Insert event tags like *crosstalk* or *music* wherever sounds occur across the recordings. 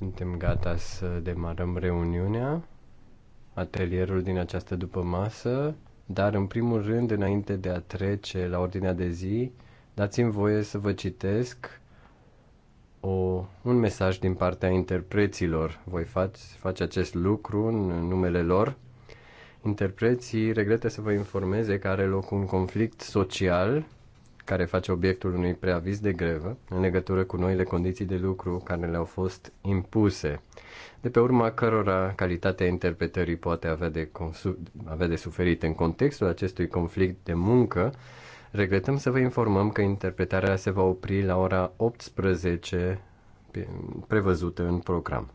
Suntem gata să demarăm reuniunea, atelierul din această după masă, dar în primul rând, înainte de a trece la ordinea de zi, dați-mi voie să vă citesc o, un mesaj din partea interpreților. Voi face, face acest lucru în numele lor. Interpreții regretă să vă informeze că are loc un conflict social care face obiectul unui preaviz de grevă în legătură cu noile condiții de lucru care le-au fost impuse, de pe urma cărora calitatea interpretării poate avea de, avea de suferit. În contextul acestui conflict de muncă, regretăm să vă informăm că interpretarea se va opri la ora 18 prevăzută în program.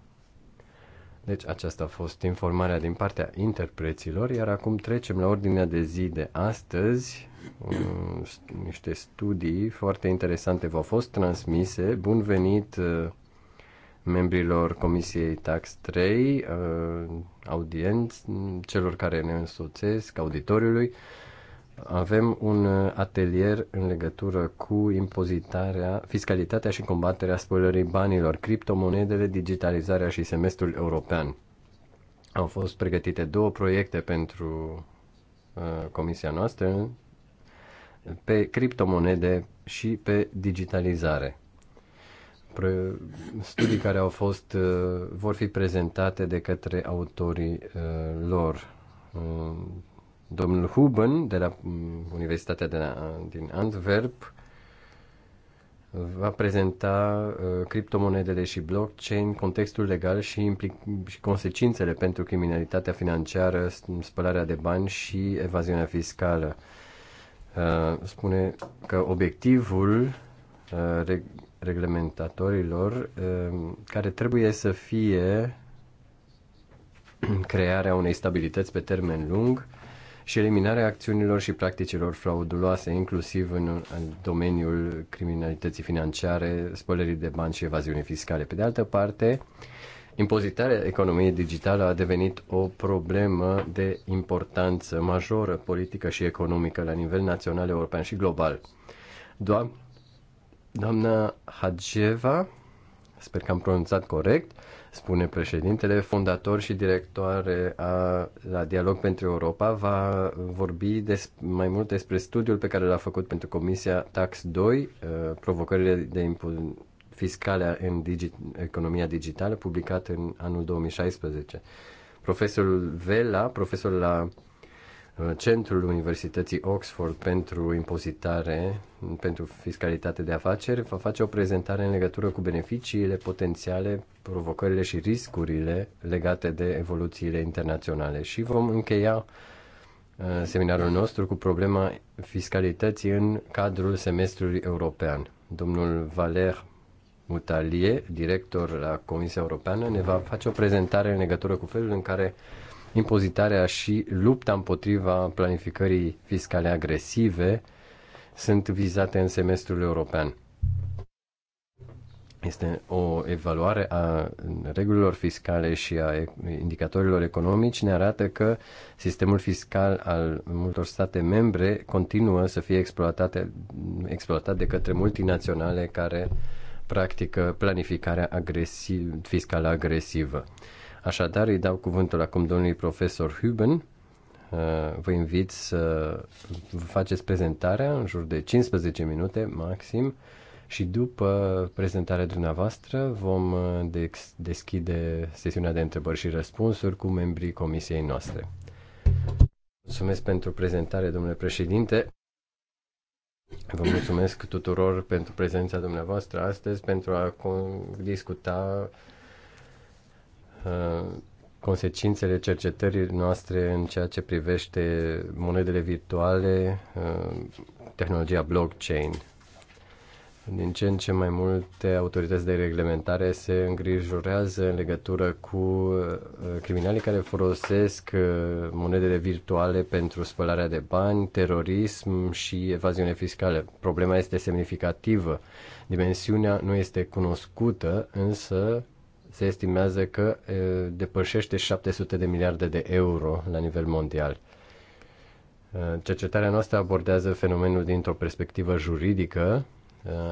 Deci aceasta a fost informarea din partea interpreților, iar acum trecem la ordinea de zi de astăzi. Mm, niște studii foarte interesante v-au fost transmise. Bun venit uh, membrilor Comisiei Tax 3, uh, audienți, celor care ne însoțesc, auditoriului. Avem un uh, atelier în legătură cu impozitarea, fiscalitatea și combaterea spălării banilor, criptomonedele, digitalizarea și semestrul european. Au fost pregătite două proiecte pentru uh, comisia noastră pe criptomonede și pe digitalizare studii care au fost, uh, vor fi prezentate de către autorii uh, lor. Domnul Huben de la mm, Universitatea de la, din Antwerp va prezenta uh, criptomonedele și blockchain, contextul legal și, implic- și consecințele pentru criminalitatea financiară, spălarea de bani și evaziunea fiscală. Uh, spune că obiectivul uh, reg- reglementatorilor uh, care trebuie să fie *clears throat* crearea unei stabilități pe termen lung și eliminarea acțiunilor și practicilor frauduloase, inclusiv în, în domeniul criminalității financiare, spălării de bani și evaziunii fiscale. Pe de altă parte, impozitarea economiei digitale a devenit o problemă de importanță majoră politică și economică la nivel național, european și global. Doamna Hageva, sper că am pronunțat corect, spune președintele, fondator și director a, la Dialog pentru Europa, va vorbi des, mai mult despre studiul pe care l-a făcut pentru Comisia Tax 2, uh, provocările de impun fiscale în digi, economia digitală, publicat în anul 2016. Profesorul Vela, profesor la Uh, Centrul Universității Oxford pentru impozitare, pentru fiscalitate de afaceri, va face o prezentare în legătură cu beneficiile potențiale, provocările și riscurile legate de evoluțiile internaționale. Și vom încheia uh, seminarul nostru cu problema fiscalității în cadrul semestrului european. Domnul Valer Mutalie, director la Comisia Europeană, ne va face o prezentare în legătură cu felul în care impozitarea și lupta împotriva planificării fiscale agresive sunt vizate în semestrul european. Este o evaluare a regulilor fiscale și a indicatorilor economici ne arată că sistemul fiscal al multor state membre continuă să fie exploatate, exploatat de către multinaționale care practică planificarea agresiv, fiscală agresivă. Așadar, îi dau cuvântul acum domnului profesor Huben. Uh, vă invit să vă faceți prezentarea în jur de 15 minute maxim și după prezentarea dumneavoastră vom uh, deschide sesiunea de întrebări și răspunsuri cu membrii comisiei noastre. Mulțumesc pentru prezentare, domnule președinte. Vă mulțumesc tuturor pentru prezența dumneavoastră astăzi pentru a discuta consecințele cercetării noastre în ceea ce privește monedele virtuale, uh, tehnologia blockchain. Din ce în ce mai multe autorități de reglementare se îngrijorează în legătură cu uh, criminalii care folosesc uh, monedele virtuale pentru spălarea de bani, terorism și evaziune fiscală. Problema este semnificativă. Dimensiunea nu este cunoscută, însă se estimează că depășește 700 de miliarde de euro la nivel mondial. Cercetarea noastră abordează fenomenul dintr-o perspectivă juridică,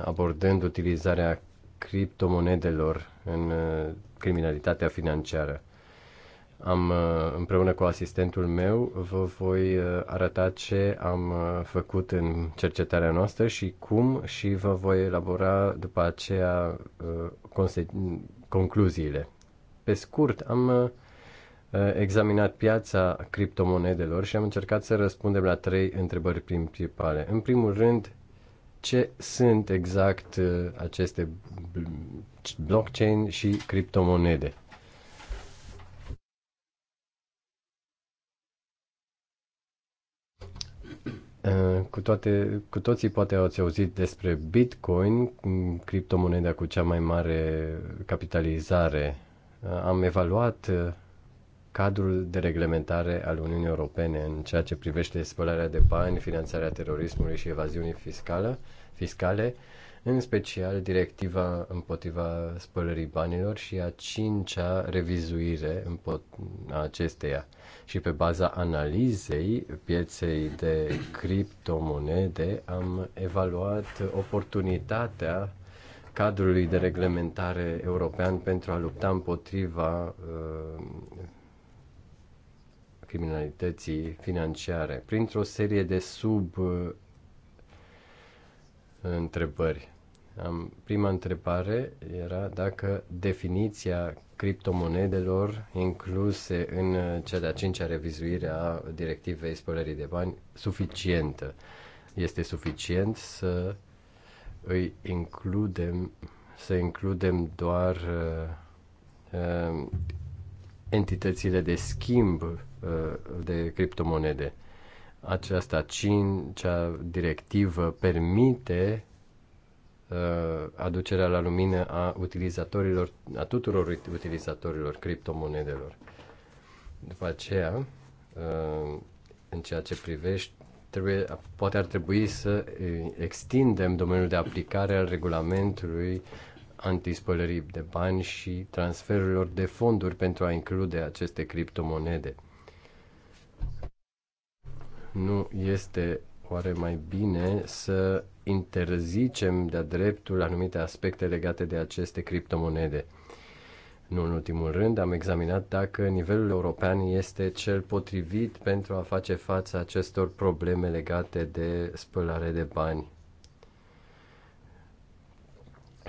abordând utilizarea criptomonedelor în criminalitatea financiară. Am, împreună cu asistentul meu, vă voi arăta ce am făcut în cercetarea noastră și cum și vă voi elabora după aceea conse- concluziile. Pe scurt, am uh, examinat piața criptomonedelor și am încercat să răspundem la trei întrebări principale. În primul rând, ce sunt exact uh, aceste blockchain și criptomonede? Eh, cu, toate, cu toții poate ați auzit despre Bitcoin, mm, criptomoneda cu cea mai mare capitalizare. Eh, am evaluat eh, cadrul de reglementare al Uniunii Europene în ceea ce privește spălarea de bani, finanțarea terorismului și evaziunii fiscală, fiscale în special directiva împotriva spălării banilor și a cincea revizuire a acesteia. Și pe baza analizei pieței de criptomonede am evaluat oportunitatea cadrului de reglementare european pentru a lupta împotriva uh, criminalității financiare printr-o serie de sub uh, întrebări. Um, prima întrebare era dacă definiția criptomonedelor incluse în uh, cea de-a cincea revizuire a directivei spălării de bani suficientă. Este suficient să îi includem, să includem doar uh, uh, entitățile de schimb uh, de criptomonede. Aceasta cincea directivă permite Uh, aducerea la lumină a utilizatorilor, a tuturor utilizatorilor criptomonedelor. După aceea, uh, în ceea ce privește, trebuie, poate ar trebui să uh, extindem domeniul de aplicare al regulamentului antispălării de bani și transferurilor de fonduri pentru a include aceste criptomonede. Nu este oare mai bine să interzicem de-a dreptul anumite aspecte legate de aceste criptomonede. Nu în ultimul rând, am examinat dacă nivelul european este cel potrivit pentru a face față acestor probleme legate de spălare de bani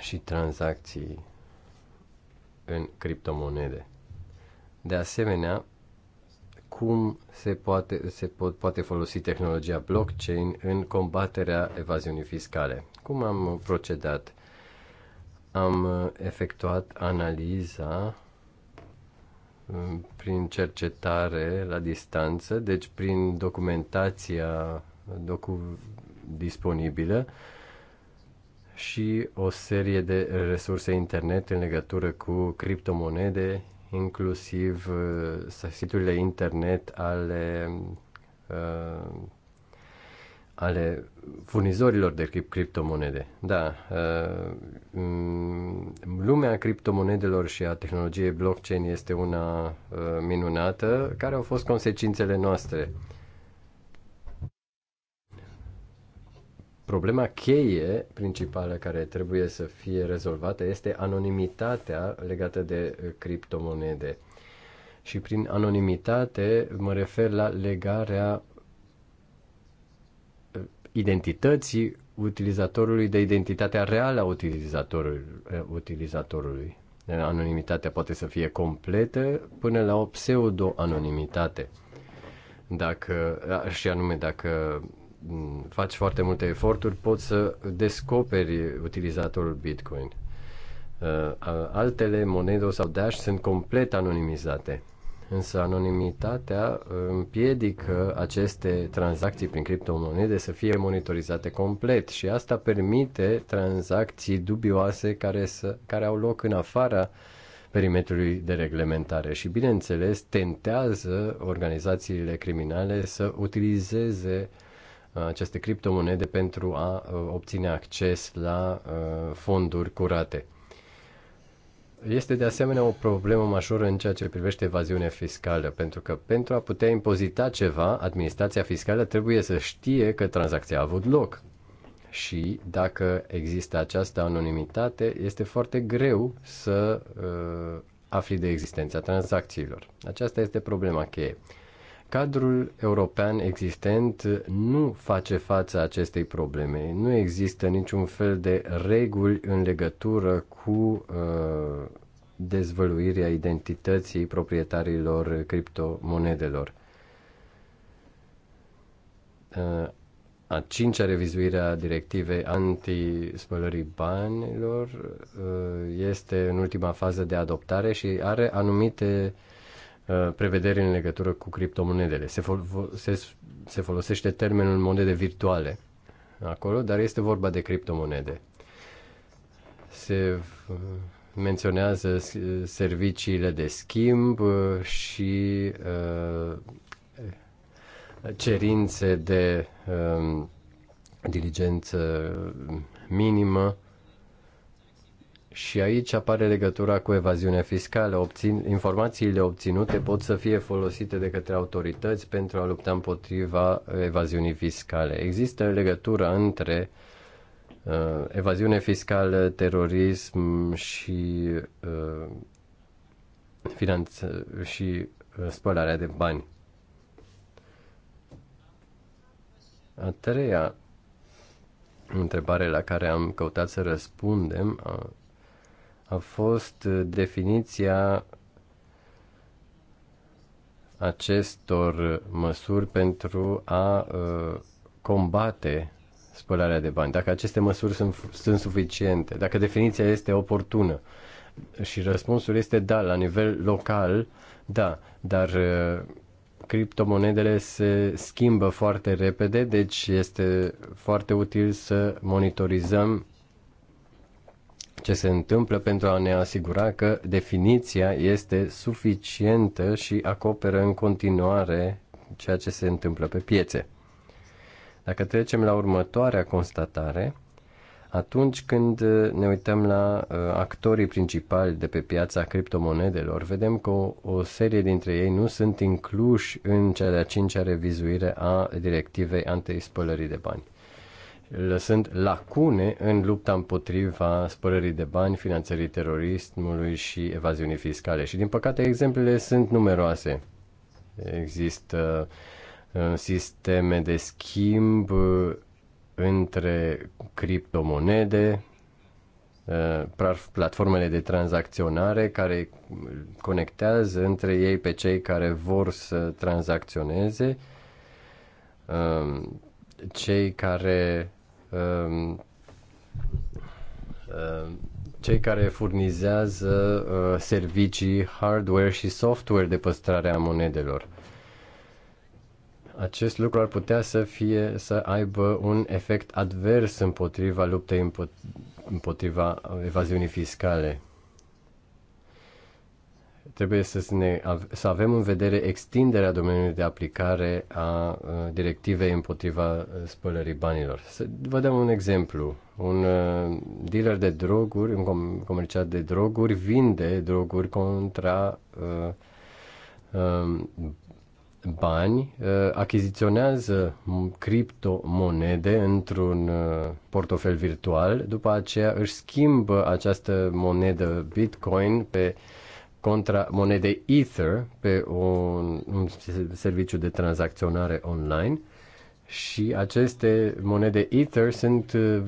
și tranzacții în criptomonede. De asemenea, cum se poate, se po- poate folosi tehnologia blockchain în combaterea evaziunii fiscale. Cum am procedat? Am efectuat analiza mm, prin cercetare la distanță, deci prin documentația docu- disponibilă și o serie de resurse internet în legătură cu criptomonede, inclusiv uh, siturile internet ale, uh, ale furnizorilor de criptomonede. Da, uh, mm, lumea criptomonedelor și a tehnologiei blockchain este una minunată. Care au fost consecințele noastre? Problema cheie principală care trebuie să fie rezolvată este anonimitatea legată de uh, criptomonede. Și prin anonimitate mă refer la legarea uh, identității utilizatorului de identitatea reală a uh, utilizatorului. utilizatorului. Anonimitatea poate să fie completă până la o pseudo-anonimitate. Dacă, și anume dacă faci foarte multe eforturi, poți să descoperi utilizatorul Bitcoin. Uh, altele, Monedo sau Dash, sunt complet anonimizate. Însă anonimitatea uh, împiedică aceste tranzacții prin criptomonede să fie monitorizate complet și asta permite tranzacții dubioase care, să, care au loc în afara perimetrului de reglementare și, bineînțeles, tentează organizațiile criminale să utilizeze uh, aceste criptomonede pentru a uh, obține acces la uh, fonduri curate. Este de asemenea o problemă majoră în ceea ce privește evaziunea fiscală, pentru că pentru a putea impozita ceva, administrația fiscală trebuie să știe că tranzacția a avut loc. Și dacă există această anonimitate, este foarte greu să uh, afli de existența tranzacțiilor. Aceasta este problema cheie. Okay. Cadrul european existent nu face față acestei probleme. Nu există niciun fel de reguli în legătură cu uh, dezvăluirea identității proprietarilor criptomonedelor. Uh, a cincea revizuire a directivei anti-spălării banilor uh, este în ultima fază de adoptare și are anumite uh, Uh, prevederi în legătură cu criptomonedele. Se, fol- se, se folosește termenul monede virtuale acolo, dar este vorba de criptomonede. Se menționează serviciile de schimb uh, și uh, cerințe de um, diligență minimă și aici apare legătura cu evaziunea fiscală. Obțin, informațiile obținute pot să fie folosite de către autorități pentru a lupta împotriva evaziunii fiscale. Există legătura între uh, evaziune fiscală, terorism și, uh, finanță, și uh, spălarea de bani. A treia întrebare la care am căutat să răspundem a fost uh, definiția acestor uh, măsuri pentru a uh, combate spălarea de bani, dacă aceste măsuri sunt, sunt suficiente, dacă definiția este oportună. Și răspunsul este da, la nivel local, da, dar criptomonedele se schimbă foarte repede, deci este foarte util să monitorizăm ce se întâmplă pentru a ne asigura că definiția este suficientă și acoperă în continuare ceea ce se întâmplă pe piețe. Dacă trecem la următoarea constatare, atunci când uh, ne uităm la uh, actorii principali de pe piața criptomonedelor, vedem că o, o serie dintre ei nu sunt incluși în cea de-a cincea revizuire a directivei antispălării de bani lăsând lacune în lupta împotriva spălării de bani, finanțării terorismului și evaziunii fiscale. Și, din păcate, exemplele sunt numeroase. Există uh, sisteme de schimb uh, între criptomonede, uh, platformele de tranzacționare care conectează între ei pe cei care vor să tranzacționeze, cei care Ehm, ehm, cei care furnizează uh, servicii hardware și software de păstrare a monedelor. Acest lucru ar putea să fie să aibă un efect advers împotriva luptei împotriva evaziunii fiscale trebuie să, ne, să avem în vedere extinderea domeniului de aplicare a uh, directivei împotriva uh, spălării banilor. Să vă dăm un exemplu. Un uh, dealer de droguri, un comerciant de droguri, vinde droguri contra um, bani, achiziționează criptomonede într-un portofel virtual, după aceea își schimbă această monedă Bitcoin pe contra monedei Ether pe un, un serviciu de tranzacționare online și aceste monede Ether sunt uh,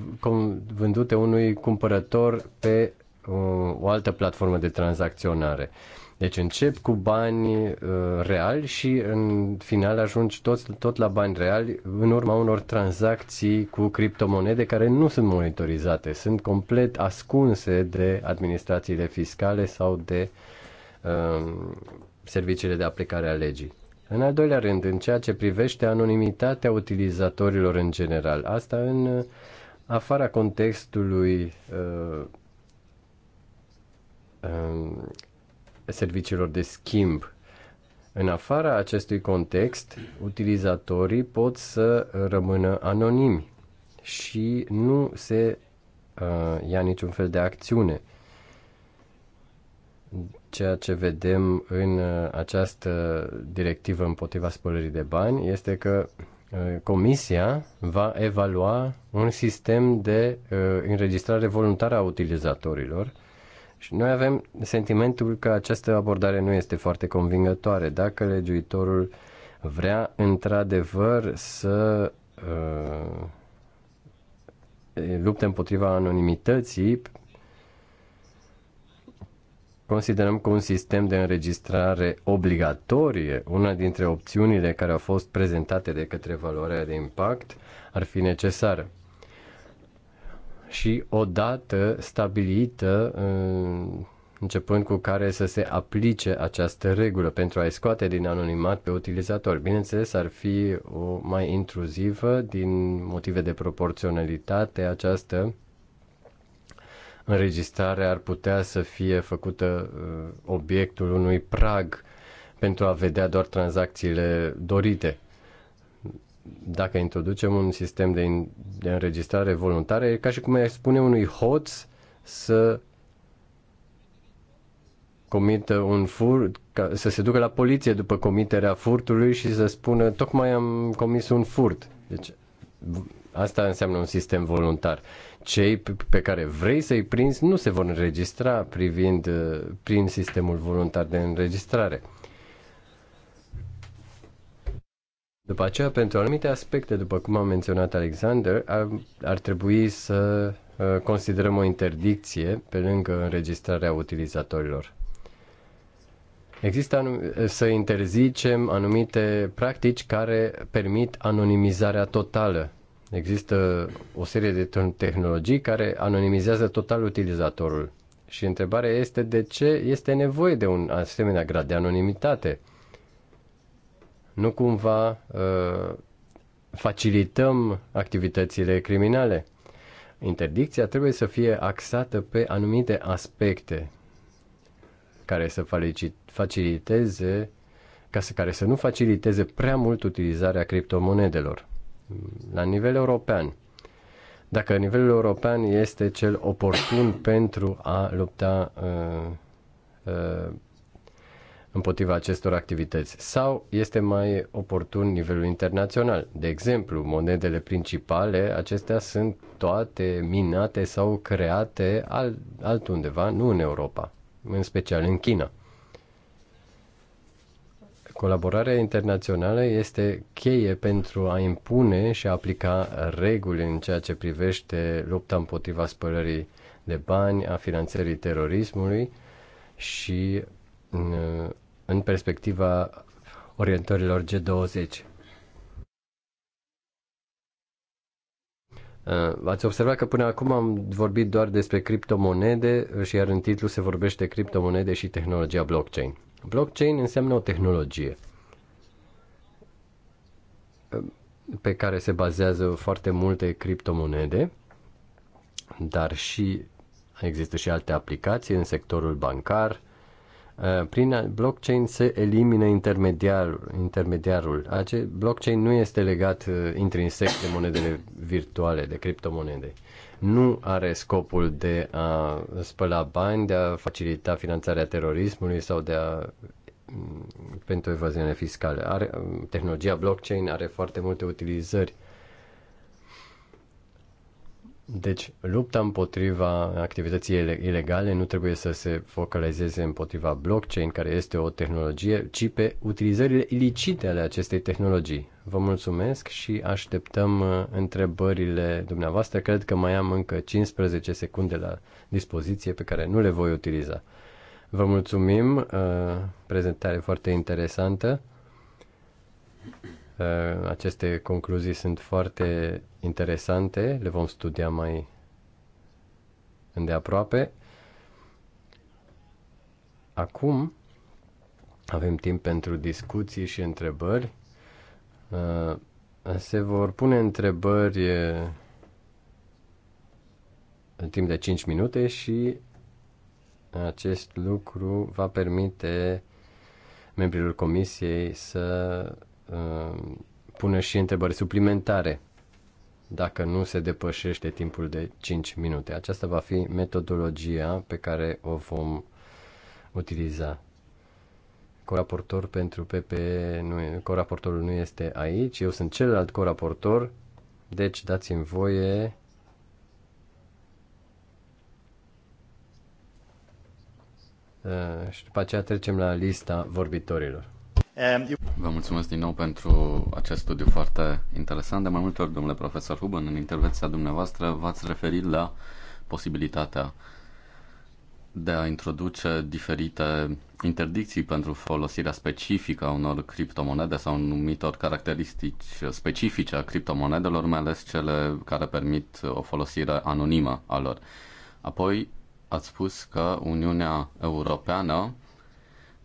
vândute unui cumpărător pe uh, o altă platformă de tranzacționare. Deci încep cu bani uh, reali și în final ajungi tot, tot la bani reali în urma unor tranzacții cu criptomonede care nu sunt monitorizate, sunt complet ascunse de administrațiile fiscale sau de uh, Um, serviciile de aplicare a legii. În al doilea rând, în ceea ce privește anonimitatea utilizatorilor în general, asta în uh, afara contextului uh, um, serviciilor de schimb. În afara acestui context, utilizatorii pot să rămână anonimi și nu se uh, ia niciun fel de acțiune ceea ce vedem în uh, această directivă împotriva spălării de bani este că uh, Comisia va evalua un sistem de uh, înregistrare voluntară a utilizatorilor și noi avem sentimentul că această abordare nu este foarte convingătoare. Dacă legiuitorul vrea într-adevăr să lupte împotriva anonimității, Considerăm că un sistem de înregistrare obligatorie, una dintre opțiunile care au fost prezentate de către valoarea de impact, ar fi necesară. Și odată stabilită, începând cu care să se aplice această regulă pentru a-i scoate din anonimat pe utilizator. Bineînțeles, ar fi o mai intruzivă din motive de proporționalitate această înregistrare ar putea să fie făcută uh, obiectul unui prag pentru a vedea doar tranzacțiile dorite. Dacă introducem un sistem de, in, de înregistrare voluntară, e ca și cum ai spune unui hoț să comită un furt, ca, să se ducă la poliție după comiterea furtului și să spună tocmai am comis un furt. Deci Asta înseamnă un sistem voluntar. Cei pe care vrei să-i prinzi nu se vor înregistra privind, uh, prin sistemul voluntar de înregistrare. După aceea, pentru anumite aspecte, după cum a menționat Alexander, ar, ar trebui să uh, considerăm o interdicție pe lângă înregistrarea utilizatorilor. Există anum- să interzicem anumite practici care permit anonimizarea totală Există o serie de tehnologii care anonimizează total utilizatorul. Și întrebarea este de ce este nevoie de un asemenea grad de anonimitate. Nu cumva uh, facilităm activitățile criminale. Interdicția trebuie să fie axată pe anumite aspecte care să faciliteze ca să, care să nu faciliteze prea mult utilizarea criptomonedelor la nivel european. Dacă nivelul european este cel oportun *coughs* pentru a lupta uh, uh, împotriva acestor activități sau este mai oportun nivelul internațional. De exemplu, monedele principale, acestea sunt toate minate sau create al, altundeva, nu în Europa, în special în China. Colaborarea internațională este cheie pentru a impune și a aplica reguli în ceea ce privește lupta împotriva spălării de bani, a finanțării terorismului și în perspectiva orientărilor G20. Uh, ați observat că până acum am vorbit doar despre criptomonede și iar în titlu se vorbește criptomonede și tehnologia blockchain. Blockchain înseamnă o tehnologie pe care se bazează foarte multe criptomonede, dar și există și alte aplicații în sectorul bancar. Prin blockchain se elimină intermediarul. intermediarul. blockchain nu este legat uh, intrinsec de monedele virtuale, de criptomonede nu are scopul de a spăla bani, de a facilita finanțarea terorismului sau de a mm, pentru evaziune fiscală. Are, tehnologia blockchain are foarte multe utilizări. Deci, lupta împotriva activității ilegale nu trebuie să se focalizeze împotriva blockchain, care este o tehnologie, ci pe utilizările ilicite ale acestei tehnologii. Vă mulțumesc și așteptăm uh, întrebările dumneavoastră. Cred că mai am încă 15 secunde la dispoziție pe care nu le voi utiliza. Vă mulțumim, uh, prezentare foarte interesantă. Uh, aceste concluzii sunt foarte interesante, le vom studia mai îndeaproape. Acum avem timp pentru discuții și întrebări. Uh, se vor pune întrebări uh, în timp de 5 minute și acest lucru va permite membrilor comisiei să uh, pună și întrebări suplimentare dacă nu se depășește timpul de 5 minute. Aceasta va fi metodologia pe care o vom utiliza. Coraportor pentru PPE, nu coraportorul nu este aici, eu sunt celălalt coraportor, deci dați-mi voie Uh, și după aceea trecem la lista vorbitorilor. Um, Vă mulțumesc din nou pentru acest studiu foarte interesant. De mai multe ori, domnule profesor Ruben, în intervenția dumneavoastră v-ați referit la posibilitatea de a introduce diferite interdicții pentru folosirea specifică a unor criptomonede sau numitor caracteristici specifice a criptomonedelor, mai ales cele care permit o folosire anonimă a lor. Apoi ați spus că Uniunea Europeană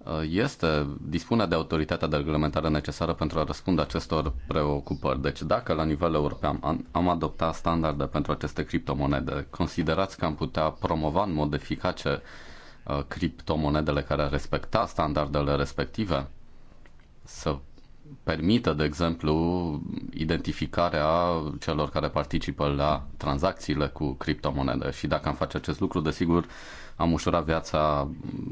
Uh, este, dispune de autoritatea de reglementare necesară pentru a răspunde acestor preocupări. Deci dacă la nivel european am, adoptat standarde pentru aceste criptomonede, considerați că am putea promova în mod eficace uh, criptomonedele care respecta standardele respective? Să permită, de exemplu, identificarea celor care participă la tranzacțiile cu criptomonede și dacă am face acest lucru, desigur, am ușurat viața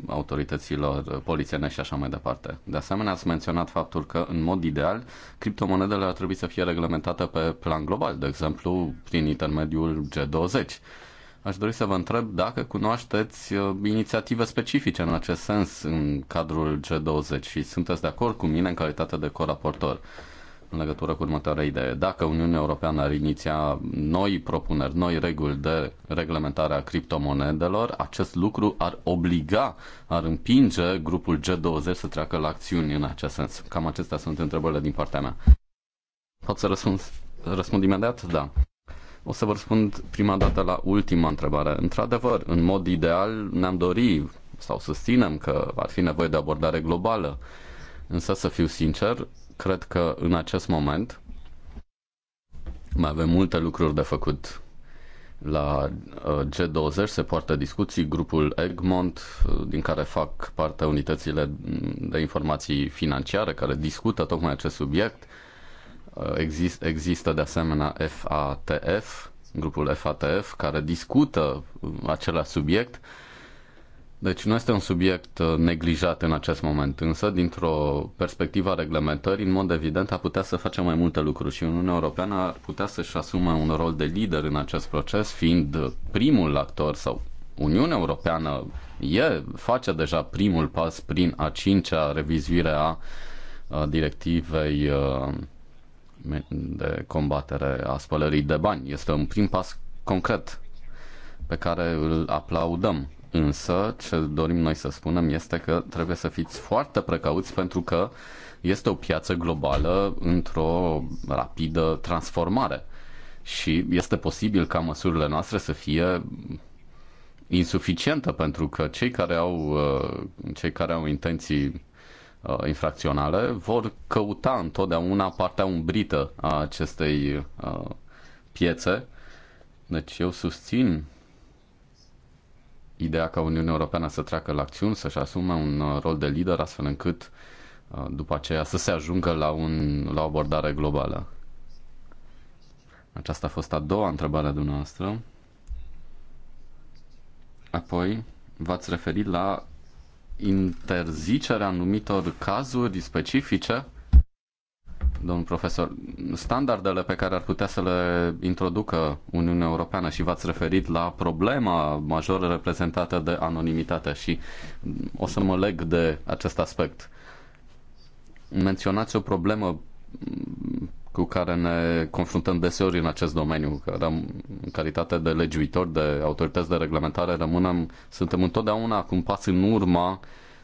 autorităților polițiene și așa mai departe. De asemenea, ați menționat faptul că, în mod ideal, criptomonedele ar trebui să fie reglementate pe plan global, de exemplu, prin intermediul G20. Aș dori să vă întreb dacă cunoașteți uh, inițiative specifice în acest sens în cadrul G20 și sunteți de acord cu mine în calitate de coraportor. raportor în legătură cu următoarea idee. Dacă Uniunea Europeană ar iniția noi propuneri, noi reguli de reglementare a criptomonedelor, acest lucru ar obliga, ar împinge grupul G20 să treacă la acțiuni în acest sens. Cam acestea sunt întrebările din partea mea. Pot să răspund, răspund imediat? Da. O să vă răspund prima dată la ultima întrebare. Într-adevăr, în mod ideal ne-am dorit sau susținem că ar fi nevoie de abordare globală. Însă, să fiu sincer, cred că în acest moment mai avem multe lucruri de făcut. La uh, G20 se poartă discuții, grupul Egmont, uh, din care fac parte unitățile de informații financiare, care discută tocmai acest subiect. Uh, exist, există de asemenea FATF, grupul FATF, care discută același subiect deci nu este un subiect uh, neglijat în acest moment, însă dintr-o perspectivă a reglementării, în mod evident, a putea să facem mai multe lucruri și Uniunea Europeană ar putea să-și asume un rol de lider în acest proces, fiind uh, primul actor sau Uniunea Europeană e, face deja primul pas prin a cincea revizuire a directivei uh, de combatere a spălării de bani. Este un prim pas concret pe care îl aplaudăm Însă, ce dorim noi să spunem este că trebuie să fiți foarte precauți pentru că este o piață globală într-o rapidă transformare și este posibil ca măsurile noastre să fie insuficientă pentru că cei care au, uh, cei care au intenții uh, infracționale vor căuta întotdeauna partea umbrită a acestei uh, piețe. Deci eu susțin ideea ca Uniunea Europeană să treacă la acțiuni, să-și asume un uh, rol de lider, astfel încât uh, după aceea să se ajungă la, un, la o abordare globală. Aceasta a fost a doua întrebare a dumneavoastră. Apoi, v-ați referit la interzicerea anumitor cazuri specifice domnul profesor, standardele pe care ar putea să le introducă Uniunea Europeană și v-ați referit la problema majoră reprezentată de anonimitate și o să mă leg de acest aspect. Menționați o problemă cu care ne confruntăm deseori în acest domeniu, că răm, în calitate de legiuitor, de autorități de reglementare, rămânem, suntem întotdeauna cu un pas în urma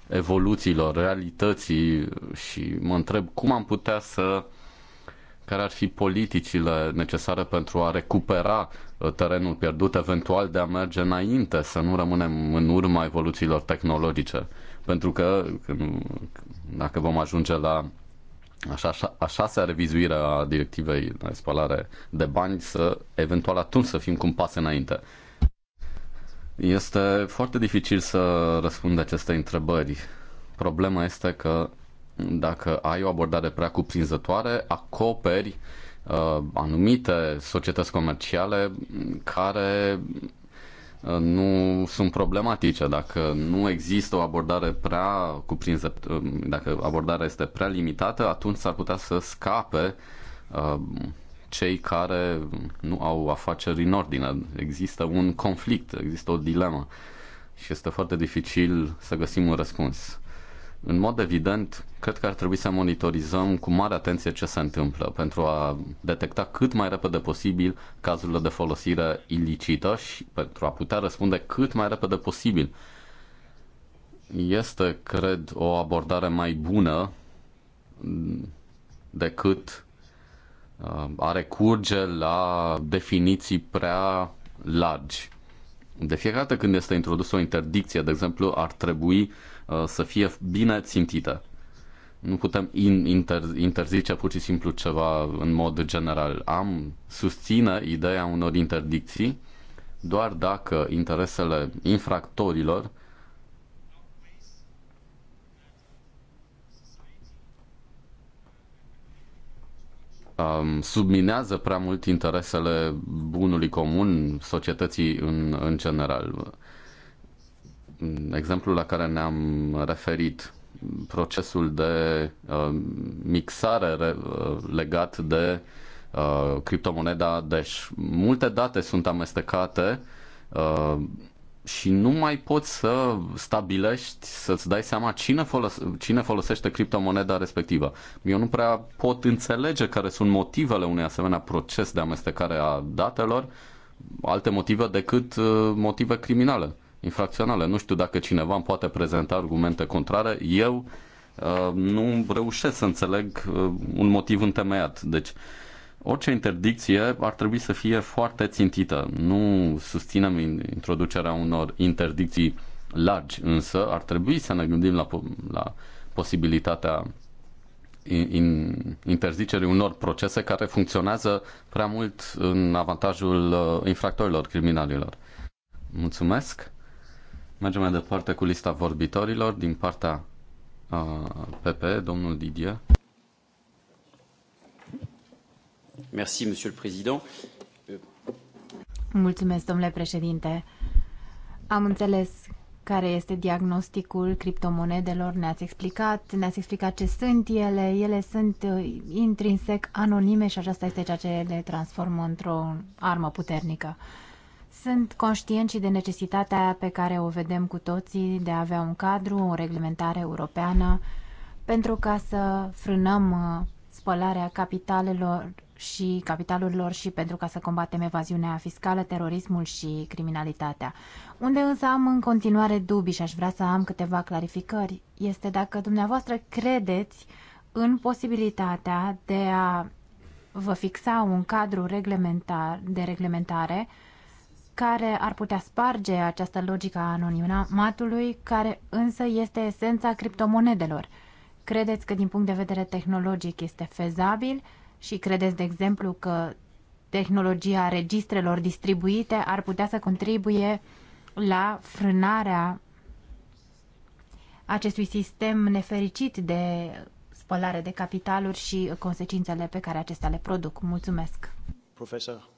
evoluțiilor, realității și mă întreb cum am putea să care ar fi politicile necesare pentru a recupera uh, terenul pierdut, eventual de a merge înainte, să nu rămânem în urma evoluțiilor tehnologice. Pentru că dacă vom ajunge la așa, a șasea revizuire a directivei de spălare de bani, să eventual atunci să fim cu un pas înainte. Este foarte dificil să răspund aceste întrebări. Problema este că dacă ai o abordare prea cuprinzătoare, acoperi uh, anumite societăți comerciale care uh, nu sunt problematice. Dacă nu există o abordare prea cuprinză, uh, dacă abordarea este prea limitată, atunci s-ar putea să scape uh, cei care nu au afaceri în ordine. Există un conflict, există o dilemă și este foarte dificil să găsim un răspuns. În mod evident, cred că ar trebui să monitorizăm cu mare atenție ce se întâmplă pentru a detecta cât mai repede posibil cazurile de folosire ilicită și pentru a putea răspunde cât mai repede posibil. Este, cred, o abordare mai bună decât Uh, a recurge la definiții prea largi. De fiecare dată când este introdusă o interdicție, de exemplu, ar trebui uh, să fie bine țintită. Nu putem inter- interzice pur și simplu ceva în mod general. Am susține ideea unor interdicții doar dacă interesele infractorilor um, subminează prea mult interesele bunului comun, societății în, în general. Exemplul la care ne-am referit, procesul de uh, mixare re, uh, legat de uh, criptomoneda deci Multe date sunt amestecate uh, și nu mai poți să stabilești, să-ți dai seama cine, folos- cine folosește criptomoneda respectivă. Eu nu prea pot înțelege care sunt motivele unui asemenea proces de amestecare a datelor, alte motive decât uh, motive criminale, infracționale. Nu știu dacă cineva îmi poate prezenta argumente contrare. Eu uh, nu reușesc să înțeleg uh, un motiv întemeiat. Deci, uh, Orice interdicție ar trebui să fie foarte țintită. Nu susținem introducerea unor interdicții largi, însă ar trebui să ne gândim la, la posibilitatea in, interzicerii unor procese care funcționează prea mult în avantajul uh, infractorilor, criminalilor. Mulțumesc! Mergem mai departe cu lista vorbitorilor din partea uh, PP, domnul Didier. Mulțumesc, domnule președinte. Am înțeles care este diagnosticul criptomonedelor, ne-ați explicat, ne-ați explicat ce sunt ele, ele sunt uh, intrinsec anonime și aceasta este ceea ce le transformă într-o armă puternică. Sunt conștient și de necesitatea pe care o vedem cu toții de a avea un cadru, o reglementare europeană pentru ca să frânăm uh, spălarea capitalelor și capitalul lor și pentru ca să combatem evaziunea fiscală, terorismul și criminalitatea. Unde însă am în continuare dubii și aș vrea să am câteva clarificări este dacă dumneavoastră credeți în posibilitatea de a vă fixa un cadru reglementar, de reglementare care ar putea sparge această logică a anonimatului, care însă este esența criptomonedelor. Credeți că din punct de vedere tehnologic este fezabil? și credeți, de exemplu, că tehnologia registrelor distribuite ar putea să contribuie la frânarea acestui sistem nefericit de spălare de capitaluri și consecințele pe care acestea le produc. Mulțumesc! Profesor.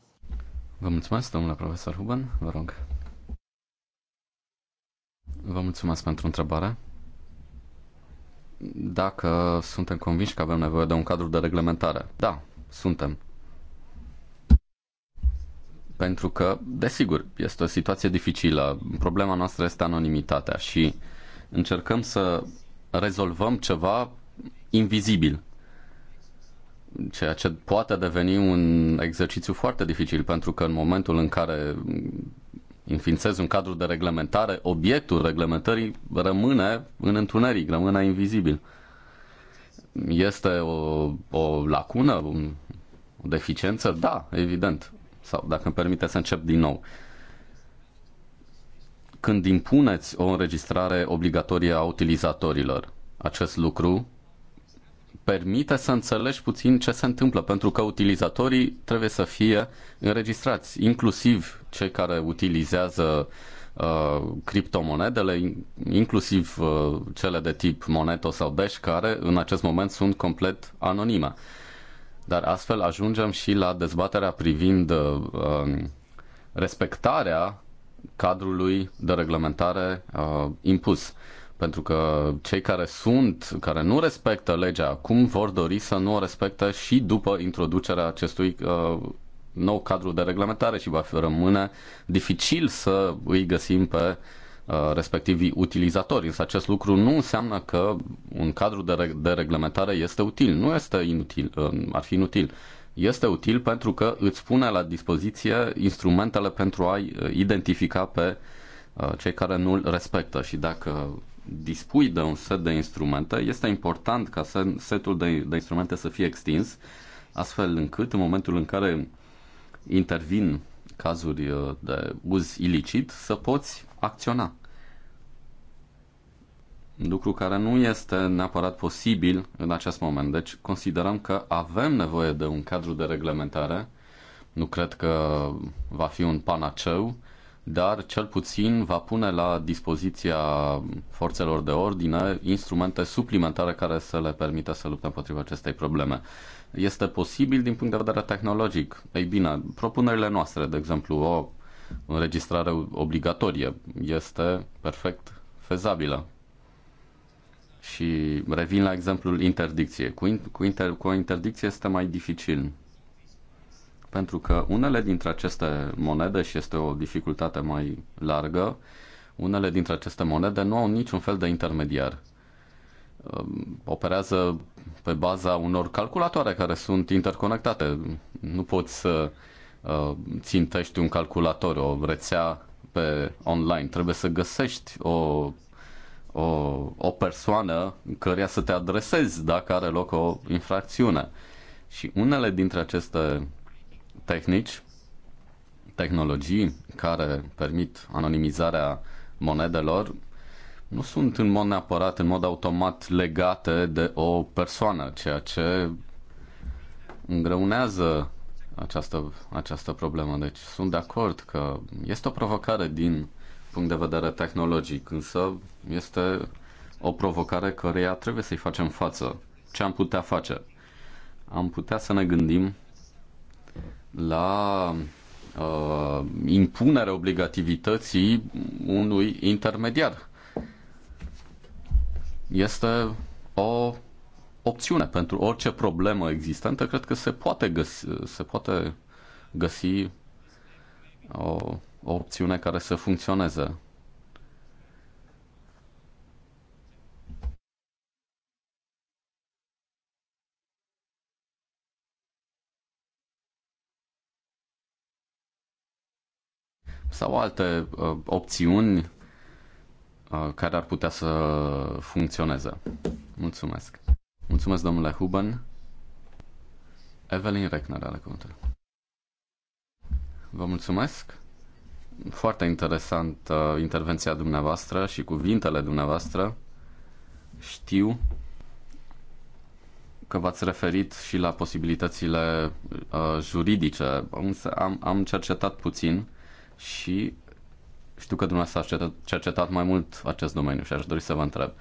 Vă mulțumesc, domnule profesor Huban, vă rog. Vă mulțumesc pentru întrebare dacă suntem convinși că avem nevoie de un cadru de reglementare. Da, suntem. Pentru că, desigur, este o situație dificilă. Problema noastră este anonimitatea și încercăm să rezolvăm ceva invizibil, ceea ce poate deveni un exercițiu foarte dificil, pentru că în momentul în care înființezi un cadru de reglementare, obiectul reglementării rămâne în întuneric, rămâne invizibil. Este o, o lacună, un, o deficiență? Da, evident. Sau dacă îmi permite să încep din nou. Când impuneți o înregistrare obligatorie a utilizatorilor, acest lucru permite să înțelegi puțin ce se întâmplă, pentru că utilizatorii trebuie să fie înregistrați, inclusiv cei care utilizează uh, criptomonedele, inclusiv uh, cele de tip Moneto sau Dash, care în acest moment sunt complet anonime. Dar astfel ajungem și la dezbaterea privind uh, um, respectarea cadrului de reglementare uh, impus. Uh, pentru că cei care sunt, care nu respectă legea acum, vor dori să nu o respectă și după introducerea acestui uh, nou cadru de reglementare și va fi rămâne dificil să îi găsim pe uh, respectivii utilizatori. Însă acest lucru nu înseamnă că un cadru de, re- de reglementare este util. Nu este inutil, uh, ar fi inutil. Este util pentru că îți pune la dispoziție instrumentele pentru a uh, identifica pe cei care nu îl respectă și dacă dispui de un set de instrumente, este important ca setul de, de instrumente să fie extins, astfel încât în momentul în care intervin cazuri uh, de uz ilicit, să poți acționa. Lucru care nu este neapărat posibil în acest moment. Deci considerăm că avem nevoie de un cadru de reglementare. Nu cred că va fi un panaceu, dar cel puțin va pune la dispoziția forțelor de ordine instrumente suplimentare care să le permită să lupte împotriva acestei probleme. Este posibil din punct de vedere tehnologic. Ei bine, propunerile noastre, de exemplu, o înregistrare obligatorie este perfect fezabilă. Și revin la exemplul interdicției. Cu, inter, cu o interdicție este mai dificil pentru că unele dintre aceste monede, și este o dificultate mai largă, unele dintre aceste monede nu au niciun fel de intermediar. Um, operează pe baza unor calculatoare care sunt interconectate. Nu poți să uh, țintești un calculator, o rețea pe online. Trebuie să găsești o o, o persoană căreia să te adresezi dacă are loc o infracțiune. Și unele dintre aceste tehnici, tehnologii care permit anonimizarea monedelor nu sunt în mod neapărat, în mod automat legate de o persoană, ceea ce îngreunează această, această problemă. Deci sunt de acord că este o provocare din punct de vedere tehnologic, însă este o provocare căreia trebuie să-i facem față. Ce am putea face? Am putea să ne gândim la uh, impunerea obligativității unui intermediar. Este o opțiune pentru orice problemă existentă. Cred că se poate găsi, se poate găsi o, o opțiune care să funcționeze. sau alte uh, opțiuni uh, care ar putea să funcționeze. Mulțumesc. Mulțumesc, domnule Huben. Evelyn Reckner are cuvântul. Vă mulțumesc. Foarte interesantă uh, intervenția dumneavoastră și cuvintele dumneavoastră. Știu că v-ați referit și la posibilitățile uh, juridice, însă am, am cercetat puțin și știu că dumneavoastră ați cercetat, cercetat mai mult acest domeniu și aș dori să vă întreb.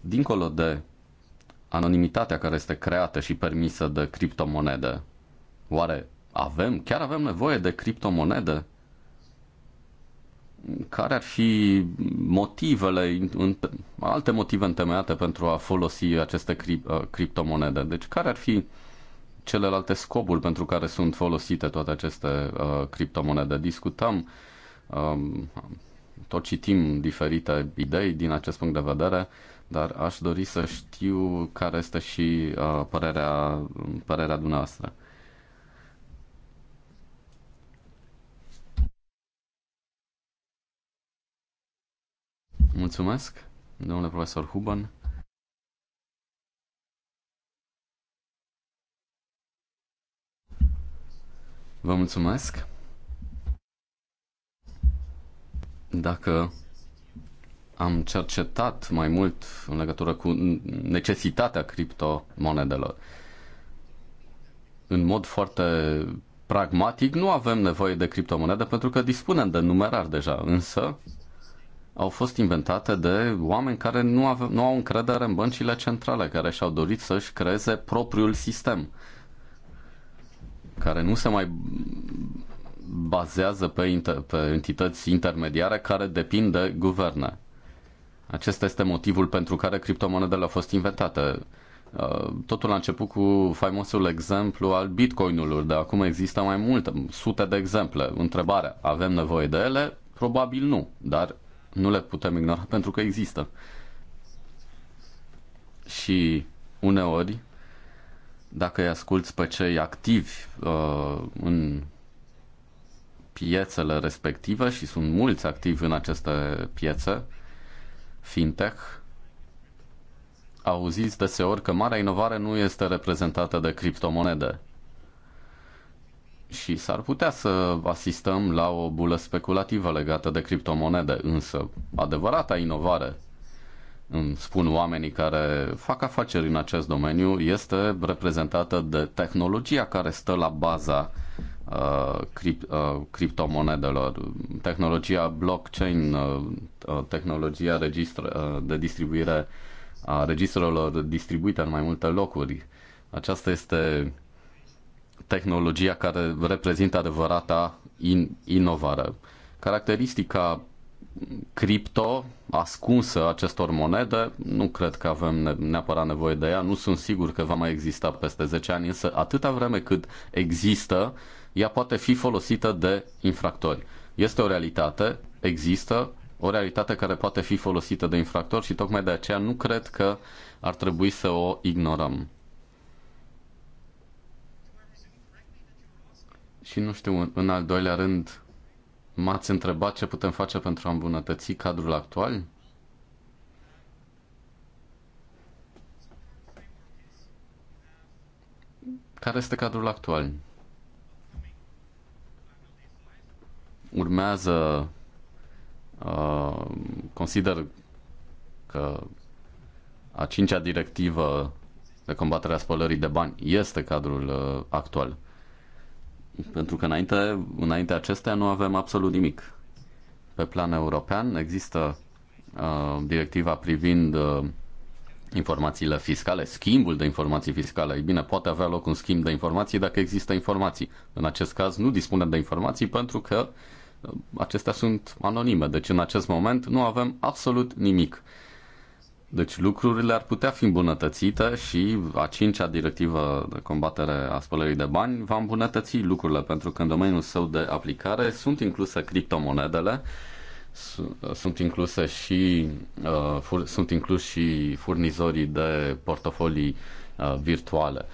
Dincolo de anonimitatea care este creată și permisă de criptomonede, oare avem, chiar avem nevoie de criptomonede? Care ar fi motivele, alte motive întemeiate pentru a folosi aceste cri, uh, criptomonede? Deci care ar fi uh, celelalte scopuri pentru care sunt folosite toate aceste uh, criptomonede. Discutăm, um, tot citim diferite idei din acest punct de vedere, dar aș dori să știu care este și uh, părerea, părerea dumneavoastră. Mulțumesc, domnule profesor Huban. Vă mulțumesc. Dacă am cercetat mai mult în legătură cu necesitatea criptomonedelor, în mod foarte pragmatic, nu avem nevoie de criptomonede pentru că dispunem de numerar deja, însă au fost inventate de oameni care nu, ave- nu au încredere în băncile centrale, care și-au dorit să-și creeze propriul sistem care nu se mai bazează pe, inter- pe entități intermediare care depind de guverne. Acesta este motivul pentru care criptomonedele au fost inventate. Uh, totul a început cu faimosul exemplu al bitcoinului, De acum există mai multe, sute de exemple. Întrebarea, avem nevoie de ele? Probabil nu, dar nu le putem ignora pentru că există. Și uneori dacă îi asculți pe cei activi uh, în piețele respective și sunt mulți activi în aceste piețe, fintech, auziți deseori că marea inovare nu este reprezentată de criptomonede. Și s-ar putea să asistăm la o bulă speculativă legată de criptomonede, însă adevărata inovare îmi spun oamenii care fac afaceri în acest domeniu, este reprezentată de tehnologia care stă la baza uh, crip, uh, criptomonedelor, tehnologia blockchain, uh, uh tehnologia registră, uh, de distribuire a registrelor distribuite în mai multe locuri. Aceasta este tehnologia care reprezintă adevărata in- inovare. Caracteristica cripto ascunsă acestor monede. Nu cred că avem neapărat nevoie de ea, nu sunt sigur că va mai exista peste 10 ani, însă atâta vreme cât există, ea poate fi folosită de infractori. Este o realitate, există o realitate care poate fi folosită de infractori și tocmai de aceea nu cred că ar trebui să o ignorăm. Și nu știu, în al doilea rând, M-ați întrebat ce putem face pentru a îmbunătăți cadrul actual? Care este cadrul actual? Urmează, uh, consider că a cincea directivă de combatere a spălării de bani este cadrul uh, actual. Pentru că înainte, înainte acestea nu avem absolut nimic. Pe plan european există uh, directiva privind uh, informațiile fiscale, schimbul de informații fiscale. Ei bine, poate avea loc un schimb de informații dacă există informații. În acest caz nu dispunem de informații pentru că uh, acestea sunt anonime. Deci în acest moment nu avem absolut nimic. Uh, deci lucrurile ar putea fi îmbunătățite și a cincea directivă de combatere a spălării de bani va îmbunătăți lucrurile pentru că în domeniul său de aplicare sunt incluse criptomonedele, sunt incluse și uh, fur, sunt inclus și furnizorii de portofolii uh, virtuale.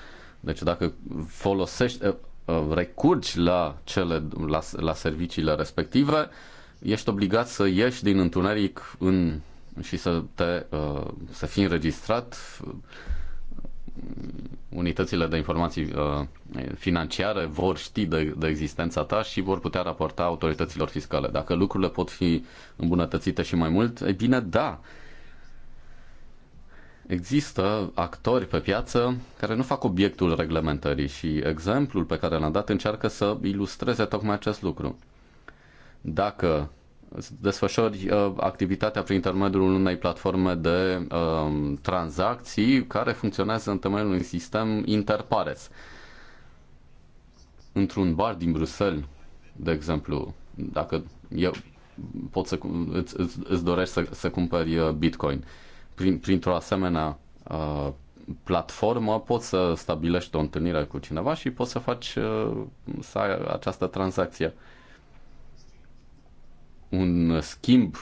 Deci dacă folosești, uh, uh, recurgi la cele la, la serviciile respective, ești obligat să ieși din întuneric în și să, te, uh, să fii înregistrat uh, unitățile de informații uh, financiare vor ști de, de existența ta și vor putea raporta autorităților fiscale. Dacă lucrurile pot fi îmbunătățite și mai mult, e bine, da. Există actori pe piață care nu fac obiectul reglementării și exemplul pe care l-am dat încearcă să ilustreze tocmai acest lucru. Dacă desfășori uh, activitatea prin intermediul unei platforme de uh, tranzacții care funcționează în temeiul unui sistem interpares. Într-un bar din Bruxelles, de exemplu, dacă eu pot să, îți, îți, îți dorești să, să cumperi uh, Bitcoin, prin, printr-o asemenea uh, platformă poți să stabilești o întâlnire cu cineva și poți să faci uh, să ai această tranzacție. Uh, un schimb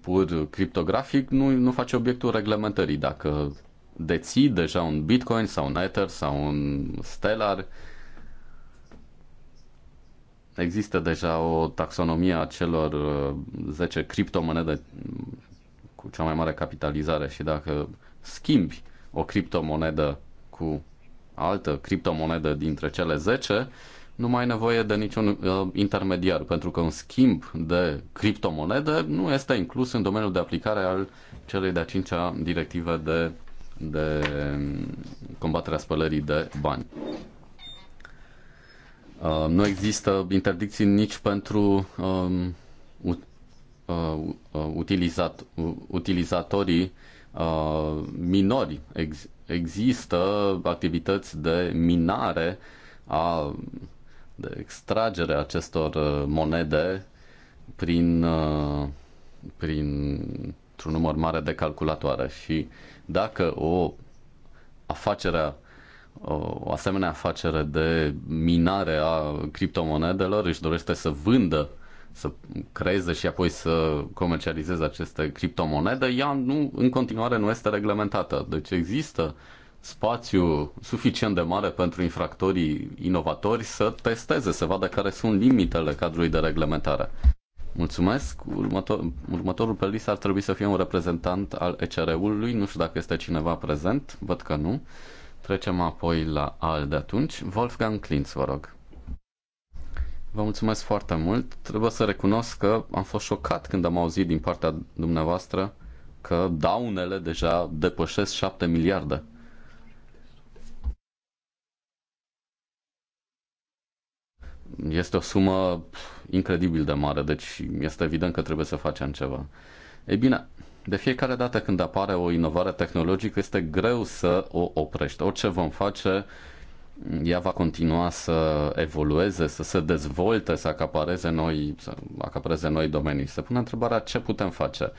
pur criptografic nu, nu face obiectul reglementării. Dacă deții deja un Bitcoin sau un Ether sau un Stellar, există deja o taxonomie a celor 10 uh, criptomonede cu cea mai mare capitalizare și dacă schimbi o criptomonedă cu altă criptomonedă dintre cele 10, nu mai ai nevoie de niciun uh, intermediar, pentru că un schimb de criptomonede nu este inclus în domeniul de aplicare al celei de-a cincea directive de, de combaterea spălării de bani. Uh, nu există interdicții nici pentru um, ut, uh, uh, utilizat, utilizatorii uh, minori. Ex, există activități de minare a de extragere a acestor uh, monede prin, uh, prin un număr mare de calculatoare și dacă o afacere o asemenea afacere de minare a criptomonedelor își dorește să vândă să creeze și apoi să comercializeze aceste criptomonede, ea nu, în continuare nu este reglementată. Deci există uh, spațiu suficient de mare pentru infractorii inovatori să testeze, să vadă care sunt limitele cadrului de reglementare. Mulțumesc. Următor, următorul pe listă ar trebui să fie un reprezentant al ECR-ului. Nu știu dacă este cineva prezent. Văd că nu. Trecem apoi la al de atunci. Wolfgang Klintz, vă rog. Vă mulțumesc foarte mult. Trebuie să recunosc că am fost șocat când am auzit din partea dumneavoastră că daunele deja depășesc 7 miliarde. este o sumă incredibil de mare, deci este evident că trebuie să facem ceva. Ei bine, de fiecare dată când apare o inovare tehnologică, este greu să o oprești. Orice vom face, ea va continua să evolueze, să se dezvolte, să acapareze noi, să acapareze noi domenii. Se pune întrebarea ce putem face.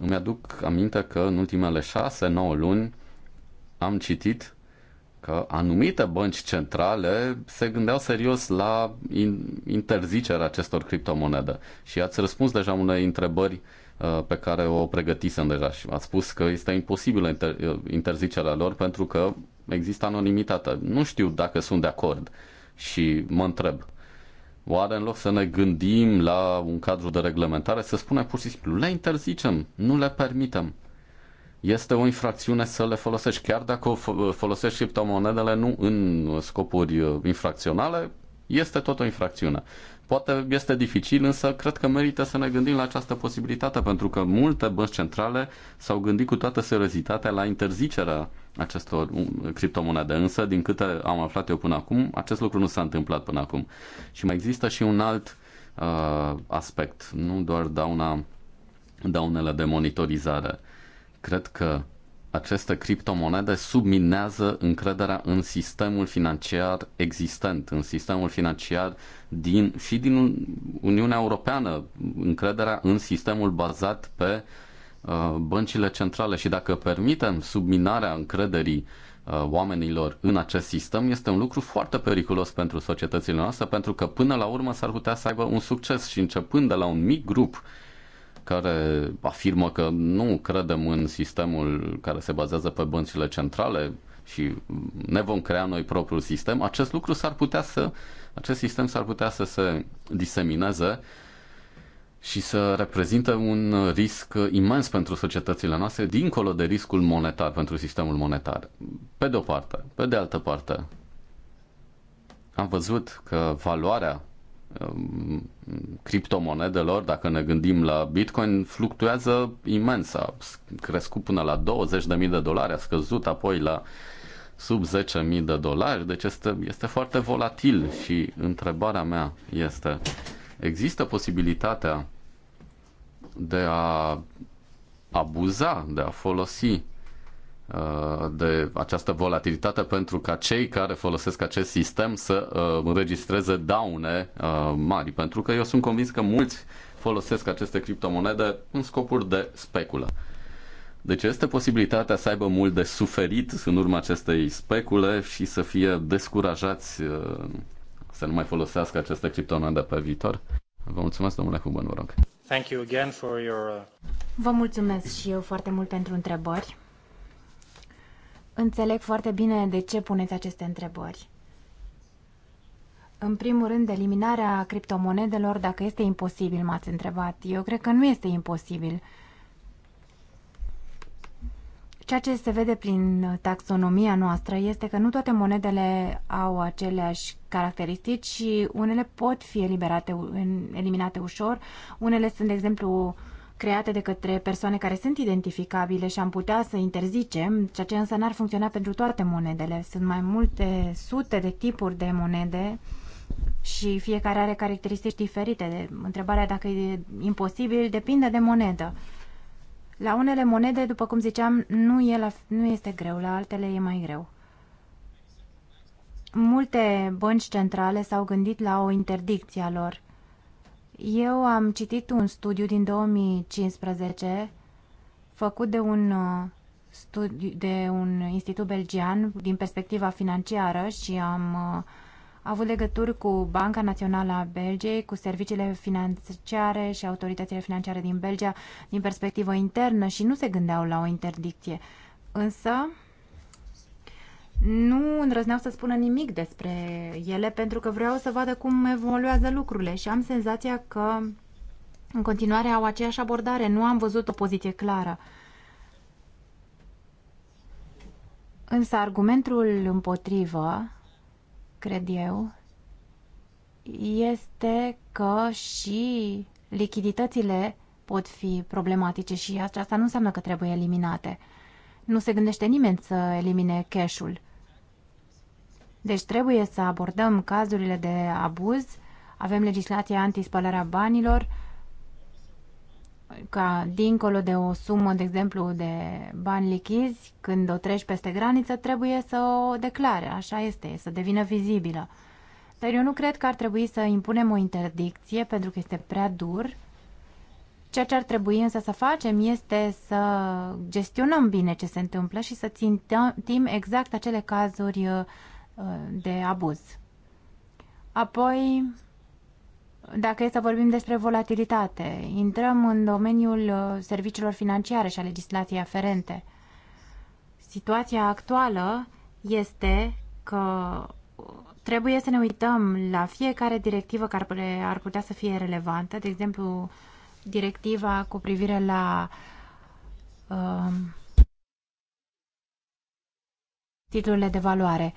Îmi aduc aminte că în ultimele șase, 9 luni am citit că anumite bănci centrale se gândeau serios la interzicerea acestor criptomonede. Și ați răspuns deja unei întrebări uh, pe care o pregătisem deja și ați spus că este imposibilă inter- uh, interzicerea lor pentru că există anonimitate. Nu știu dacă sunt de acord și mă întreb. Oare în loc să ne gândim la un cadru de reglementare, să spunem pur și simplu, le interzicem, nu le permitem este o infracțiune să le folosești. Chiar dacă folosești criptomonedele nu în scopuri uh, infracționale, este tot o infracțiune. Poate este dificil, însă cred că merită să ne gândim la această posibilitate, pentru că multe bănci centrale s-au gândit cu toată seriozitatea la interzicerea acestor um, criptomonede, însă, din câte am aflat eu până acum, acest lucru nu s-a întâmplat până acum. Și mai există și un alt uh, aspect, nu doar dauna, daunele de monitorizare. Uh, Cred că aceste criptomonede subminează încrederea în sistemul financiar existent, în sistemul financiar din, și din Uniunea Europeană, încrederea în sistemul bazat pe uh, băncile centrale și dacă permitem subminarea încrederii uh, oamenilor în acest sistem este un lucru foarte periculos pentru societățile noastre pentru că până la urmă s-ar putea să aibă un succes și începând de la un mic grup uh, care afirmă că nu credem în sistemul care se bazează pe băncile centrale și ne vom crea noi propriul sistem, acest lucru s-ar putea să, acest sistem s-ar putea să se disemineze și să reprezintă un risc imens pentru societățile noastre, dincolo de riscul monetar, pentru sistemul monetar. Pe de o parte. Pe de altă parte, am văzut că valoarea Um, criptomonedelor, dacă ne gândim la Bitcoin, fluctuează imens. A crescut până la 20.000 de dolari, a scăzut apoi la sub 10.000 de dolari, deci este, este foarte volatil și întrebarea mea este, există posibilitatea de a abuza, de a folosi Uh, de această volatilitate pentru ca cei care folosesc acest sistem să uh, înregistreze daune uh, mari. Pentru că eu sunt convins că mulți folosesc aceste criptomonede în scopuri de speculă. Deci este posibilitatea să aibă mult de suferit în urma acestei specule și să fie descurajați să nu mai folosească aceste criptomonede pe viitor. Vă mulțumesc, domnule Huben, vă rog. Thank you again for your... Vă mulțumesc și eu foarte mult pentru întrebări. Înțeleg foarte bine de ce puneți aceste întrebări. În primul rând, eliminarea criptomonedelor, dacă este imposibil, m-ați întrebat. Eu cred că nu este imposibil. Ceea ce se vede prin taxonomia noastră este că nu toate monedele au aceleași caracteristici și unele pot fi eliberate, eliminate ușor. Unele sunt, de exemplu, create de către persoane care sunt identificabile și am putea să interzicem, ceea ce însă n-ar funcționa pentru toate monedele. Sunt mai multe sute de tipuri de monede și fiecare are caracteristici diferite. Întrebarea dacă e imposibil depinde de monedă. La unele monede, după cum ziceam, nu, e la, nu este greu, la altele e mai greu. Multe bănci centrale s-au gândit la o interdicție a lor. Eu am citit un studiu din 2015 făcut de un, uh, studiu, de un institut belgian din perspectiva financiară și am uh, avut legături cu Banca Națională a Belgiei, cu serviciile financiare și autoritățile financiare din Belgia din perspectivă internă și nu se gândeau la o interdicție. Însă, nu îndrăzneau să spună nimic despre ele pentru că vreau să vadă cum evoluează lucrurile și am senzația că în continuare au aceeași abordare. Nu am văzut o poziție clară. Însă argumentul împotrivă, cred eu, este că și lichiditățile pot fi problematice și asta nu înseamnă că trebuie eliminate. Nu se gândește nimeni să elimine cash-ul. Deci trebuie să abordăm cazurile de abuz. Avem legislația antispălarea banilor, ca dincolo de o sumă, de exemplu, de bani lichizi, când o treci peste graniță, trebuie să o declare. Așa este, să devină vizibilă. Dar eu nu cred că ar trebui să impunem o interdicție, pentru că este prea dur Ceea ce ar trebui însă să facem este să gestionăm bine ce se întâmplă și să țintim exact acele cazuri uh, de abuz. Apoi, dacă e să vorbim despre volatilitate, intrăm în domeniul uh, serviciilor financiare și a legislației aferente. Situația actuală este că uh, trebuie să ne uităm la fiecare directivă care ar putea să fie relevantă, de exemplu, directiva cu privire la uh, titlurile de valoare.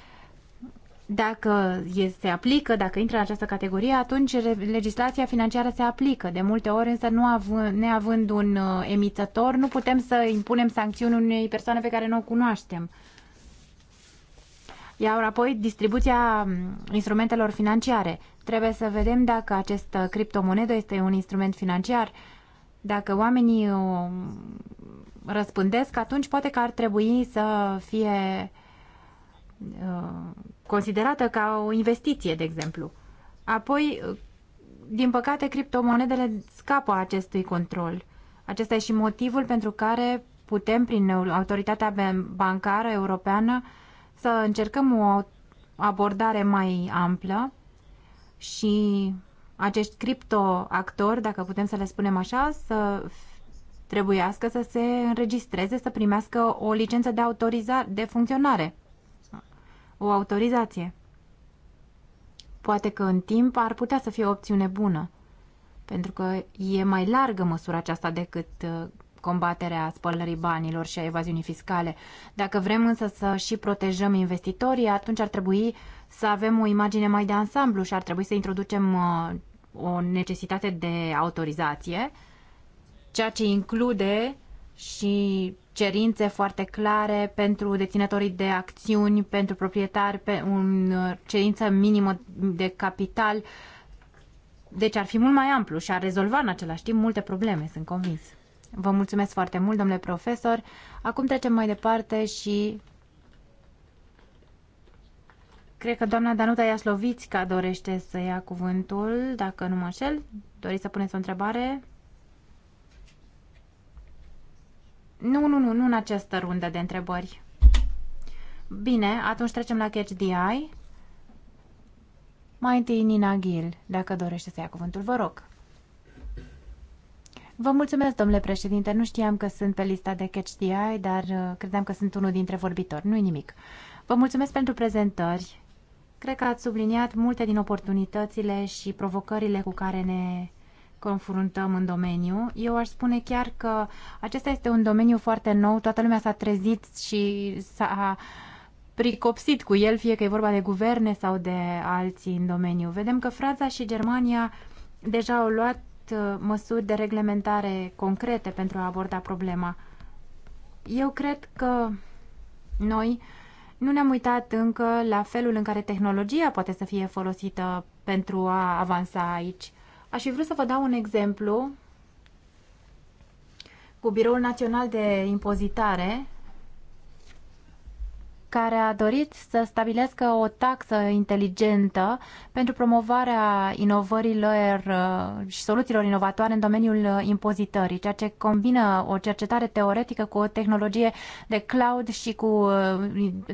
Dacă se aplică, dacă intră în această categorie, atunci legislația financiară se aplică. De multe ori însă, nu având, neavând un uh, emițător, nu putem să impunem sancțiuni unei persoane pe care nu o cunoaștem. Iar apoi distribuția instrumentelor financiare. Trebuie să vedem dacă această uh, criptomonedă este un instrument financiar. Dacă oamenii o uh, răspândesc, atunci poate că ar trebui să fie uh, considerată ca o investiție, de exemplu. Apoi, din păcate, criptomonedele scapă acestui control. Acesta e și motivul pentru care putem, prin autoritatea bancară europeană, să încercăm o abordare mai amplă și acești criptoactori, dacă putem să le spunem așa, să trebuiască să se înregistreze, să primească o licență de autorizare, de funcționare, o autorizație. Poate că în timp ar putea să fie o opțiune bună, pentru că e mai largă măsura aceasta decât uh, combaterea spălării banilor și a evaziunii fiscale. Dacă vrem însă să și protejăm investitorii, atunci ar trebui să avem o imagine mai de ansamblu și ar trebui să introducem uh, o necesitate de autorizație, ceea ce include și cerințe foarte clare pentru deținătorii de acțiuni, pentru proprietari, pe un uh, cerință minimă de capital. Deci ar fi mult mai amplu și ar rezolva în același timp multe probleme, sunt convins. Vă mulțumesc foarte mult, domnule profesor. Acum trecem mai departe și cred că doamna Danuta Iaslovițca dorește să ia cuvântul, dacă nu mă înșel. Doriți să puneți o întrebare? Nu, nu, nu, nu în această rundă de întrebări. Bine, atunci trecem la Catch the Eye. Mai întâi Nina Gil, dacă dorește să ia cuvântul, vă rog. Vă mulțumesc, domnule președinte. Nu știam că sunt pe lista de Catch the Eye, dar uh, credeam că sunt unul dintre vorbitori. Nu-i nimic. Vă mulțumesc pentru prezentări. Cred că ați subliniat multe din oportunitățile și provocările cu care ne confruntăm în domeniu. Eu aș spune chiar că acesta este un domeniu foarte nou, toată lumea s-a trezit și s-a pricopsit cu el, fie că e vorba de guverne sau de alții în domeniu. Vedem că Franța și Germania deja au luat găsit uh, măsuri de reglementare concrete pentru a aborda problema. Eu cred că noi nu ne-am uitat încă la felul în care tehnologia poate să fie folosită pentru a avansa aici. Aș fi vrut să vă dau un exemplu cu Biroul Național de Impozitare, care a dorit să stabilească o taxă inteligentă pentru promovarea inovărilor uh, și soluțiilor inovatoare în domeniul uh, impozitării, ceea ce combină o cercetare teoretică cu o tehnologie de cloud și cu uh,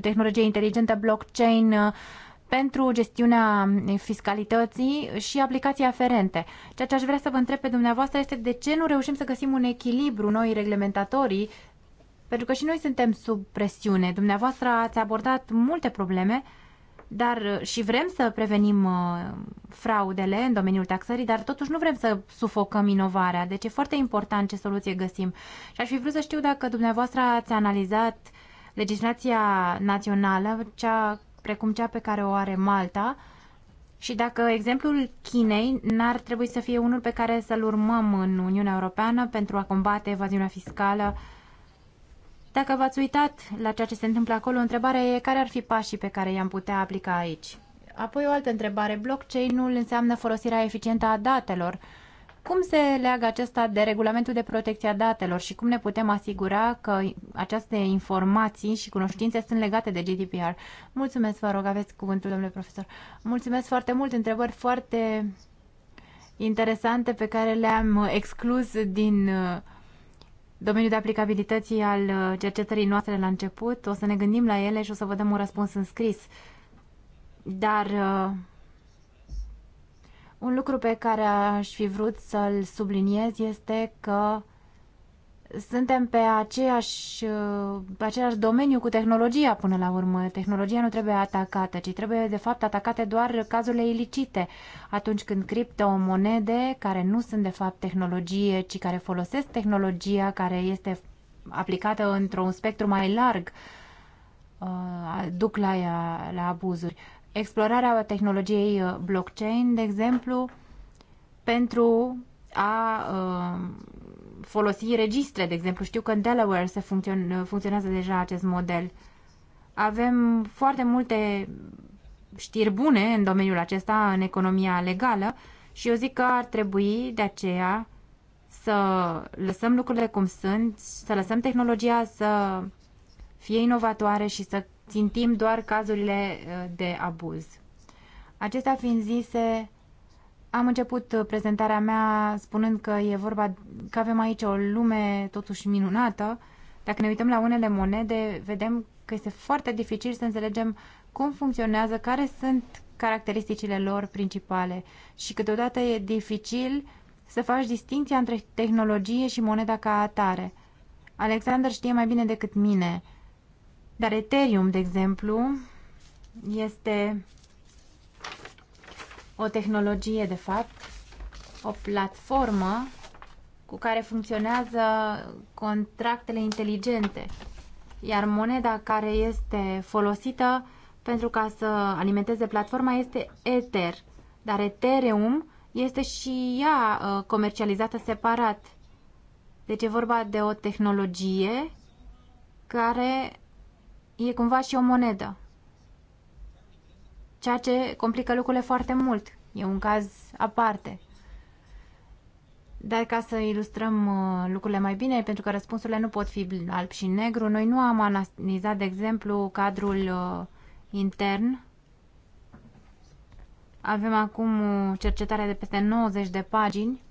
tehnologie inteligentă blockchain pentru gestiunea fiscalității și aplicații aferente. Ceea ce aș vrea să vă întreb pe dumneavoastră este de ce nu reușim să găsim un echilibru noi reglementatorii pentru că și noi suntem sub presiune. Dumneavoastră ați abordat multe probleme dar uh, și vrem să prevenim uh, fraudele în domeniul taxării, dar totuși nu vrem să sufocăm inovarea. Deci e foarte important ce soluție găsim. Și aș fi vrut să știu dacă dumneavoastră ați analizat legislația națională, cea, precum cea pe care o are Malta, și dacă exemplul Chinei n-ar trebui să fie unul pe care să-l urmăm în Uniunea Europeană pentru a combate evaziunea fiscală dacă v-ați uitat la ceea ce se întâmplă acolo, întrebarea e care ar fi pașii pe care i-am putea aplica aici. Apoi o altă întrebare. Blockchain-ul înseamnă folosirea eficientă a datelor. Cum se leagă acesta de regulamentul de protecție a datelor și cum ne putem asigura că aceste informații și cunoștințe sunt legate de GDPR? Mulțumesc, vă rog, aveți cuvântul, domnule profesor. Mulțumesc foarte mult, întrebări foarte interesante pe care le-am exclus din uh, domeniul de aplicabilității al uh, cercetării noastre la început. O să ne gândim la ele și o să vă dăm un răspuns în scris. Dar uh, un lucru pe care aș fi vrut să-l subliniez este că suntem pe aceeași, pe același domeniu cu tehnologia până la urmă. Tehnologia nu trebuie atacată, ci trebuie de fapt atacate doar cazurile ilicite. Atunci când criptomonede, care nu sunt de fapt tehnologie, ci care folosesc tehnologia care este aplicată într-un spectru mai larg, uh, duc la, ea, la abuzuri. Explorarea tehnologiei uh, blockchain, de exemplu, pentru a uh, folosi registre, de exemplu. Știu că în Delaware se funcționează deja acest model. Avem foarte multe știri bune în domeniul acesta, în economia legală și eu zic că ar trebui de aceea să lăsăm lucrurile cum sunt, să lăsăm tehnologia să fie inovatoare și să țintim doar cazurile uh, de abuz. Acestea fiind zise, am început uh, prezentarea mea spunând că e vorba că avem aici o lume totuși minunată. Dacă ne uităm la unele monede, vedem că este foarte dificil să înțelegem cum funcționează, care sunt caracteristicile lor principale și câteodată e dificil să faci distinția între tehnologie și moneda ca atare. Alexander știe mai bine decât mine, dar Ethereum, de exemplu, este o tehnologie, de fapt, o platformă cu care funcționează contractele inteligente, iar moneda care este folosită pentru ca să alimenteze platforma este Ether, dar Ethereum este și ea uh, comercializată separat. Deci e vorba de o tehnologie care e cumva și o monedă ceea ce complică lucrurile foarte mult. E un caz aparte. Dar ca să ilustrăm uh, lucrurile mai bine, pentru că răspunsurile nu pot fi alb și negru, noi nu am analizat, de exemplu, cadrul uh, intern. Avem acum uh, cercetarea de peste 90 de pagini.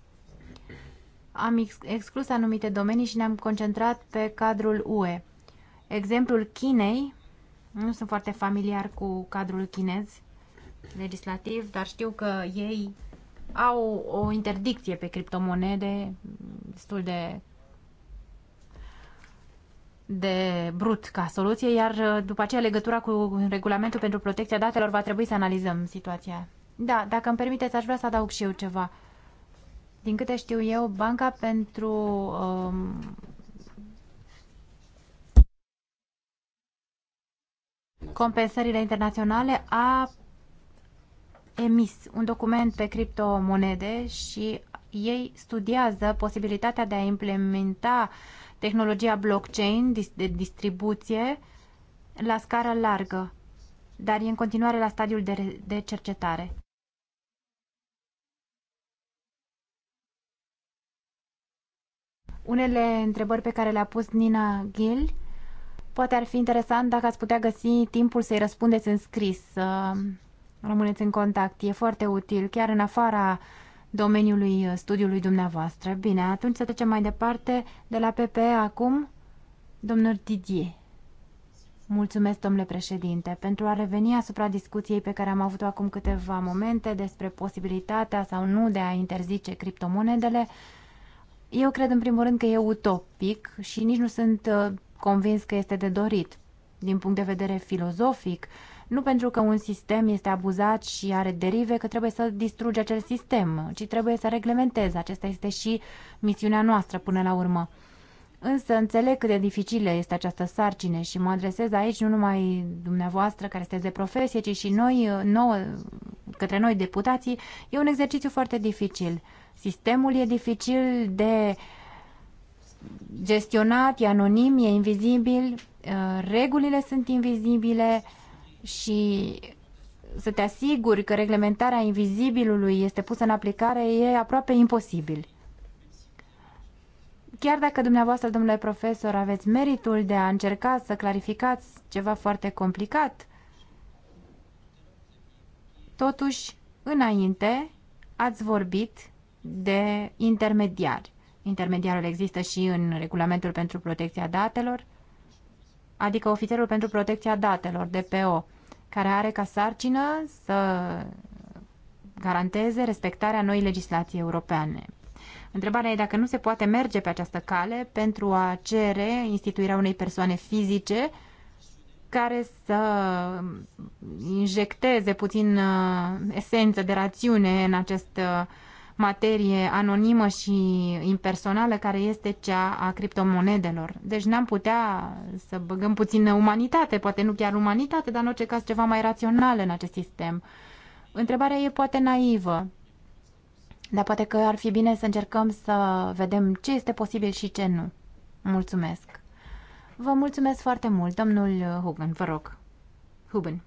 Am exclus anumite domenii și ne-am concentrat pe cadrul UE. Exemplul Chinei nu sunt foarte familiar cu cadrul chinez legislativ, dar știu că ei au o interdicție pe criptomonede destul de de brut ca soluție, iar după aceea legătura cu regulamentul pentru protecția datelor va trebui să analizăm situația. Da, dacă îmi permiteți, aș vrea să adaug și eu ceva. Din câte știu eu, Banca pentru um, compensările internaționale a emis un document pe criptomonede și ei studiază posibilitatea de a implementa tehnologia blockchain de distribuție la scară largă, dar e în continuare la stadiul de, de cercetare. Unele întrebări pe care le-a pus Nina Gill Poate ar fi interesant dacă ați putea găsi timpul să-i răspundeți în scris, să rămâneți în contact. E foarte util, chiar în afara domeniului uh, studiului dumneavoastră. Bine, atunci să trecem mai departe de la PP acum, domnul Didier. Mulțumesc, domnule președinte, pentru a reveni asupra discuției pe care am avut-o acum câteva momente despre posibilitatea sau nu de a interzice criptomonedele. Eu cred, în primul rând, că e utopic și nici nu sunt uh, convins că este de dorit, din punct de vedere filozofic, nu pentru că un sistem este abuzat și are derive că trebuie să distruge acel sistem, ci trebuie să reglementeze Acesta este și misiunea noastră până la urmă. Însă înțeleg cât de dificilă este această sarcină și mă adresez aici nu numai dumneavoastră care sunteți de profesie, ci și noi, nouă, către noi deputații, e un exercițiu foarte dificil. Sistemul e dificil de uh, gestionat, e anonim, e invizibil, uh, regulile sunt invizibile și să te asiguri că reglementarea invizibilului este pusă în aplicare e aproape imposibil. Chiar dacă dumneavoastră, domnule profesor, aveți meritul de a încerca să clarificați ceva foarte complicat, totuși, înainte, ați vorbit de intermediari intermediarul există și în regulamentul pentru protecția datelor, adică ofițerul pentru protecția datelor, DPO, care are ca sarcină să garanteze respectarea noii legislații europene. Întrebarea e dacă nu se poate merge pe această cale pentru a cere instituirea unei persoane fizice care să injecteze puțin uh, esență de rațiune în acest uh, materie anonimă și impersonală care este cea a criptomonedelor. Deci n-am putea să băgăm puțin umanitate, poate nu chiar umanitate, dar în orice caz ceva mai rațional în acest sistem. Întrebarea e poate naivă, dar poate că ar fi bine să încercăm să vedem ce este posibil și ce nu. Mulțumesc! Vă mulțumesc foarte mult, domnul Hugen, vă rog. Huben.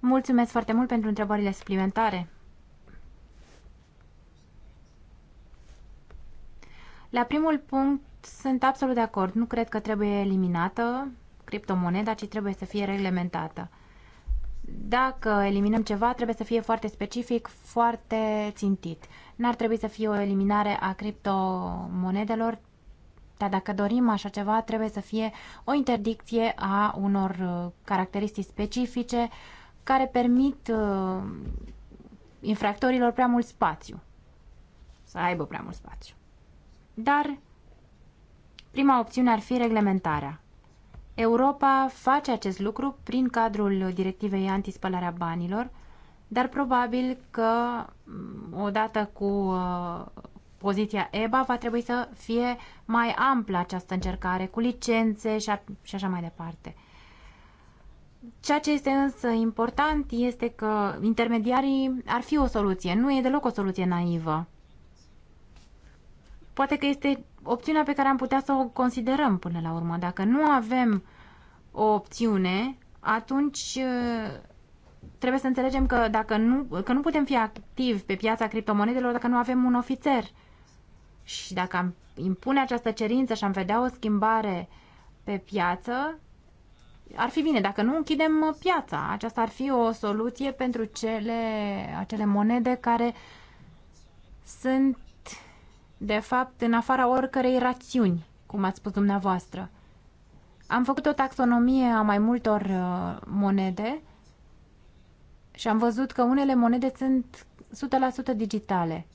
Mulțumesc foarte mult pentru întrebările suplimentare. La primul punct sunt absolut de acord. Nu cred că trebuie eliminată criptomoneda, ci trebuie să fie reglementată. Dacă eliminăm ceva, trebuie să fie foarte specific, foarte țintit. N-ar trebui să fie o eliminare a criptomonedelor, dar dacă dorim așa ceva, trebuie să fie o interdicție a unor uh, caracteristici specifice care permit uh, infractorilor prea mult spațiu. Să aibă prea mult spațiu. Dar prima opțiune ar fi reglementarea. Europa face acest lucru prin cadrul directivei antispălarea banilor, dar probabil că mm, odată cu uh, poziția EBA va trebui să fie mai amplă această încercare, cu licențe și, a, și așa mai departe. Ceea ce este însă important este că intermediarii ar fi o soluție, nu e deloc o soluție naivă. Poate că este opțiunea pe care am putea să o considerăm până la urmă. Dacă nu avem o opțiune, atunci uh, trebuie să înțelegem că, dacă nu, că nu putem fi activi pe piața criptomonedelor dacă nu avem un ofițer. Și dacă am impune această cerință și am vedea o schimbare pe piață, ar fi bine. Dacă nu, închidem piața. Aceasta ar fi o soluție pentru cele, acele monede care sunt de fapt, în afara oricărei rațiuni, cum ați spus dumneavoastră. Am făcut o taxonomie a mai multor uh, monede și am văzut că unele monede sunt 100% digitale.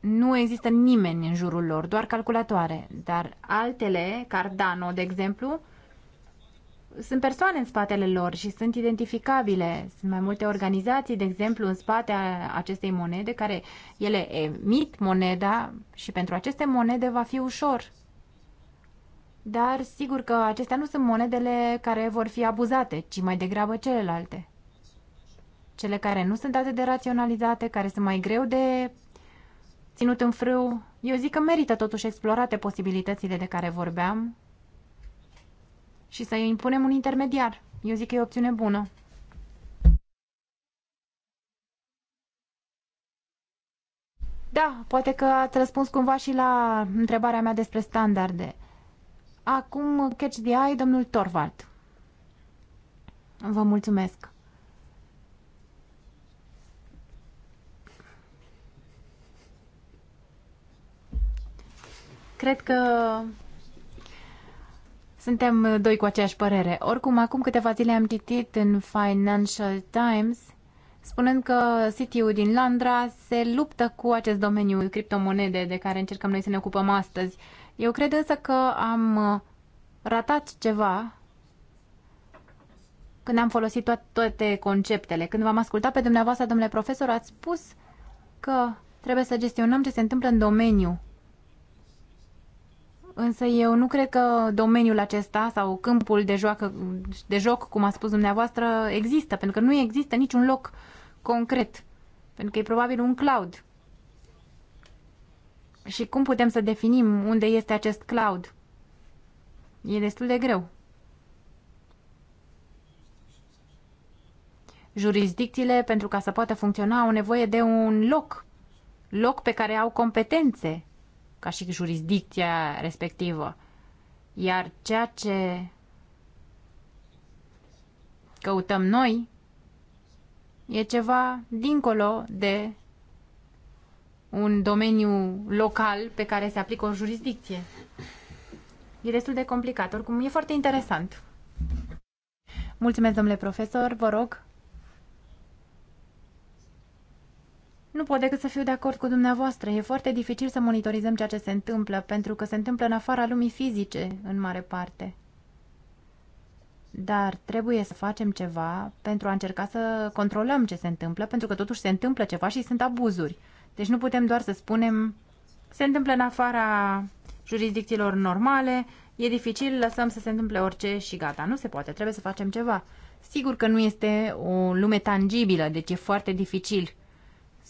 Nu există nimeni în jurul lor, doar calculatoare, dar altele, Cardano, de exemplu, sunt persoane în spatele lor și sunt identificabile. Sunt mai multe organizații, de exemplu, în spatele acestei monede, care ele emit moneda și pentru aceste monede va fi ușor. Dar sigur că acestea nu sunt monedele care vor fi abuzate, ci mai degrabă celelalte. Cele care nu sunt atât de raționalizate, care sunt mai greu de ținut în frâu, eu zic că merită totuși explorate posibilitățile de care vorbeam și să impunem un intermediar. Eu zic că e o opțiune bună. Da, poate că ați răspuns cumva și la întrebarea mea despre standarde. Acum, catch the eye, domnul Torvald. Vă mulțumesc. Cred că suntem uh, doi cu aceeași părere. Oricum, acum câteva zile am citit în Financial Times spunând că City-ul din Londra se luptă cu acest domeniu criptomonede de care încercăm noi să ne ocupăm astăzi. Eu cred însă că am uh, ratat ceva când am folosit toate conceptele. Când v-am ascultat pe dumneavoastră, domnule profesor, ați spus că trebuie să gestionăm ce se întâmplă în domeniu Însă eu nu cred că domeniul acesta sau câmpul de, joacă, de joc, cum a spus dumneavoastră, există, pentru că nu există niciun loc concret, pentru că e probabil un cloud. Și cum putem să definim unde este acest cloud? E destul de greu. Jurisdicțiile, pentru ca să poată funcționa, au nevoie de un loc, loc pe care au competențe ca și jurisdicția respectivă. Iar ceea ce căutăm noi e ceva dincolo de un domeniu local pe care se aplică o jurisdicție. E destul de complicat, oricum e foarte interesant. Mulțumesc, domnule profesor, vă rog Nu pot decât să fiu de acord cu dumneavoastră. E foarte dificil să monitorizăm ceea ce se întâmplă, pentru că se întâmplă în afara lumii fizice, în mare parte. Dar trebuie să facem ceva pentru a încerca să controlăm ce se întâmplă, pentru că totuși se întâmplă ceva și sunt abuzuri. Deci nu putem doar să spunem se întâmplă în afara jurisdicțiilor normale, e dificil, lăsăm să se întâmple orice și gata. Nu se poate, trebuie să facem ceva. Sigur că nu este o lume tangibilă, deci e foarte dificil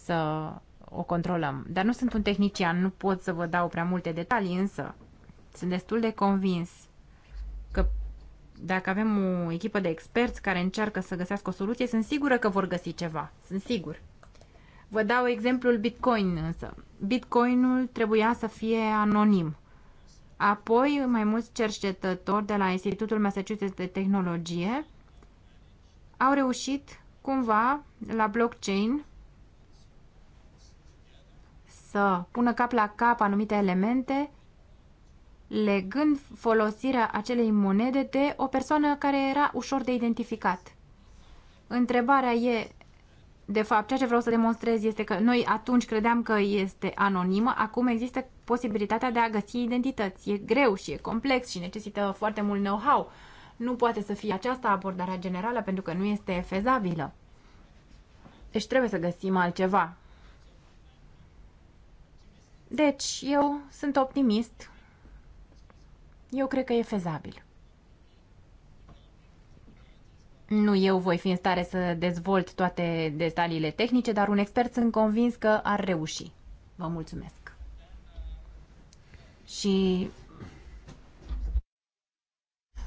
să o controlăm. Dar nu sunt un tehnician, nu pot să vă dau prea multe detalii, însă sunt destul de convins că dacă avem o echipă de experți care încearcă să găsească o soluție, sunt sigură că vor găsi ceva. Sunt sigur. Vă dau exemplul Bitcoin însă. Bitcoinul trebuia să fie anonim. Apoi, mai mulți cercetători de la Institutul Massachusetts de Tehnologie au reușit cumva la blockchain să pună cap la cap anumite elemente, legând folosirea acelei monede de o persoană care era ușor de identificat. Întrebarea e, de fapt, ceea ce vreau să demonstrez este că noi atunci credeam că este anonimă, acum există posibilitatea de a găsi identități. E greu și e complex și necesită foarte mult know-how. Nu poate să fie aceasta abordarea generală pentru că nu este fezabilă. Deci trebuie să găsim altceva. Deci, eu sunt optimist. Eu cred că e fezabil. Nu eu voi fi în stare să dezvolt toate detaliile tehnice, dar un expert sunt convins că ar reuși. Vă mulțumesc. Și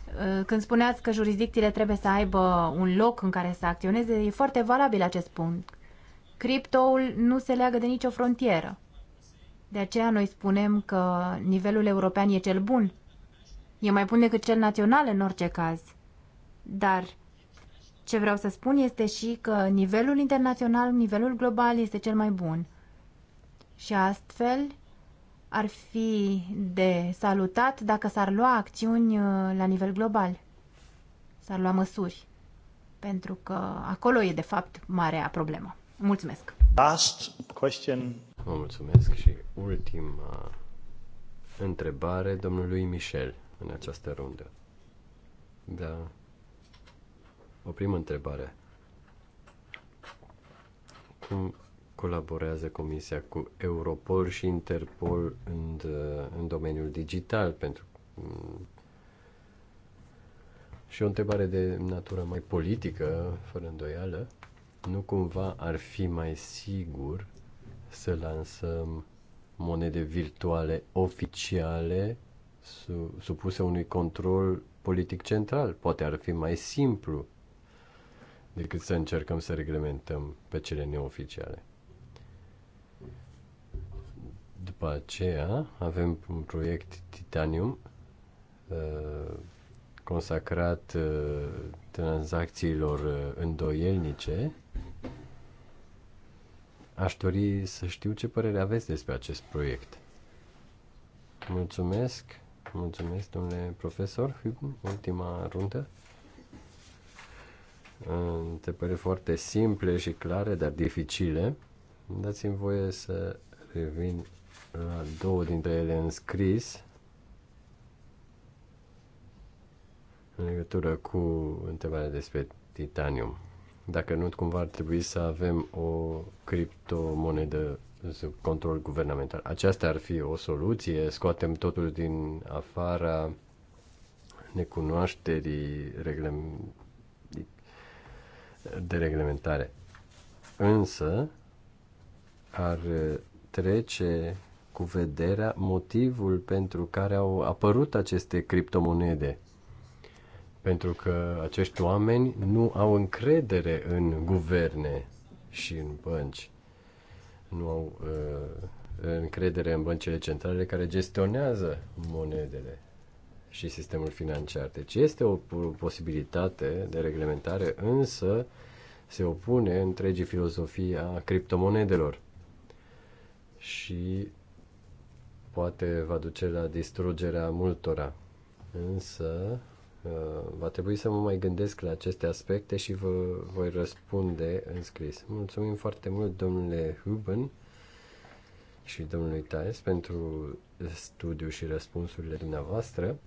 uh, când spuneați că jurisdicțiile trebuie să aibă un loc în care să acționeze, e foarte valabil acest punct. Criptoul nu se leagă de nicio frontieră. De aceea noi spunem că nivelul european e cel bun. E mai bun decât cel național în orice caz. Dar ce vreau să spun este și că nivelul internațional, nivelul global este cel mai bun. Și astfel ar fi de salutat dacă s-ar lua acțiuni uh, la nivel global. S-ar lua măsuri. Pentru că acolo e de fapt marea problemă. Mulțumesc. Last question Vă mulțumesc și ultima întrebare domnului Michel în această rundă. Da. O primă întrebare. Cum colaborează Comisia cu Europol și Interpol în, în domeniul digital pentru mm, și o întrebare de natură mai politică, fără îndoială, nu cumva ar fi mai sigur să lansăm monede virtuale oficiale su- supuse unui control politic central. Poate ar fi mai simplu decât să încercăm să reglementăm pe cele neoficiale. După aceea avem un proiect Titanium uh, consacrat uh, tranzacțiilor uh, îndoielnice Aș dori să știu ce părere aveți despre acest proiect. Mulțumesc, mulțumesc domnule profesor, ultima rundă. Întrebări foarte simple și clare, dar dificile. Dați-mi voie să revin la două dintre ele în scris. În legătură cu întrebarea despre titanium. Dacă nu, cumva ar trebui să avem o criptomonedă sub control guvernamental. Aceasta ar fi o soluție, scoatem totul din afara necunoașterii de reglementare. Însă, ar trece cu vederea motivul pentru care au apărut aceste criptomonede pentru că acești oameni nu au încredere în guverne și în bănci. Nu au uh, încredere în băncile centrale care gestionează monedele și sistemul financiar. Deci este o posibilitate de reglementare, însă se opune întregii filozofii a criptomonedelor și poate va duce la distrugerea multora. Însă Uh, va trebui să mă mai gândesc la aceste aspecte și vă voi răspunde în scris. Mulțumim foarte mult, domnule Huben și domnului Taes pentru studiu și răspunsurile dumneavoastră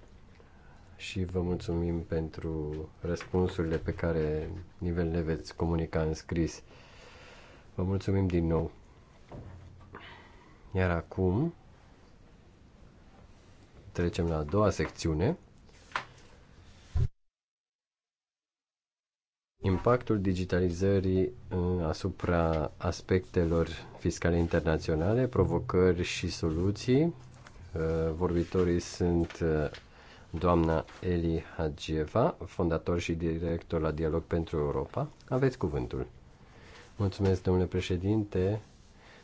și vă mulțumim pentru răspunsurile pe care nivel le veți comunica în scris. Vă mulțumim din nou. Iar acum trecem la a doua secțiune. Impactul digitalizării uh, asupra aspectelor fiscale internaționale, provocări și soluții. Uh, vorbitorii sunt uh, doamna Eli Hagieva, fondator și director la Dialog pentru Europa. Aveți cuvântul. Mulțumesc, domnule președinte,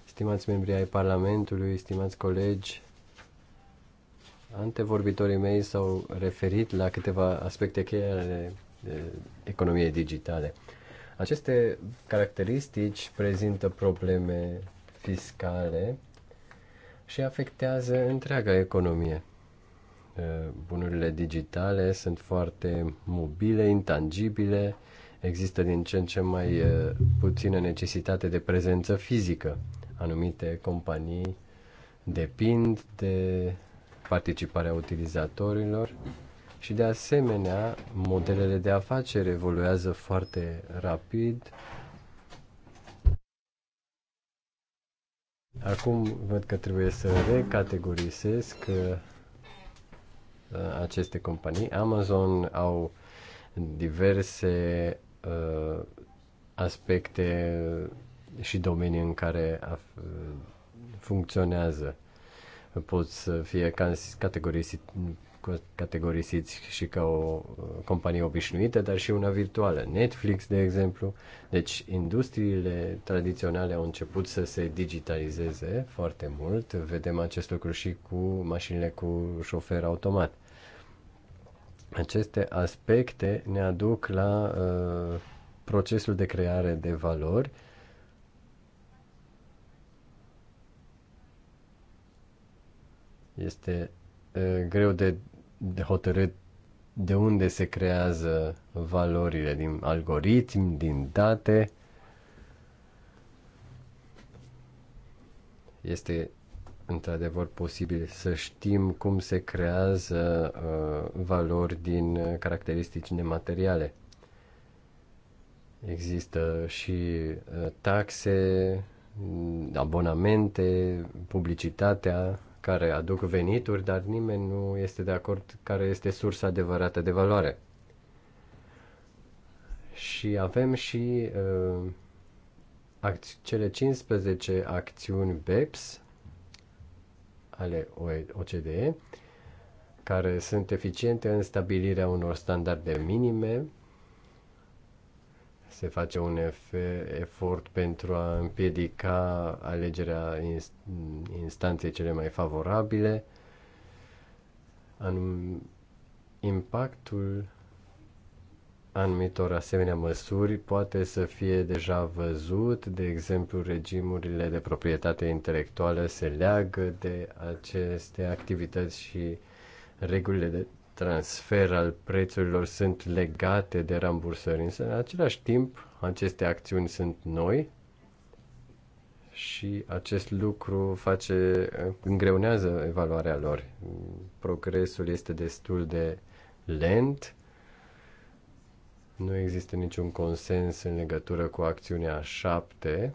stimați membri ai Parlamentului, stimați colegi, antevorbitorii mei s-au referit la câteva aspecte cheie ale economiei digitale. Aceste caracteristici prezintă probleme fiscale și afectează întreaga economie. Uh, bunurile digitale sunt foarte mobile, intangibile, există din ce în ce mai uh, puțină necesitate de prezență fizică. Anumite companii depind de participarea utilizatorilor și de asemenea, modelele de afaceri evoluează foarte rapid. Acum văd că trebuie să recategorisesc uh, aceste companii. Amazon au diverse uh, aspecte și domenii în care uh, funcționează. Pot să fie categorisit categorisiți și ca o uh, companie obișnuită, dar și una virtuală. Netflix, de exemplu. Deci, industriile tradiționale au început să se digitalizeze foarte mult. Vedem acest lucru și cu mașinile cu șofer automat. Aceste aspecte ne aduc la uh, procesul de creare de valori este uh, greu de de hotărât de unde se creează valorile din algoritm, din date. Este într-adevăr posibil să știm cum se creează uh, valori din caracteristici nemateriale. Există și uh, taxe, abonamente, publicitatea care aduc venituri, dar nimeni nu este de acord care este sursa adevărată de valoare. Și avem și uh, cele 15 acțiuni BEPS ale OCDE, care sunt eficiente în stabilirea unor standarde minime se face un efort pentru a împiedica alegerea instanței cele mai favorabile. Anum, impactul anumitor asemenea măsuri poate să fie deja văzut, de exemplu, regimurile de proprietate intelectuală se leagă de aceste activități și regulile de transfer al prețurilor sunt legate de rambursări, însă în același timp aceste acțiuni sunt noi și acest lucru face, îngreunează evaluarea lor. Progresul este destul de lent, nu există niciun consens în legătură cu acțiunea 7,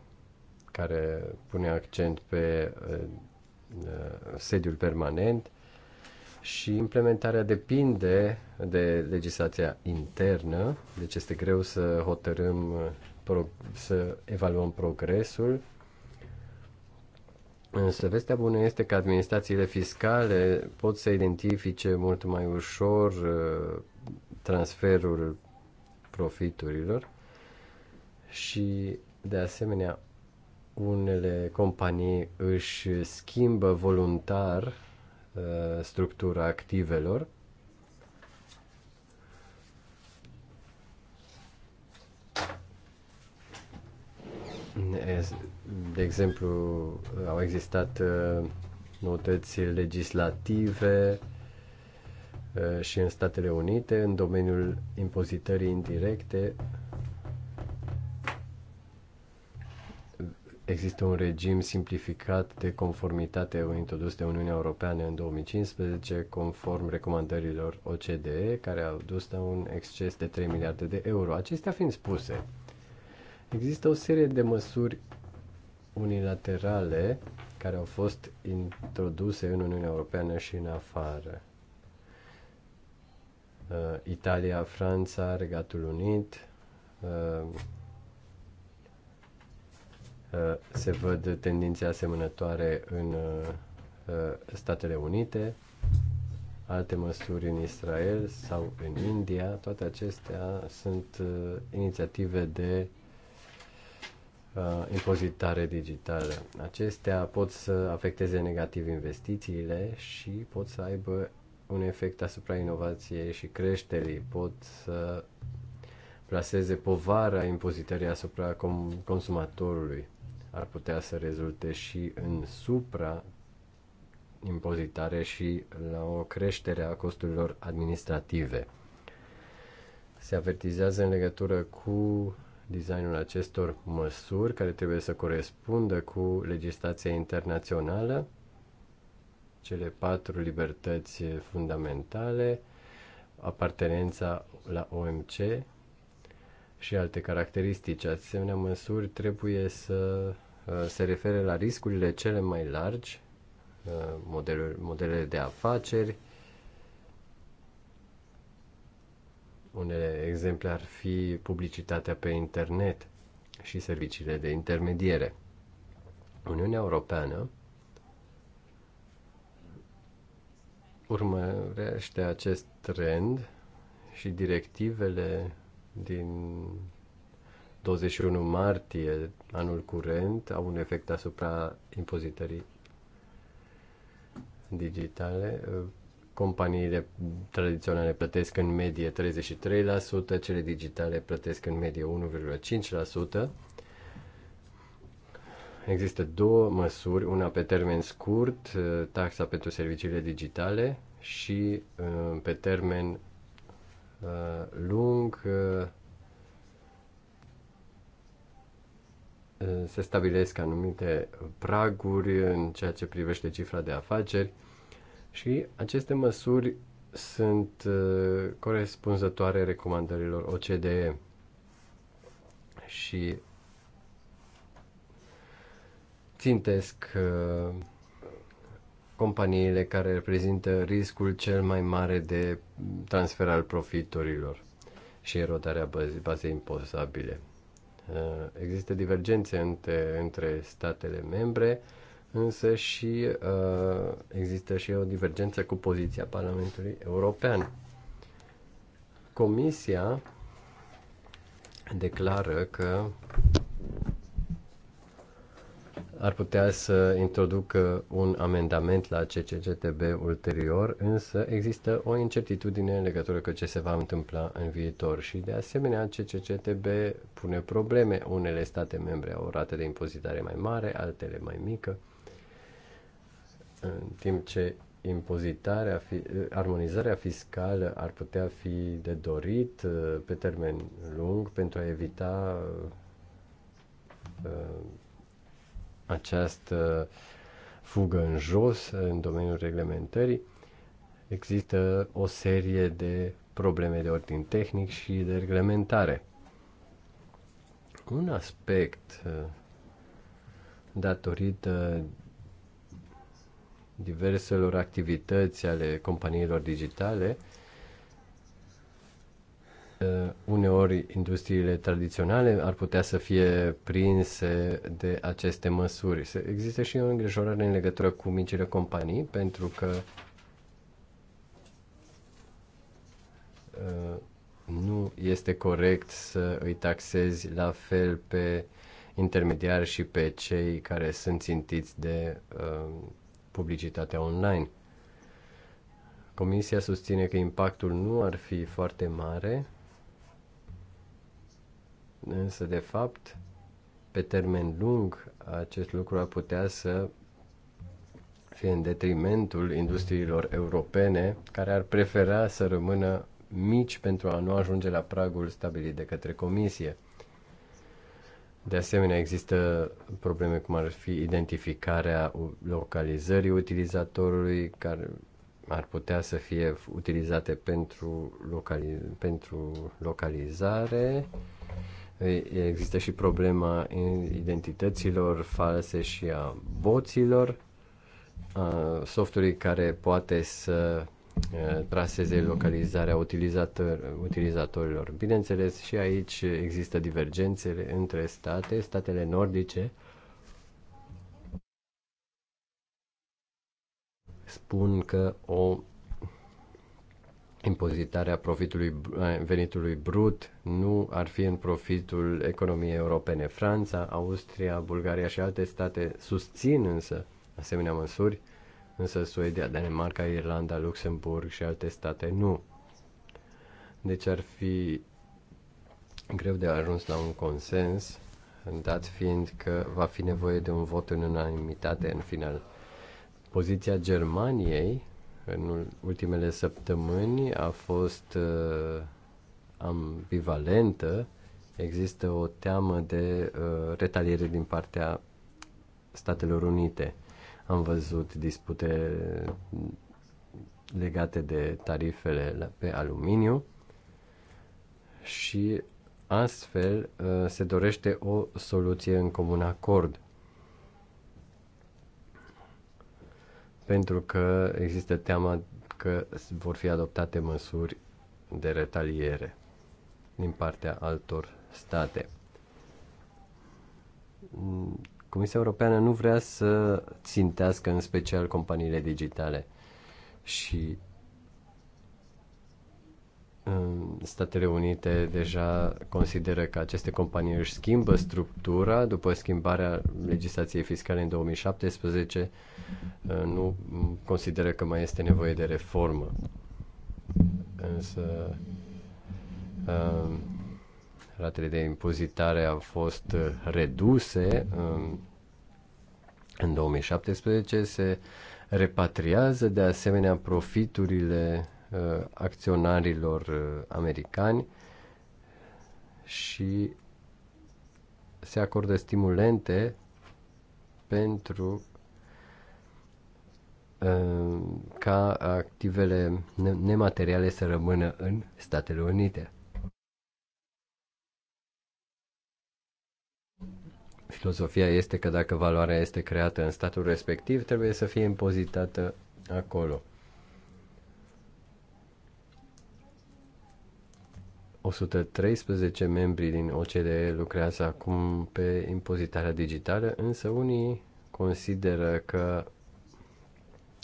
care pune accent pe uh, uh, sediul permanent, și implementarea depinde de legislația internă, deci este greu să hotărâm, să evaluăm progresul. Însă vestea bună este că administrațiile fiscale pot să identifice mult mai ușor uh, transferul profiturilor și de asemenea unele companii își schimbă voluntar Uh, structura activelor. De exemplu, au existat uh, noutăți legislative uh, și în Statele Unite în domeniul impozitării indirecte Există un regim simplificat de conformitate introdus de Uniunea Europeană în 2015, conform recomandărilor OCDE, care au dus la un exces de 3 miliarde de euro. Acestea fiind spuse, există o serie de măsuri unilaterale care au fost introduse în Uniunea Europeană și în afară. Uh, Italia, Franța, Regatul Unit, uh, Uh, se văd tendințe asemănătoare în uh, Statele Unite, alte măsuri în Israel sau în India. Toate acestea sunt uh, inițiative de impozitare digitală. Acestea pot să afecteze negativ investițiile și pot să aibă un efect asupra inovației și creșterii. Pot să plaseze povara impozitării asupra consumatorului ar putea să rezulte și în supra impozitare și la o creștere a costurilor administrative. Se avertizează în legătură cu designul acestor măsuri care trebuie să corespundă cu legislația internațională, cele patru libertăți fundamentale, apartenența la OMC, și alte caracteristici. Asemenea, măsuri trebuie să uh, se refere la riscurile cele mai largi, uh, modelele de afaceri. Unele exemple ar fi publicitatea pe internet și serviciile de intermediere. Uniunea Europeană urmărește acest trend și directivele din 21 martie anul curent au un efect asupra impozitării digitale. Companiile tradiționale plătesc în medie 33%, cele digitale plătesc în medie 1,5%. Există două măsuri, una pe termen scurt, taxa pentru serviciile digitale și uh, pe termen Uh, lung uh, uh, se stabilesc anumite praguri în ceea ce privește cifra de afaceri și aceste măsuri sunt corespunzătoare recomandărilor OCDE și țintesc companiile care reprezintă riscul cel mai mare de transfer al profiturilor și erodarea bazei imposabile. Uh, există divergențe între, între statele membre, însă și uh, există și o divergență cu poziția Parlamentului European. Comisia declară că ar putea să introducă un amendament la CCCTB ulterior, însă există o incertitudine în legătură cu ce se va întâmpla în viitor și de asemenea CCCTB pune probleme. Unele state membre au o rată de impozitare mai mare, altele mai mică, în timp ce impozitarea, fi, armonizarea fiscală ar putea fi de dorit uh, pe termen lung pentru a evita uh, această fugă în jos în domeniul reglementării. Există o serie de probleme de ordin tehnic și de reglementare. Un aspect uh, datorită diverselor activități ale companiilor digitale Eh, uneori industriile tradiționale ar putea să fie prinse de aceste măsuri. Există și o îngrijorare în legătură cu micile companii, pentru că eh, nu este corect să îi taxezi la fel pe intermediari și pe cei care sunt țintiți de eh, publicitatea online. Comisia susține că impactul nu ar fi foarte mare însă de fapt pe termen lung acest lucru ar putea să fie în detrimentul industriilor europene care ar prefera să rămână mici pentru a nu ajunge la pragul stabilit de către comisie. De asemenea, există probleme cum ar fi identificarea localizării utilizatorului care ar putea să fie utilizate pentru, locali- pentru localizare Există și problema identităților false și a boților, a softului care poate să traseze localizarea utilizator, utilizatorilor. Bineînțeles, și aici există divergențele între state, statele nordice spun că o impozitarea profitului, venitului brut nu ar fi în profitul economiei europene. Franța, Austria, Bulgaria și alte state susțin însă asemenea măsuri, însă Suedia, Danemarca, Irlanda, Luxemburg și alte state nu. Deci ar fi greu de ajuns la un consens, dat fiind că va fi nevoie de un vot în unanimitate în final. Poziția Germaniei în ultimele săptămâni a fost uh, ambivalentă. Există o teamă de uh, retaliere din partea Statelor Unite. Am văzut dispute legate de tarifele pe aluminiu și astfel uh, se dorește o soluție în comun acord. pentru că există teama că vor fi adoptate măsuri de retaliere din partea altor state. Comisia Europeană nu vrea să țintească în special companiile digitale și Statele Unite deja consideră că aceste companii își schimbă structura după schimbarea legislației fiscale în 2017. Nu consideră că mai este nevoie de reformă. Însă um, ratele de impozitare au fost reduse um, în 2017. Se repatriază de asemenea profiturile Uh, acționarilor uh, americani și se acordă stimulente pentru uh, ca activele nemateriale să rămână în Statele Unite. Filozofia este că dacă valoarea este creată în statul respectiv, trebuie să fie impozitată acolo. 113 membri din OCDE lucrează acum pe impozitarea digitală, însă unii consideră că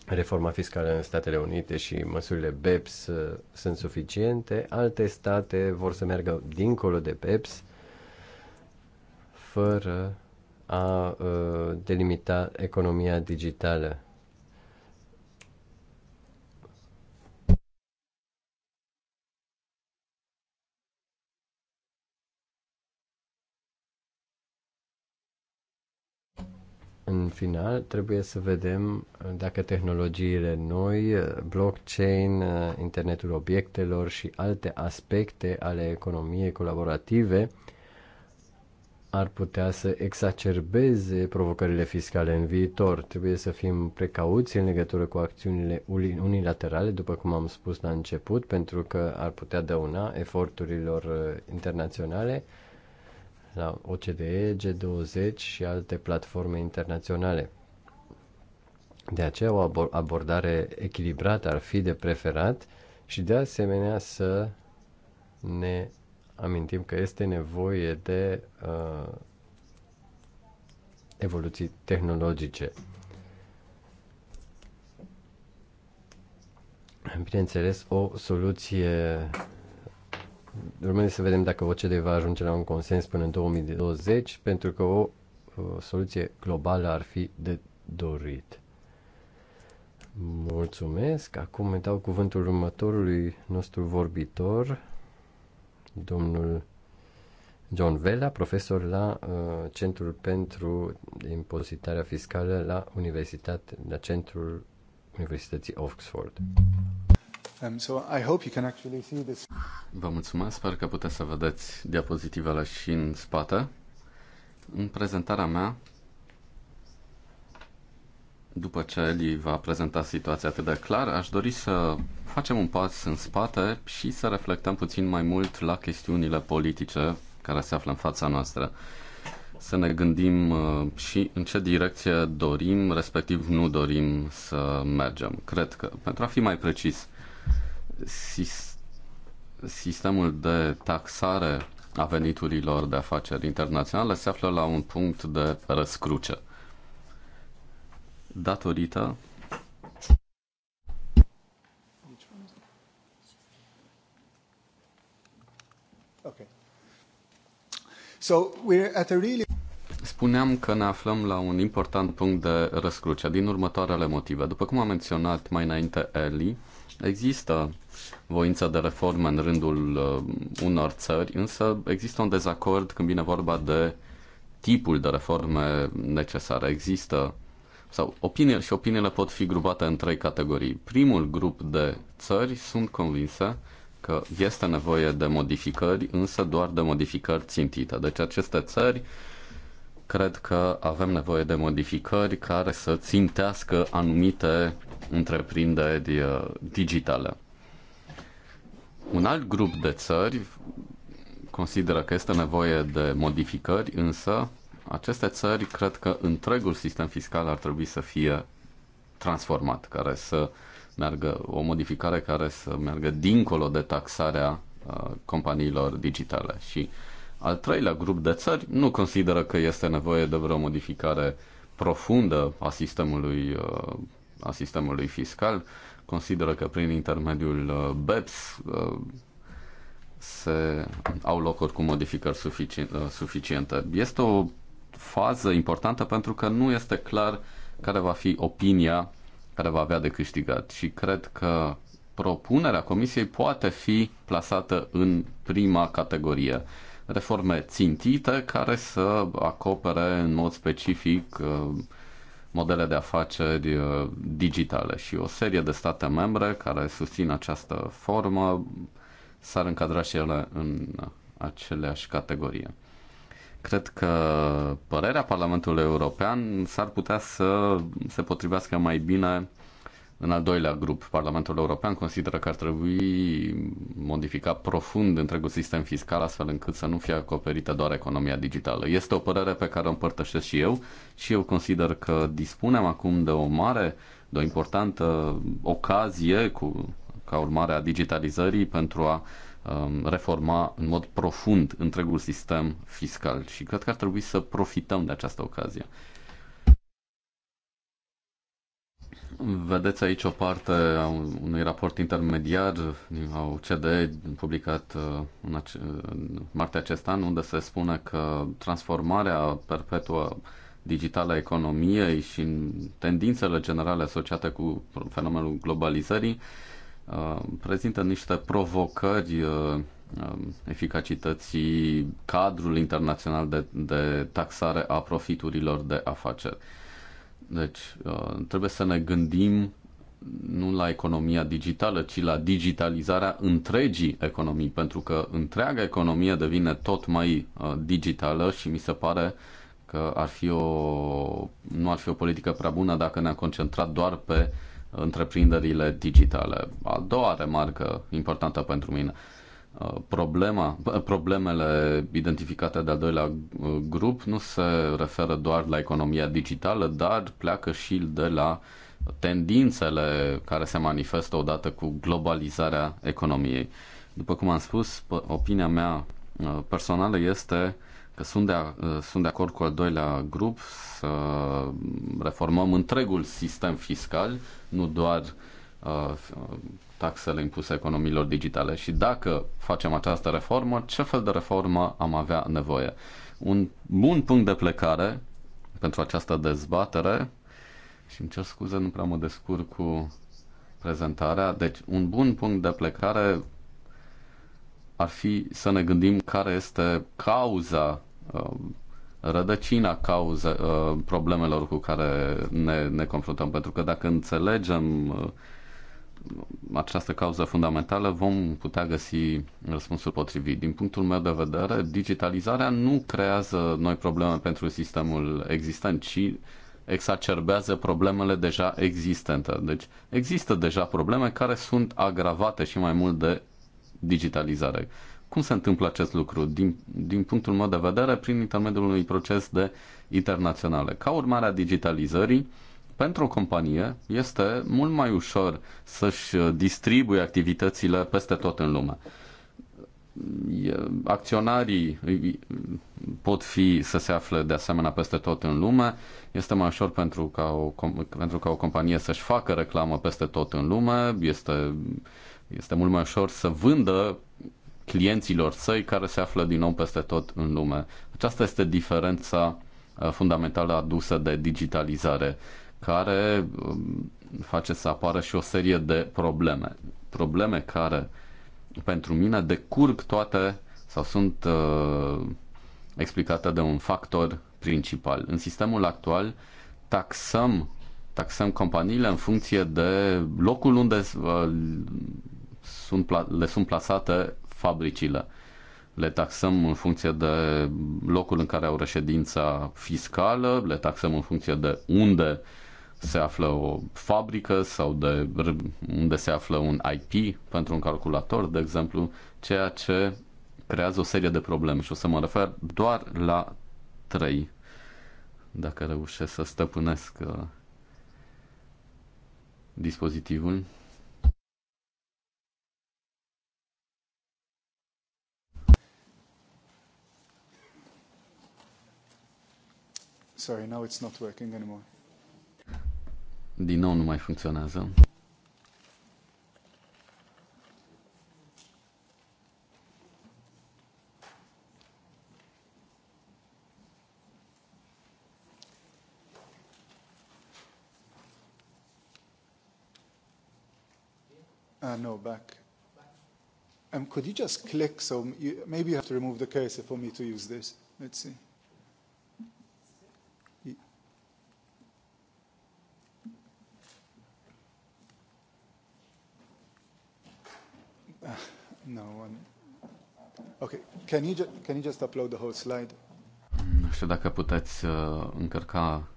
reforma fiscală în Statele Unite și măsurile BEPS uh, sunt suficiente, alte state vor să meargă dincolo de BEPS fără a uh, delimita economia digitală. În final, trebuie să vedem uh, dacă tehnologiile noi, uh, blockchain, uh, internetul obiectelor și alte aspecte ale economiei colaborative ar putea să exacerbeze provocările fiscale în viitor. Trebuie să fim precauți în legătură cu acțiunile unilaterale, după cum am spus la început, pentru că ar putea dăuna eforturilor internaționale la OCDE, G20 și alte platforme internaționale. De aceea o abordare echilibrată ar fi de preferat și de asemenea să ne amintim că este nevoie de uh, evoluții tehnologice. Bineînțeles, o soluție Rămâne să vedem dacă OCD va ajunge la un consens până în 2020, pentru că o, o soluție globală ar fi de dorit. Mulțumesc. Acum îmi dau cuvântul următorului nostru vorbitor, domnul John Vela, profesor la uh, Centrul pentru Impozitarea Fiscală la Universitate, la Centrul Universității Oxford. Um, so I hope you can actually see this. Vă mulțumesc, sper că puteți să vedeți diapozitivele și în spate. În prezentarea mea, după ce Eli va prezenta situația atât de clar, aș dori să facem un pas în spate și să reflectăm puțin mai mult la chestiunile politice care se află în fața noastră. Să ne gândim uh, și în ce direcție dorim, respectiv nu dorim să mergem. Cred că, pentru a fi mai precis, sistemul de taxare a veniturilor de afaceri internaționale se află la un punct de răscruce. Datorită so we're at a really... Spuneam că ne aflăm la un important punct de răscruce din următoarele motive. După cum a menționat mai înainte Eli, există voință de reformă în rândul uh, unor țări, însă există un dezacord când vine vorba de tipul de reforme necesare. Există sau opiniile și opiniile pot fi grupate în trei categorii. Primul grup de țări sunt convinse că este nevoie de modificări, însă doar de modificări țintite. Deci aceste țări cred că avem nevoie de modificări care să țintească anumite întreprinderi uh, digitale. Un alt grup de țări consideră că este nevoie de modificări, însă aceste țări cred că întregul sistem fiscal ar trebui să fie transformat, care să meargă, o modificare care să meargă dincolo de taxarea uh, companiilor digitale. Și al treilea grup de țări nu consideră că este nevoie de vreo modificare profundă a sistemului, uh, a sistemului fiscal consideră că prin intermediul uh, BEPS uh, se au loc cu modificări uh, suficiente. Este o fază importantă pentru că nu este clar care va fi opinia care va avea de câștigat și cred că propunerea Comisiei poate fi plasată în prima categorie. Reforme țintite care să acopere în mod specific modele de afaceri uh, digitale și o serie de state membre care susțin această formă s-ar încadra și ele în aceleași categorie. Cred că părerea Parlamentului European s-ar putea să se potrivească mai bine în al doilea grup, Parlamentul European consideră că ar trebui modificat profund întregul sistem fiscal astfel încât să nu fie acoperită doar economia digitală. Este o părere pe care o împărtășesc și eu și eu consider că dispunem acum de o mare, de o importantă ocazie cu, ca urmare a digitalizării pentru a um, reforma în mod profund întregul sistem fiscal și cred că ar trebui să profităm de această ocazie. Vedeți aici o parte a unui raport intermediar a OCD publicat uh, în, ace- martie acest an, unde se spune că transformarea perpetuă digitală a economiei și tendințele generale asociate cu fenomenul globalizării uh, prezintă niște provocări uh, um, eficacității cadrul internațional de, de taxare a profiturilor de afaceri. Deci, uh, trebuie să ne gândim nu la economia digitală, ci la digitalizarea întregii economii, pentru că întreaga economie devine tot mai uh, digitală și mi se pare că ar fi o, nu ar fi o politică prea bună dacă ne-am concentrat doar pe întreprinderile digitale. A doua remarcă importantă pentru mine. Uh, problema, problemele identificate de al doilea uh, grup nu se referă doar la economia digitală, dar pleacă și de la tendințele care se manifestă odată cu globalizarea economiei. După cum am spus, opinia mea uh, personală este că sunt de, sunt de acord cu al doilea grup să reformăm întregul sistem fiscal, nu doar uh, Uh, taxele impuse economiilor digitale și dacă facem această reformă, ce fel de reformă am avea nevoie? Un bun punct de plecare pentru această dezbatere și îmi cer scuze, nu prea mă descurc cu prezentarea. Deci, un bun punct de plecare ar fi să ne gândim care este cauza, uh, rădăcina cauza uh, problemelor cu care ne, ne confruntăm. Pentru că dacă înțelegem această cauză fundamentală, vom putea găsi răspunsul potrivit. Din punctul meu de vedere, digitalizarea nu creează noi probleme pentru sistemul existent, ci exacerbează problemele deja existente. Deci există deja probleme care sunt agravate și mai mult de digitalizare. Cum se întâmplă acest lucru? Din, din punctul meu de vedere, prin intermediul unui proces de internaționale. Ca urmare a digitalizării, uh, pentru o companie este mult mai ușor să-și distribuie activitățile peste tot în lume. Acționarii pot fi să se afle de asemenea peste tot în lume. Este mai ușor pentru ca o, pentru ca o companie să-și facă reclamă peste tot în lume. Este, este mult mai ușor să vândă clienților săi care se află din nou peste tot în lume. Aceasta este diferența uh, fundamentală adusă de digitalizare care um, face să apară și o serie de probleme. Probleme care pentru mine decurg toate sau sunt uh, explicate de un factor principal. În sistemul actual taxăm taxăm companiile în funcție de locul unde uh, sunt, le sunt plasate fabricile. Le taxăm în funcție de locul în care au reședința fiscală, le taxăm în funcție de unde uh, se află o fabrică sau de unde se află un IP pentru un calculator, de exemplu, ceea ce creează o serie de probleme și o să mă refer doar la trei, dacă reușesc să stăpânesc uh, dispozitivul. Sorry, now it's not working anymore. Din nou nu mai funcționează. Uh, no, back. Um, could you just click? So you, maybe you have to remove the cursor for me to use this. Let's see. *sighs* No, Ok, can you, can you just upload the whole slide? Nu știu dacă puteți uh, încărca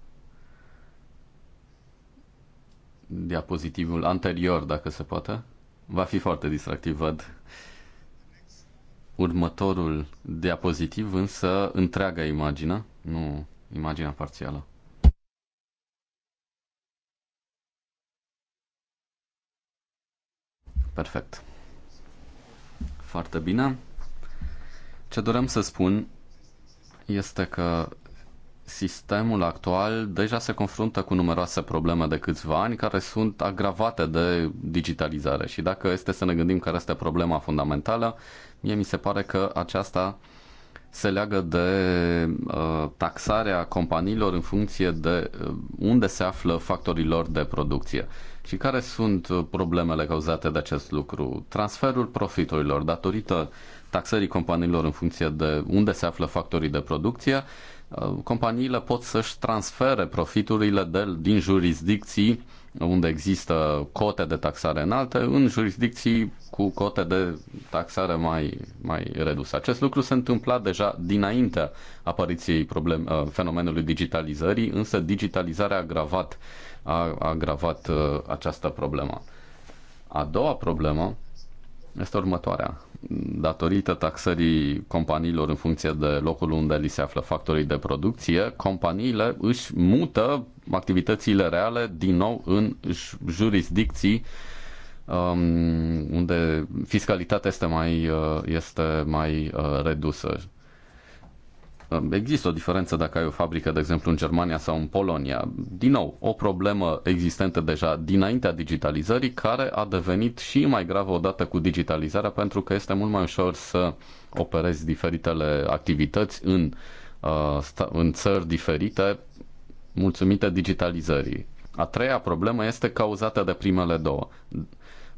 diapozitivul anterior, dacă se poate. Va fi foarte distractiv, văd. Următorul diapozitiv, însă, întreaga imagine, nu imaginea parțială. Perfect. Foarte bine. Ce dorem să spun este că sistemul actual deja se confruntă cu numeroase probleme de câțiva ani care sunt agravate de digitalizare și dacă este să ne gândim care este problema fundamentală, mie mi se pare că aceasta se leagă de uh, taxarea companiilor în funcție de uh, unde se află factorii lor de producție. Uh, și care sunt uh, problemele cauzate de acest lucru? Transferul profiturilor datorită taxării companiilor în funcție de unde se află factorii de producție, uh, companiile pot să-și transfere profiturile de, din jurisdicții unde există cote de taxare înalte în jurisdicții cu cote de taxare mai, mai reduse. Acest lucru se întâmpla deja dinainte apariției problem, uh, fenomenului digitalizării, însă digitalizarea a agravat uh, a agravat uh, această problemă. A doua problemă este următoarea. Datorită taxării companiilor în funcție de locul unde li se află factorii de producție, companiile își mută activitățile reale din nou în jurisdicții um, unde fiscalitatea este mai, uh, este mai uh, redusă. Există o diferență dacă ai o fabrică, de exemplu, în Germania sau în Polonia. Din nou, o problemă existentă deja dinaintea digitalizării, care a devenit și mai gravă odată cu digitalizarea, pentru că este mult mai ușor să operezi diferitele activități în, uh, în țări diferite, mulțumite digitalizării. A treia problemă este cauzată de primele două,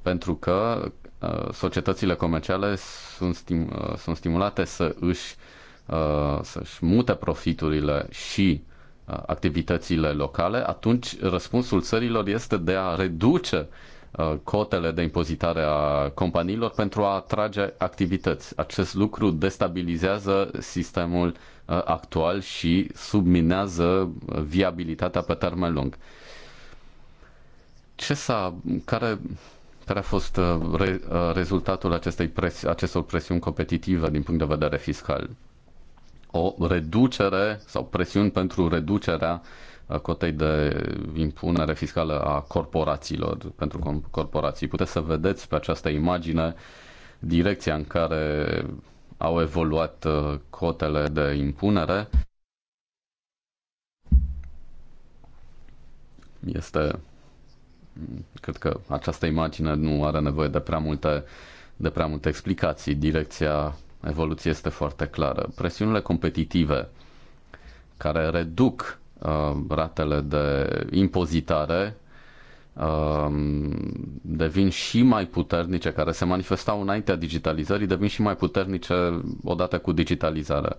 pentru că uh, societățile comerciale sunt, stim, uh, sunt stimulate să își uh, Uh, să-și mute profiturile și uh, activitățile locale, atunci răspunsul țărilor este de a reduce uh, cotele de impozitare a companiilor pentru a atrage activități. Acest lucru destabilizează sistemul actual și subminează viabilitatea pe termen lung. Ce s-a, care, care a fost re, rezultatul acestei presi, acestor presiuni competitive din punct de vedere fiscal? o reducere sau presiuni pentru reducerea uh, cotei de impunere fiscală a corporațiilor pentru corporații. Puteți să vedeți pe această imagine direcția în care au evoluat uh, cotele de impunere. Este cred că această imagine nu are nevoie de prea multe de prea multe explicații. Direcția evoluție este foarte clară. Presiunile competitive care reduc uh, ratele de impozitare uh, devin și mai puternice, care se manifestau înaintea digitalizării, devin și mai puternice odată cu digitalizarea.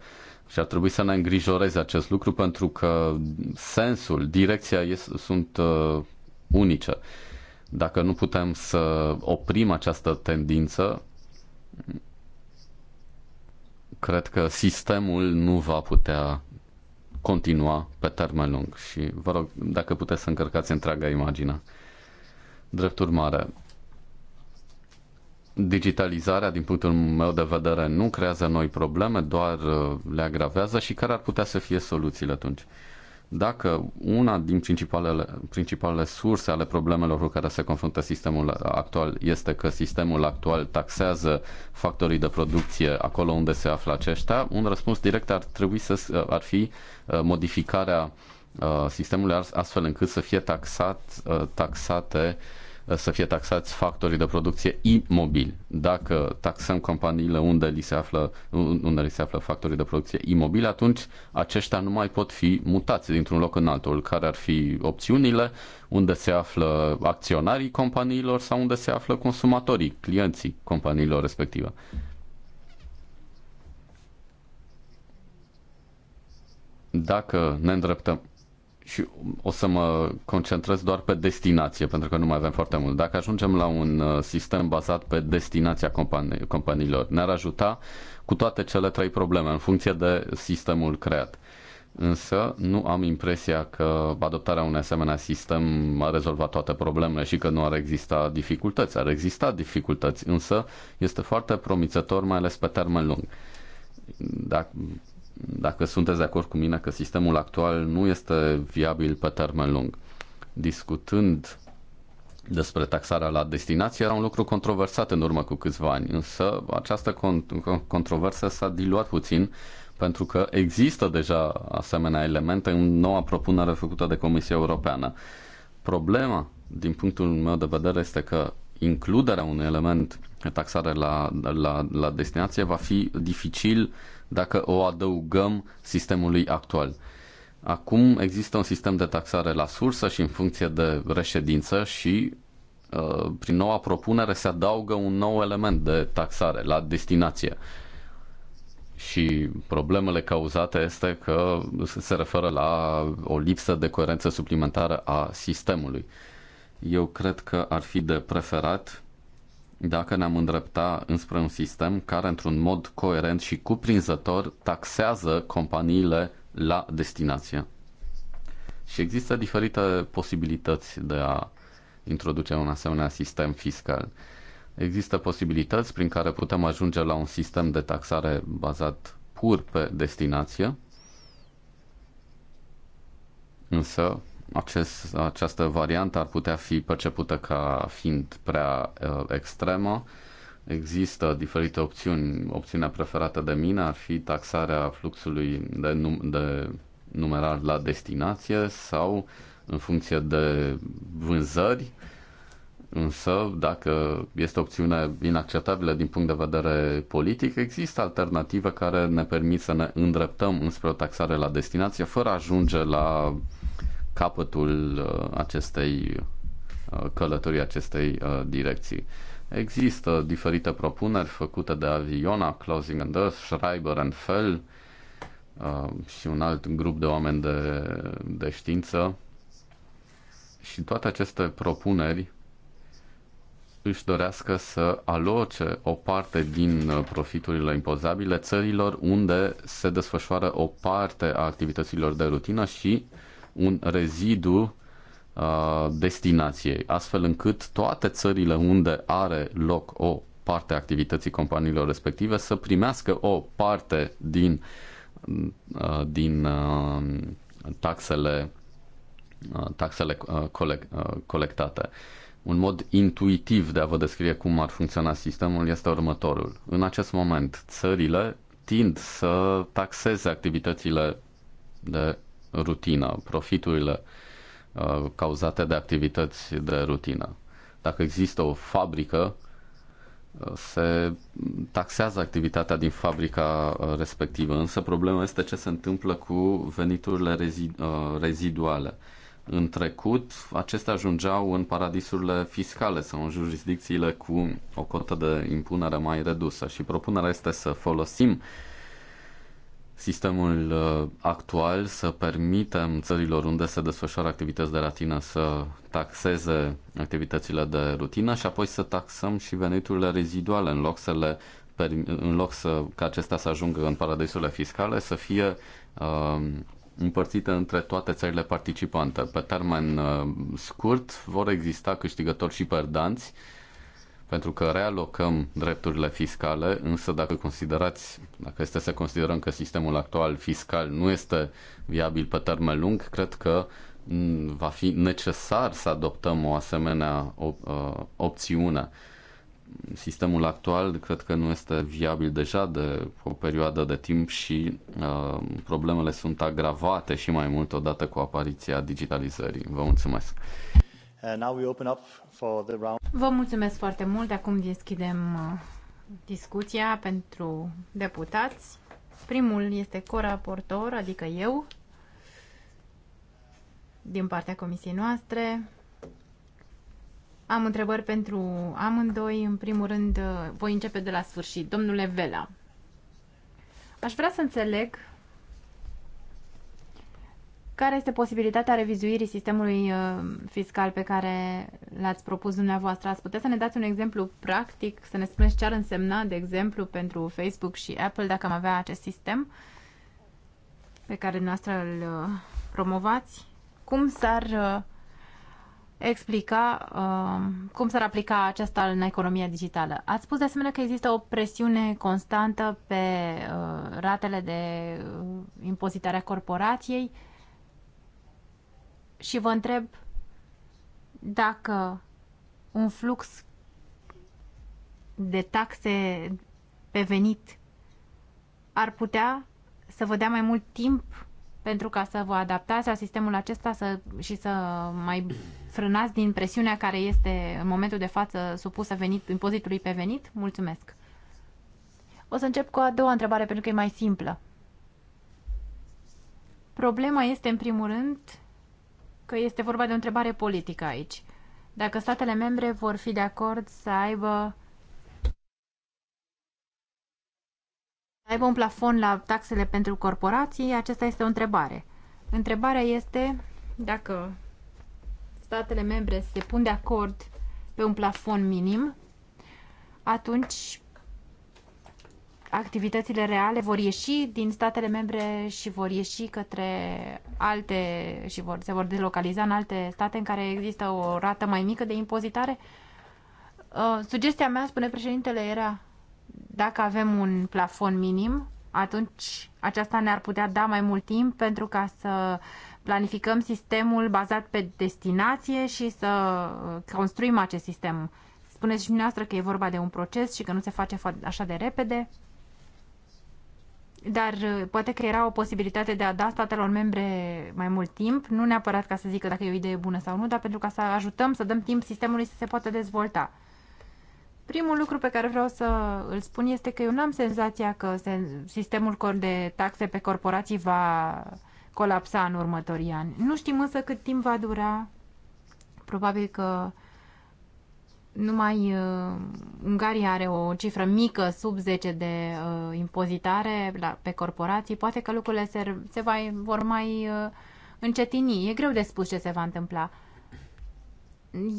Și ar trebui să ne îngrijoreze acest lucru pentru că sensul, direcția este, sunt uh, unice. Dacă nu putem să oprim această tendință, cred că sistemul nu va putea continua pe termen lung și vă rog dacă puteți să încărcați întreaga imagine. Drept urmare, digitalizarea, din punctul meu de vedere, nu creează noi probleme, doar uh, le agravează și care ar putea să fie soluțiile atunci? Dacă una din principalele, principalele surse ale problemelor cu care se confruntă sistemul actual este că sistemul actual taxează factorii de producție acolo unde se află aceștia, un răspuns direct ar trebui să ar fi uh, modificarea uh, sistemului astfel încât să fie taxat, uh, taxate să fie taxați factorii de producție imobili. Dacă taxăm companiile unde li se află, unde li se află factorii de producție imobili, atunci aceștia nu mai pot fi mutați dintr-un loc în altul. Care ar fi opțiunile? Unde se află acționarii companiilor sau unde se află consumatorii, clienții companiilor respective? Dacă ne îndreptăm și o să mă concentrez doar pe destinație, pentru că nu mai avem foarte mult. Dacă ajungem la un uh, sistem bazat pe destinația companii, companiilor, ne-ar ajuta cu toate cele trei probleme, în funcție de sistemul creat. Însă nu am impresia că adoptarea unui asemenea sistem a rezolvat toate problemele și că nu ar exista dificultăți. Ar exista dificultăți, însă este foarte promițător, mai ales pe termen lung. Dacă dacă sunteți de acord cu mine că sistemul actual nu este viabil pe termen lung. Discutând despre taxarea la destinație era un lucru controversat în urmă cu câțiva ani, însă această con- controversă s-a diluat puțin pentru că există deja asemenea elemente în noua propunere făcută de Comisia Europeană. Problema, din punctul meu de vedere, este că includerea unui element taxare la, la, la destinație va fi dificil uh, dacă o adăugăm sistemului actual. Acum există un sistem de taxare la sursă și în funcție de reședință și uh, prin noua propunere se adaugă un nou element de taxare la destinație. Și problemele cauzate este că se referă la o lipsă de coerență suplimentară a sistemului. Eu cred că ar fi de preferat dacă ne-am îndrepta înspre un sistem care, într-un mod coerent și cuprinzător, taxează companiile la destinație. Și există diferite posibilități de a introduce un asemenea sistem fiscal. Există posibilități prin care putem ajunge la un sistem de taxare bazat pur pe destinație, însă acest, această variantă ar putea fi percepută ca fiind prea uh, extremă. Există diferite opțiuni. Opțiunea preferată de mine ar fi taxarea fluxului de, num- de numerar la destinație sau în funcție de vânzări. Însă, dacă este o opțiune inacceptabilă din punct de vedere politic, există alternative care ne permit să ne îndreptăm înspre o taxare la destinație fără a ajunge la capătul uh, acestei uh, călătorii acestei uh, direcții. Există diferite propuneri făcute de Aviona, Closing and Earth, Schreiber and Fell și un alt grup de oameni de, de știință. Și toate aceste propuneri își dorească să aloce o parte din profiturile impozabile țărilor unde se desfășoară o parte a activităților de rutină și uh, un rezidu uh, destinației, astfel încât toate țările unde are loc o parte a activității companiilor respective să primească o parte din, uh, din uh, taxele, uh, taxele uh, colect, uh, colectate. Un mod intuitiv de a vă descrie cum ar funcționa sistemul este următorul. În acest moment, țările tind să taxeze activitățile de rutină, profiturile uh, cauzate de activități de rutină. Dacă există o fabrică, uh, se taxează activitatea din fabrica uh, respectivă, însă problema este ce se întâmplă cu veniturile uh, reziduale. În trecut, acestea ajungeau în paradisurile fiscale sau în jurisdicțiile cu o cotă de impunere mai redusă și propunerea este să folosim uh, sistemul uh, actual să permitem țărilor unde se desfășoară activități de ratină să taxeze activitățile de rutină și apoi să taxăm și veniturile reziduale în loc să le în loc să, ca acestea să ajungă în paradisurile fiscale, să fie uh, împărțite între toate țările participante. Pe termen uh, scurt vor exista câștigători și perdanți uh, pentru că realocăm drepturile fiscale, însă dacă considerați, dacă este să considerăm că sistemul actual fiscal nu este viabil pe termen lung, cred că va fi necesar să adoptăm o asemenea op- uh, opțiune. Sistemul actual cred că nu este viabil deja de o perioadă de timp și uh, problemele sunt agravate și mai mult odată cu apariția digitalizării. Vă mulțumesc! Uh, Vă mulțumesc foarte mult. Acum deschidem uh, discuția pentru deputați. Primul este coraportor, adică eu, din partea comisiei noastre. Am întrebări pentru amândoi. În primul rând, uh, voi începe de la sfârșit. Domnule Vela, aș vrea să înțeleg care este posibilitatea revizuirii sistemului uh, fiscal pe care l-ați propus dumneavoastră? Ați putea să ne dați un exemplu practic, să ne spuneți ce ar însemna, de exemplu, pentru Facebook și Apple dacă am avea acest sistem pe care dumneavoastră îl uh, promovați? Cum s-ar uh, explica cum s-ar aplica aceasta în economia digitală. Ați spus de asemenea că există o presiune constantă pe ratele de impozitare a corporației și vă întreb dacă un flux de taxe pe venit ar putea să vă dea mai mult timp pentru ca să vă adaptați la sistemul acesta să, și să mai frânați din presiunea care este în momentul de față supusă venit, impozitului pe venit? Mulțumesc! O să încep cu a doua întrebare pentru că e mai simplă. Problema este, în primul rând, că este vorba de o întrebare politică aici. Dacă statele membre vor fi de acord să aibă să aibă un plafon la taxele pentru corporații, aceasta este o întrebare. Întrebarea este dacă statele membre se pun de acord pe un plafon minim, atunci activitățile reale vor ieși din statele membre și vor ieși către alte și vor, se vor delocaliza în alte state în care există o rată mai mică de impozitare? Uh, sugestia mea, spune președintele, era dacă avem un plafon minim, atunci aceasta ne-ar putea da mai mult timp pentru ca să planificăm sistemul bazat pe destinație și să construim acest sistem. Spuneți și dumneavoastră că e vorba de un proces și că nu se face așa de repede dar uh, poate că era o posibilitate de a da statelor membre mai mult timp, nu neapărat ca să zică dacă e o idee bună sau nu, dar pentru ca să ajutăm, să dăm timp sistemului să se poată dezvolta. Primul lucru pe care vreau să îl spun este că eu n-am senzația că sistemul de taxe pe corporații va colapsa în următorii ani. Nu știm însă cât timp va dura. Probabil că numai uh, Ungaria are o cifră mică, sub 10 de uh, impozitare la, pe corporații, poate că lucrurile se, se va, vor mai uh, încetini. E greu de spus ce se va întâmpla.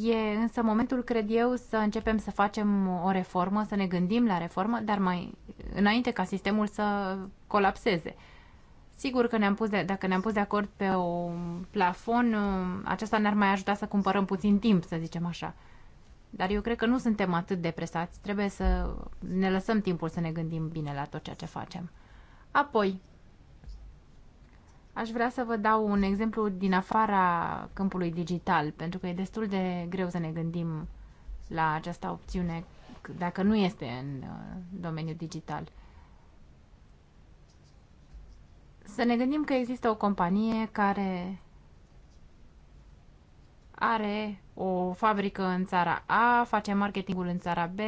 E însă momentul, cred eu, să începem să facem o reformă, să ne gândim la reformă, dar mai înainte ca sistemul să colapseze. Sigur că ne-am pus de, dacă ne-am pus de acord pe un plafon, uh, aceasta ne-ar mai ajuta să cumpărăm puțin timp, să zicem așa. Dar eu cred că nu suntem atât de presați. Trebuie să ne lăsăm timpul să ne gândim bine la tot ceea ce facem. Apoi, aș vrea să vă dau un exemplu din afara câmpului digital, pentru că e destul de greu să ne gândim la această opțiune dacă nu este în uh, domeniul digital. Să ne gândim că există o companie care are o fabrică în țara A, face marketingul în țara B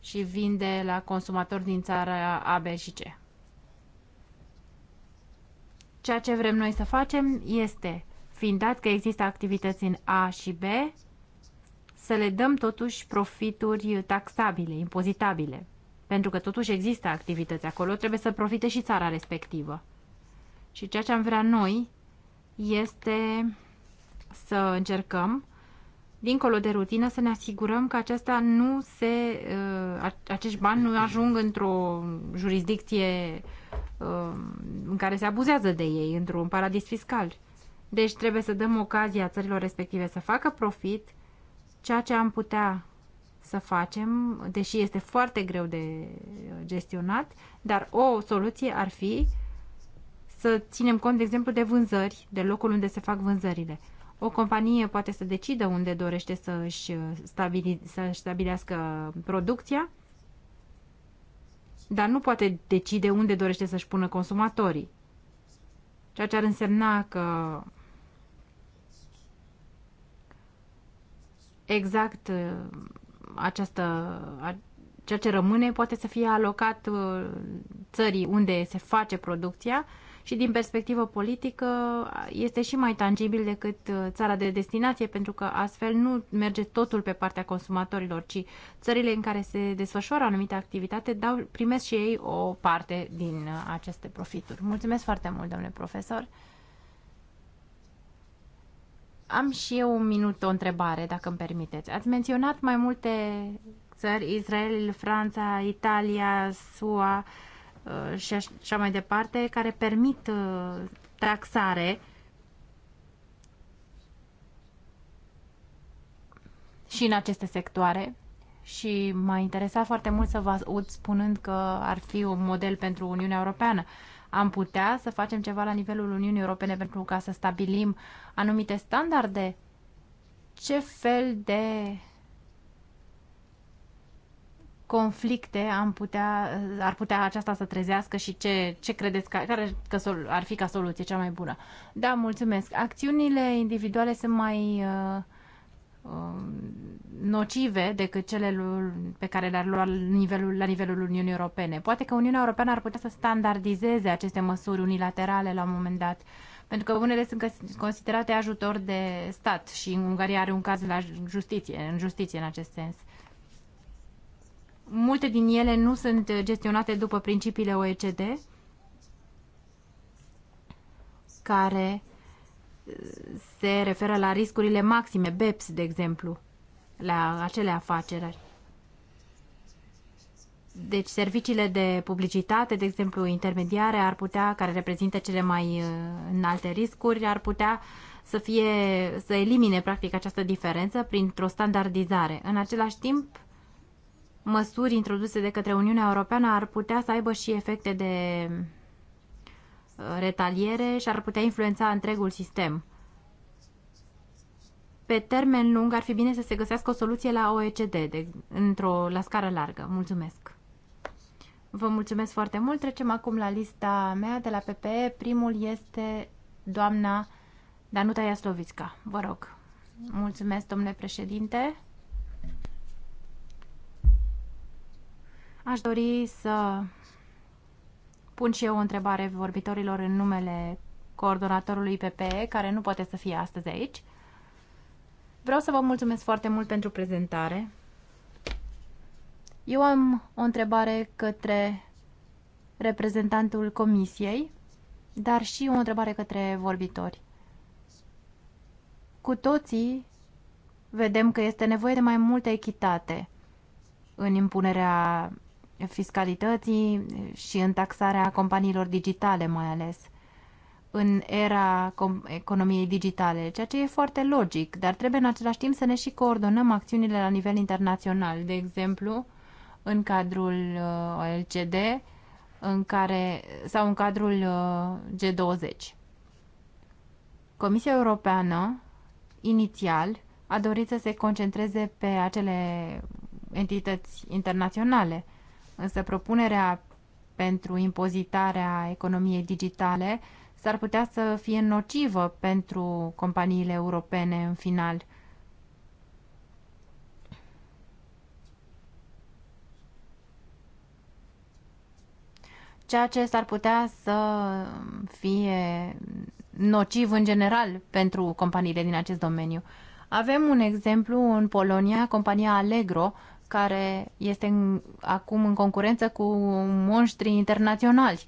și vinde la consumatori din țara A, B și C. Ceea ce vrem noi să facem este, fiind dat că există activități în A și B, să le dăm totuși profituri taxabile, impozitabile. Pentru că totuși există activități acolo, trebuie să profite și țara respectivă. Și ceea ce am vrea noi este să încercăm, dincolo de rutină, să ne asigurăm că acesta nu se, uh, acești bani nu ajung într-o jurisdicție um, în care se abuzează de ei, într-un paradis fiscal. Deci trebuie să dăm ocazia țărilor respective să facă profit, ceea ce am putea să facem, deși este foarte greu de gestionat, dar o soluție ar fi să ținem cont, de exemplu, de vânzări, de locul unde se fac vânzările. O companie poate să decidă unde dorește să-și stabili, să stabilească producția, dar nu poate decide unde dorește să-și pună consumatorii. Ceea ce ar însemna că exact uh, această, ceea ce rămâne poate să fie alocat uh, țării unde se face producția și din perspectivă politică este și mai tangibil decât uh, țara de destinație, pentru că astfel nu merge totul pe partea consumatorilor, ci țările în care se desfășoară anumite activitate dau, primesc și ei o parte din uh, aceste profituri. Mulțumesc foarte mult, domnule profesor! Am și eu un minut o întrebare, dacă îmi permiteți. Ați menționat mai multe țări, Israel, Franța, Italia, SUA, uh, Uh, și așa mai departe, care permit uh, taxare și în aceste sectoare și m-a interesat foarte mult să vă aud spunând că ar fi un model pentru Uniunea Europeană. Am putea să facem ceva la nivelul Uniunii Europene pentru ca să stabilim anumite standarde? Ce fel de conflicte am putea, ar putea aceasta să trezească și ce, ce credeți că, care că sol, ar fi ca soluție cea mai bună? Da, mulțumesc. Acțiunile individuale sunt mai uh, uh, nocive decât cele pe care le-ar lua nivelul, la nivelul Uniunii Europene. Poate că Uniunea Europeană ar putea să standardizeze aceste măsuri unilaterale la un moment dat, pentru că unele sunt considerate ajutor de stat și în Ungaria are un caz la justiție, în justiție în acest sens. Uh, multe din ele nu sunt gestionate după principiile OECD, care uh, se referă la riscurile maxime, BEPS, de exemplu, la acele afaceri. Deci serviciile de publicitate, de exemplu, intermediare, ar putea, care reprezintă cele mai uh, înalte riscuri, ar putea să, fie, să elimine practic această diferență printr-o standardizare. În același timp, măsuri introduse de către Uniunea Europeană ar putea să aibă și efecte de uh, retaliere și ar putea influența întregul sistem. Pe termen lung ar fi bine să se găsească o soluție la OECD, de, într-o, la scară largă. Mulțumesc! Vă mulțumesc foarte mult. Trecem acum la lista mea de la PPE. Primul este doamna Danuta Iaslovițca. Vă rog. Mulțumesc, domnule președinte. Aș dori să pun și eu o întrebare vorbitorilor în numele coordonatorului PP, care nu poate să fie astăzi aici. Vreau să vă mulțumesc foarte mult pentru prezentare. Eu am o întrebare către reprezentantul comisiei, dar și o întrebare către vorbitori. Cu toții vedem că este nevoie de mai multă echitate în impunerea fiscalității și în taxarea companiilor digitale mai ales în era economiei digitale, ceea ce e foarte logic, dar trebuie în același timp să ne și coordonăm acțiunile la nivel internațional, de exemplu, în cadrul uh, OECD în care, sau în cadrul uh, G20. Comisia Europeană inițial a dorit să se concentreze pe acele entități internaționale – Însă propunerea pentru impozitarea economiei digitale s-ar putea să fie nocivă pentru companiile europene în final. Ceea ce s-ar putea să fie nociv în general pentru companiile din acest domeniu. Avem un exemplu în Polonia, compania Allegro, care este în, acum în concurență cu monștri internaționali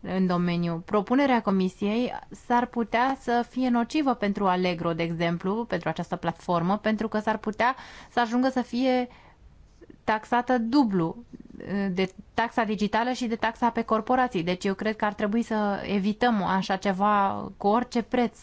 în domeniu. Propunerea comisiei s-ar putea să fie nocivă pentru Allegro, de exemplu, pentru această platformă, pentru că s-ar putea să ajungă să fie taxată dublu de taxa digitală și de taxa pe corporații. Deci eu cred că ar trebui să evităm așa ceva cu orice preț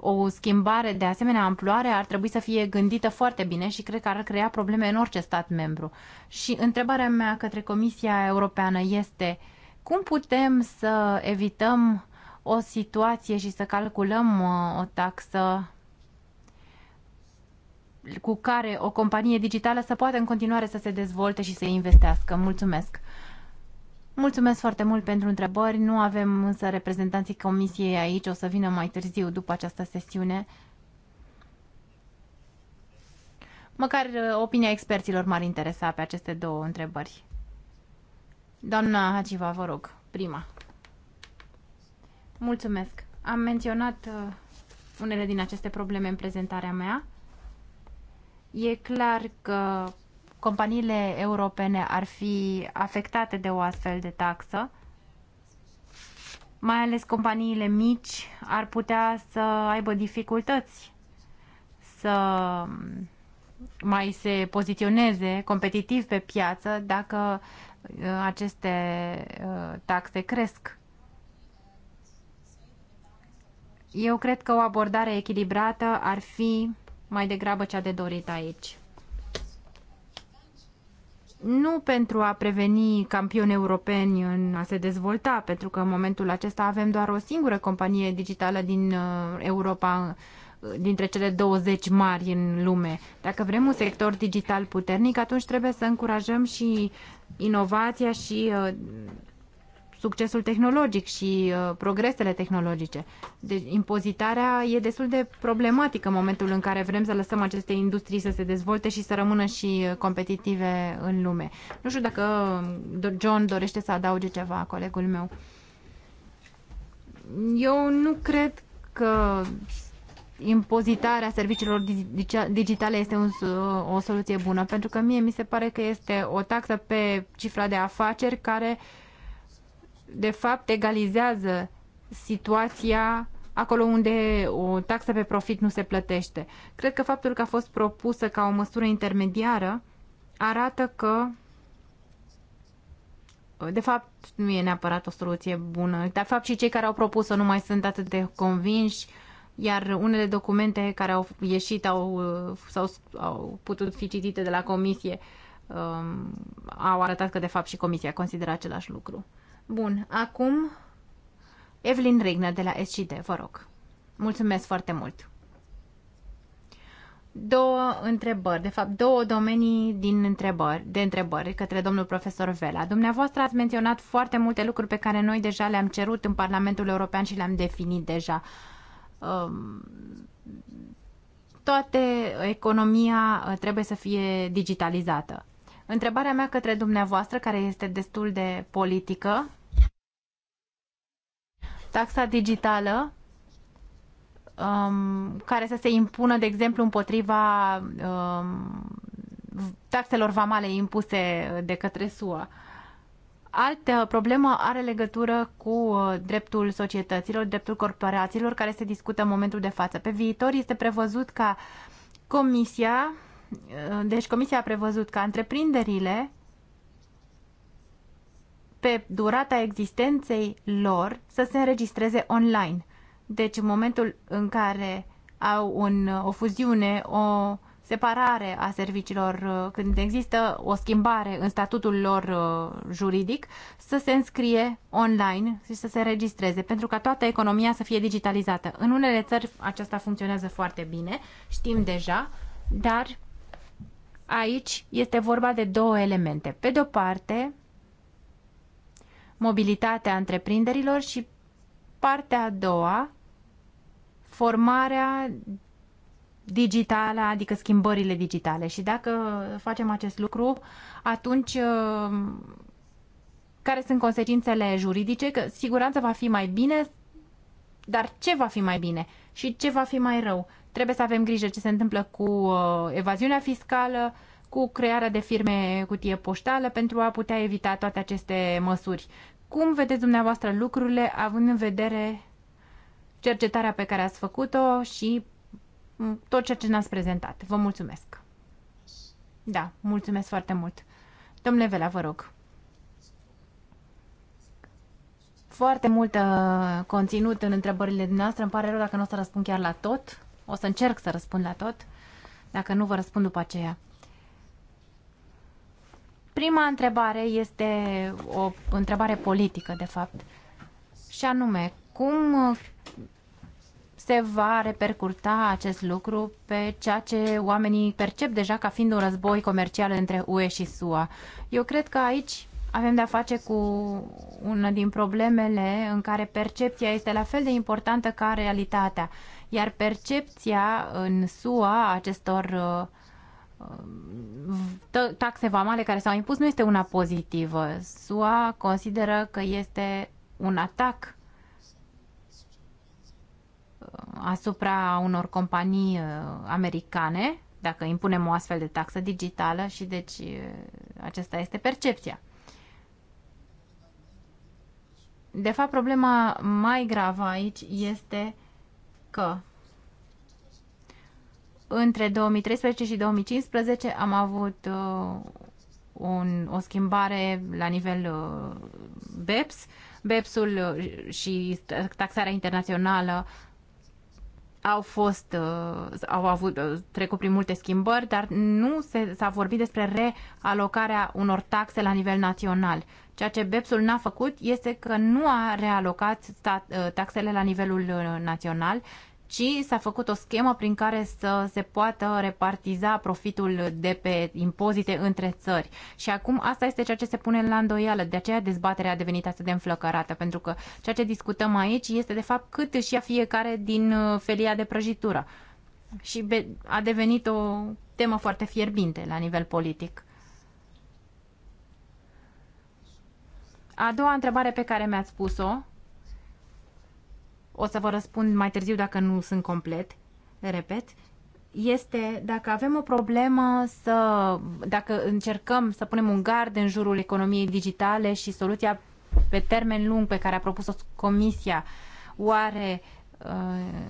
o schimbare de asemenea amploare ar trebui să fie gândită foarte bine și cred că ar crea probleme în orice stat membru. Și întrebarea mea către Comisia Europeană este cum putem să evităm o situație și să calculăm uh, o taxă cu care o companie digitală să poată în continuare să se dezvolte și să investească. Mulțumesc! Mulțumesc foarte mult pentru întrebări. Nu avem însă reprezentanții comisiei aici, o să vină mai târziu după această sesiune. Măcar uh, opinia experților m-ar interesa pe aceste două întrebări. Doamna Haciva, vă rog, prima. Mulțumesc. Am menționat uh, unele din aceste probleme în prezentarea mea. E clar că companiile europene ar fi afectate de o astfel de taxă, mai ales companiile mici ar putea să aibă dificultăți să mai se poziționeze competitiv pe piață dacă uh, aceste uh, taxe cresc. Eu cred că o abordare echilibrată ar fi mai degrabă cea de dorit aici nu pentru a preveni campioni europeni în a se dezvolta, pentru că în momentul acesta avem doar o singură companie digitală din uh, Europa uh, dintre cele 20 mari în lume. Dacă vrem un sector digital puternic, atunci trebuie să încurajăm și inovația și uh, succesul tehnologic și uh, progresele tehnologice. Deci impozitarea e destul de problematică în momentul în care vrem să lăsăm aceste industrii să se dezvolte și să rămână și uh, competitive în lume. Nu știu dacă uh, John dorește să adauge ceva, colegul meu. Eu nu cred că impozitarea serviciilor digitale este un, uh, o soluție bună, pentru că mie mi se pare că este o taxă pe cifra de afaceri care uh, de fapt egalizează situația acolo unde o taxă pe profit nu se plătește. Cred că faptul că a fost propusă ca o măsură intermediară arată că de fapt, nu e neapărat o soluție bună. De fapt, și cei care au propus-o nu mai sunt atât de convinși, iar unele documente care au ieșit au, sau au putut fi citite de la comisie um, au arătat că, de fapt, și comisia consideră același lucru. Bun, acum Evelyn Rigner de la SCD, vă rog. Mulțumesc foarte mult. Două întrebări, de fapt două domenii din întrebări, de întrebări către domnul profesor Vela. Dumneavoastră ați menționat foarte multe lucruri pe care noi deja le-am cerut în Parlamentul European și le-am definit deja. Um, toate economia uh, trebuie să fie digitalizată. Întrebarea mea către dumneavoastră, care este destul de politică, taxa digitală um, care să se impună, de exemplu, împotriva um, taxelor vamale impuse de către SUA. Altă problemă are legătură cu uh, dreptul societăților, dreptul corporațiilor, care se discută în momentul de față. Pe viitor este prevăzut ca Comisia, uh, deci Comisia a prevăzut ca întreprinderile pe durata existenței lor să se înregistreze online. Deci în momentul în care au un, o fuziune, o separare a serviciilor, uh, când există o schimbare în statutul lor uh, juridic, să se înscrie online și să se registreze, pentru ca toată economia să fie digitalizată. În unele țări aceasta funcționează foarte bine, știm deja, dar aici este vorba de două elemente. Pe de o parte, mobilitatea întreprinderilor și partea a doua, formarea digitală, adică schimbările digitale. Și dacă facem acest lucru, atunci uh, care sunt consecințele juridice? Că siguranța va fi mai bine, dar ce va fi mai bine și ce va fi mai rău? Trebuie să avem grijă ce se întâmplă cu uh, evaziunea fiscală, cu crearea de firme cutie poștală pentru a putea evita toate aceste măsuri. Cum vedeți dumneavoastră lucrurile, având în vedere cercetarea pe care ați făcut-o și tot ceea ce ne-ați prezentat? Vă mulțumesc! Da, mulțumesc foarte mult! Domnule Vela, vă rog! Foarte mult uh, conținut în întrebările dumneavoastră. Îmi pare rău dacă nu o să răspund chiar la tot. O să încerc să răspund la tot, dacă nu vă răspund după aceea. Prima întrebare este o întrebare politică, de fapt, și anume, cum se va repercuta acest lucru pe ceea ce oamenii percep deja ca fiind un război comercial între UE și SUA. Eu cred că aici avem de-a face cu una din problemele în care percepția este la fel de importantă ca realitatea, iar percepția în SUA acestor uh, taxe vamale care s-au impus nu este una pozitivă. SUA consideră că este un atac uh, asupra unor companii uh, americane dacă impunem o astfel de taxă digitală și deci uh, acesta este percepția. De fapt, problema mai gravă aici este că între 2013 și 2015 am avut uh, un, o schimbare la nivel uh, BEPS. BEPS-ul uh, și taxarea internațională au fost, uh, au avut, uh, trecut prin multe schimbări, dar nu se, s-a vorbit despre realocarea unor taxe la nivel național. Ceea ce BEPS-ul n-a făcut este că nu a realocat stat, uh, taxele la nivelul uh, național ci s-a făcut o schemă prin care să se poată repartiza profitul de pe impozite între țări. Și acum asta este ceea ce se pune la îndoială, de aceea dezbaterea a devenit atât de înflăcărată, pentru că ceea ce discutăm aici este de fapt cât își ia fiecare din uh, felia de prăjitură. Și a devenit o temă foarte fierbinte la nivel politic. A doua întrebare pe care mi-ați spus-o o să vă răspund mai târziu dacă nu sunt complet, repet, este dacă avem o problemă să, dacă încercăm să punem un gard în jurul economiei digitale și soluția pe termen lung pe care a propus-o Comisia, oare uh,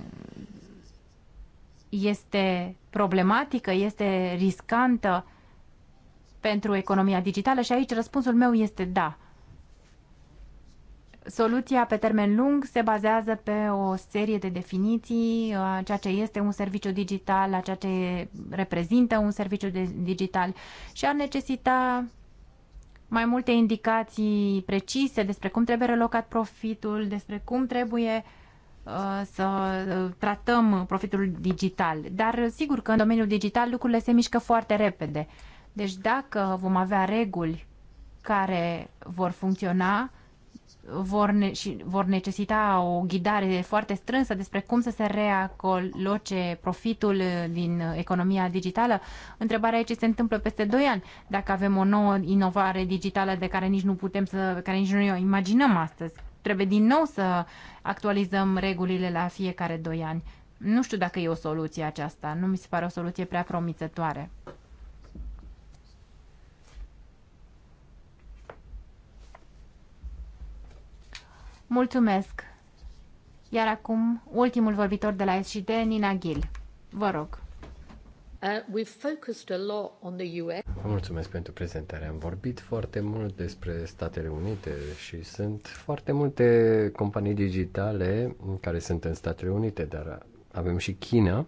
este problematică, este riscantă pentru economia digitală? Și aici răspunsul meu este da. Soluția pe termen lung se bazează pe o serie de definiții, a uh, ceea ce este un serviciu digital, a ceea ce reprezintă un serviciu digital și ar necesita mai multe indicații precise despre cum trebuie relocat profitul, despre cum trebuie uh, să uh, tratăm profitul digital. Dar sigur că în domeniul digital lucrurile se mișcă foarte repede. Deci dacă vom avea reguli care vor funcționa, vor, ne- și vor necesita o ghidare foarte strânsă despre cum să se reacoloce profitul uh, din uh, economia digitală. Întrebarea e ce se întâmplă peste 2 ani, dacă avem o nouă inovare digitală de care nici nu putem să, care nici nu o imaginăm astăzi. Trebuie din nou să actualizăm regulile la fiecare 2 ani. Nu știu dacă e o soluție aceasta, nu mi se pare o soluție prea promițătoare. Mulțumesc! Iar acum, ultimul vorbitor de la SJD, Nina Gil. Vă rog. Uh, we've focused a lot on the US. Vă mulțumesc pentru prezentare. Am vorbit foarte mult despre Statele Unite și sunt foarte multe companii digitale care sunt în Statele Unite, dar avem și China.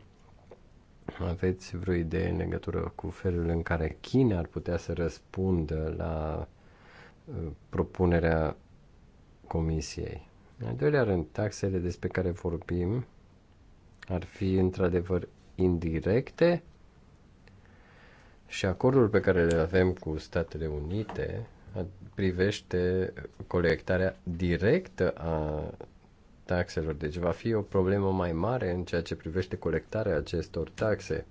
Aveți vreo idee în legătură cu felul în care China ar putea să răspundă la uh, propunerea Comisiei. În al doilea rând, taxele despre care vorbim ar fi într-adevăr indirecte și acordul pe care le avem cu Statele Unite privește colectarea directă a taxelor. Deci va fi o problemă mai mare în ceea ce privește colectarea acestor taxe.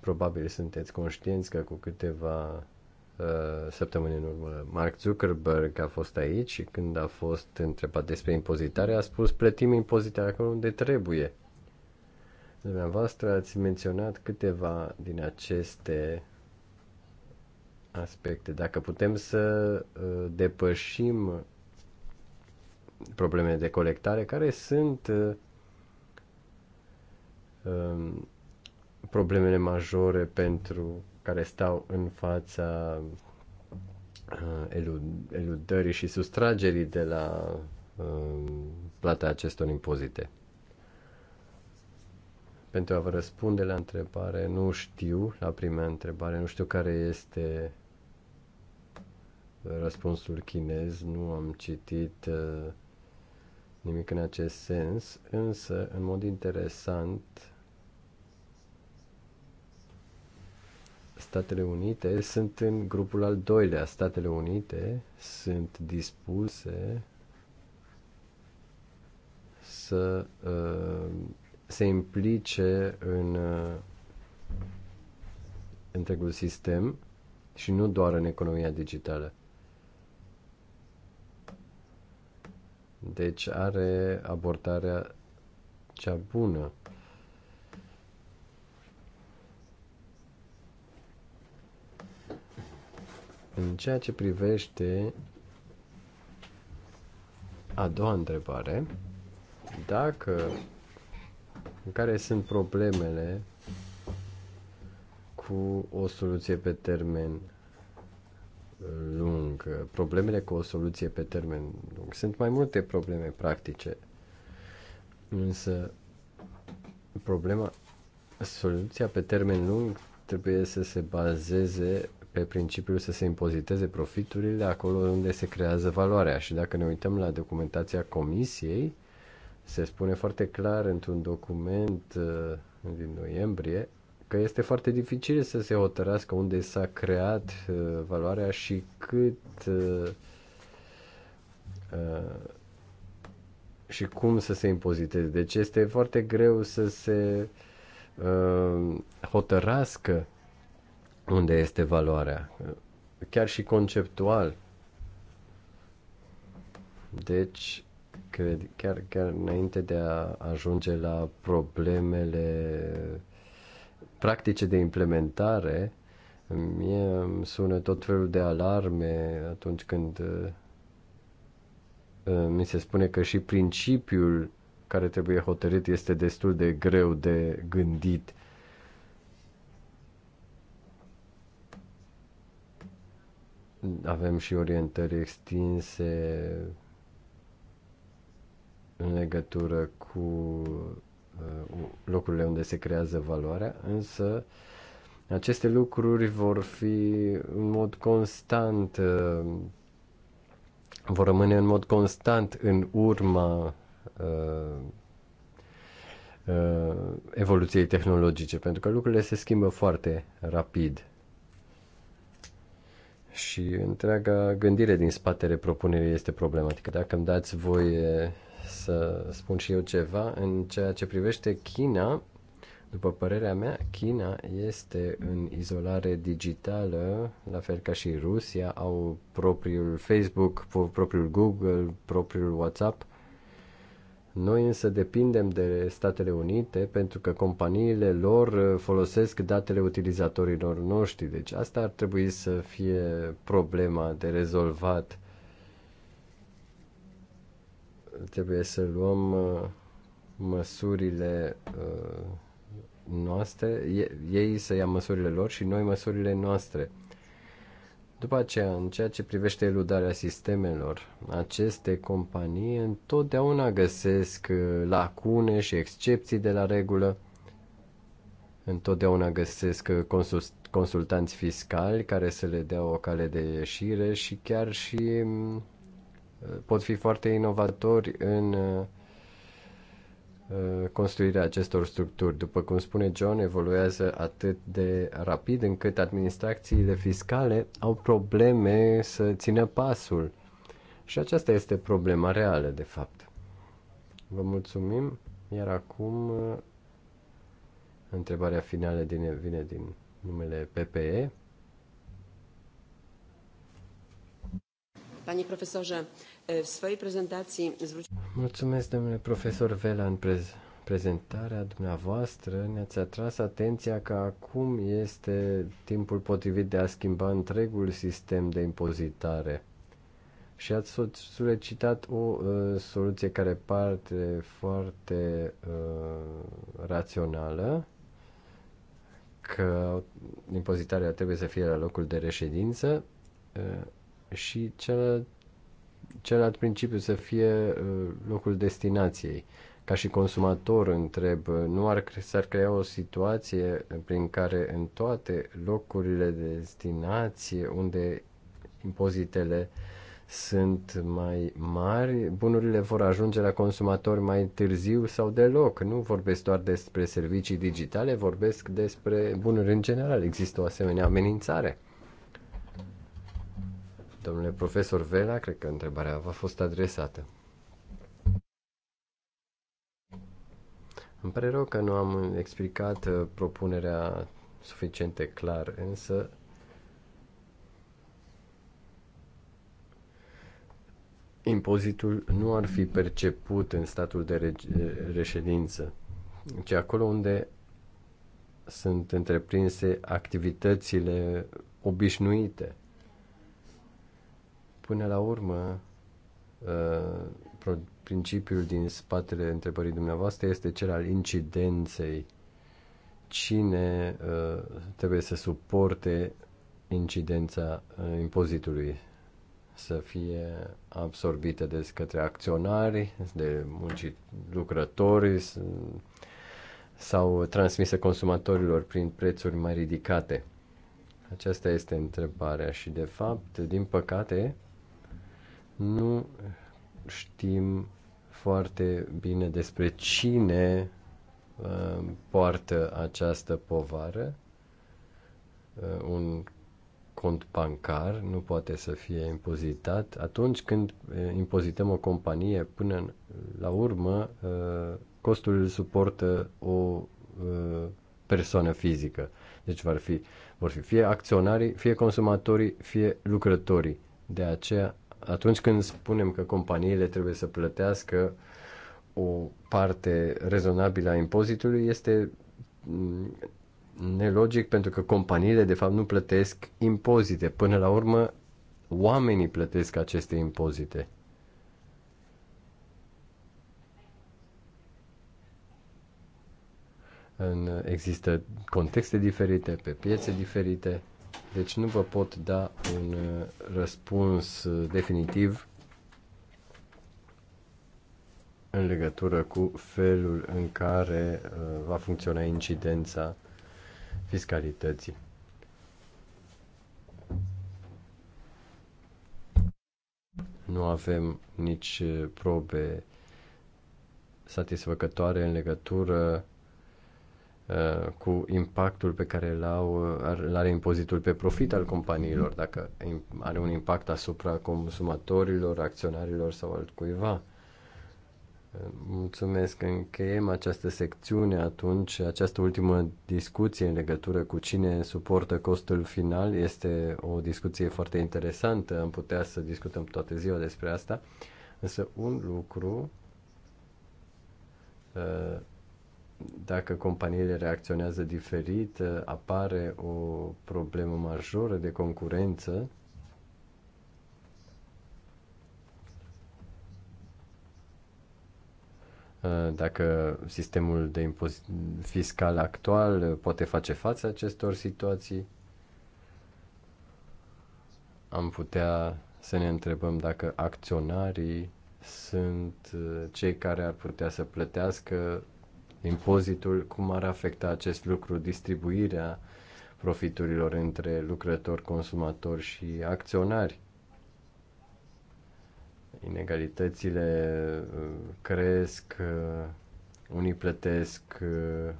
Probabil sunteți conștienți că cu câteva Uh, săptămâni în urmă. Mark Zuckerberg a fost aici și când a fost întrebat despre impozitare, a spus plătim impozitarea acolo unde trebuie. Dumneavoastră ați menționat câteva din aceste aspecte. Dacă putem să uh, depășim problemele de colectare, care sunt uh, um, problemele majore pentru care stau în fața uh, eludării și sustragerii de la um, plata acestor impozite. Pentru a vă răspunde la întrebare, nu știu, la prima întrebare, nu știu care este răspunsul chinez, nu am citit uh, nimic în acest sens, însă, în mod interesant, Statele Unite sunt în grupul al doilea. Statele Unite sunt dispuse să uh, se implice în uh, întregul sistem și nu doar în economia digitală. Deci are abordarea cea bună. În ceea ce privește a doua întrebare, dacă în care sunt problemele cu o soluție pe termen lung. Problemele cu o soluție pe termen lung. Sunt mai multe probleme practice, însă problema, soluția pe termen lung trebuie să se bazeze pe principiul să se impoziteze profiturile acolo unde se creează valoarea. Și dacă ne uităm la documentația comisiei, se spune foarte clar într-un document uh, din noiembrie că este foarte dificil să se hotărască unde s-a creat uh, valoarea și cât uh, și cum să se impoziteze. Deci este foarte greu să se hotărască unde este valoarea, chiar și conceptual. Deci, cred, chiar, chiar înainte de a ajunge la problemele practice de implementare, mie îmi sună tot felul de alarme atunci când uh, uh, mi se spune că și principiul care trebuie hotărât este destul de greu de gândit Avem și orientări extinse în legătură cu uh, locurile unde se creează valoarea, însă aceste lucruri vor fi în mod constant, uh, vor rămâne în mod constant în urma uh, evoluției tehnologice, pentru că lucrurile se schimbă foarte rapid și întreaga gândire din spatele propunerii este problematică. Dacă îmi dați voie să spun și eu ceva, în ceea ce privește China, după părerea mea, China este în izolare digitală, la fel ca și Rusia, au propriul Facebook, propriul Google, propriul WhatsApp noi însă depindem de Statele Unite pentru că companiile lor uh, folosesc datele utilizatorilor noștri. Deci asta ar trebui să fie problema de rezolvat. Trebuie să luăm uh, măsurile uh, noastre, ei să ia măsurile lor și noi măsurile noastre. După aceea, în ceea ce privește eludarea sistemelor, aceste companii întotdeauna găsesc uh, lacune și excepții de la regulă, întotdeauna găsesc uh, consultanți fiscali care să le dea o cale de ieșire și chiar și mm, uh, pot fi foarte inovatori în Uh, construirea acestor structuri. După cum spune John, evoluează atât de rapid încât administrațiile fiscale au probleme să țină pasul. Și aceasta este problema reală, de fapt. Vă mulțumim, iar acum uh, întrebarea finală din, vine din numele PPE. Panie profesorze, Mulțumesc, domnule profesor Vela, în prez- prezentarea dumneavoastră ne-ați atras atenția că acum este timpul potrivit de a schimba întregul sistem de impozitare și ați solicitat o uh, soluție care parte foarte uh, rațională că impozitarea trebuie să fie la locul de reședință uh, și cel, celălalt principiu să fie uh, locul destinației. Ca și consumator întreb, uh, nu ar, s-ar crea o situație prin care în toate locurile de destinație unde impozitele sunt mai mari, bunurile vor ajunge la consumatori mai târziu sau deloc. Nu vorbesc doar despre servicii digitale, vorbesc despre bunuri în general. Există o asemenea amenințare. Domnule profesor Vela, cred că întrebarea v-a fost adresată. Îmi pare rău că nu am explicat uh, propunerea suficient de clar, însă impozitul nu ar fi perceput în statul de uh, reședință, ci acolo unde sunt întreprinse activitățile obișnuite – Până la urmă, uh, principiul din spatele întrebării dumneavoastră este cel al incidenței. Cine uh, trebuie să suporte incidența uh, impozitului? Să fie absorbită de către acționari, de muncii lucrători sau transmisă consumatorilor prin prețuri mai ridicate. Aceasta este întrebarea și, de fapt, din păcate, nu știm foarte bine despre cine uh, poartă această povară. Uh, un cont bancar nu poate să fie impozitat. Atunci când uh, impozităm o companie, până în, la urmă, uh, costul îl suportă o uh, persoană fizică. Deci vor fi, vor fi fie acționarii, fie consumatorii, fie lucrătorii. De aceea atunci când spunem că companiile trebuie să plătească o parte rezonabilă a impozitului, este mm, nelogic pentru că companiile de fapt nu plătesc impozite. Până la urmă, oamenii plătesc aceste impozite. În, există contexte diferite, pe piețe diferite. Deci nu vă pot da un uh, răspuns uh, definitiv în legătură cu felul în care uh, va funcționa incidența fiscalității. Nu avem nici probe satisfăcătoare în legătură Uh, cu impactul pe care îl, au, uh, îl are impozitul pe profit al companiilor, dacă are un impact asupra consumatorilor, acționarilor sau altcuiva. Uh, mulțumesc. Încheiem această secțiune atunci. Această ultimă discuție în legătură cu cine suportă costul final este o discuție foarte interesantă. Am putea să discutăm toată ziua despre asta. Însă un lucru dacă companiile reacționează diferit, uh, apare o problemă majoră de concurență. Uh, dacă sistemul de impozit fiscal actual uh, poate face față acestor situații, am putea să ne întrebăm dacă acționarii sunt cei care ar putea să plătească impozitul, cum ar afecta acest lucru distribuirea profiturilor între lucrători, consumatori și acționari. Inegalitățile uh, cresc, uh, unii plătesc uh,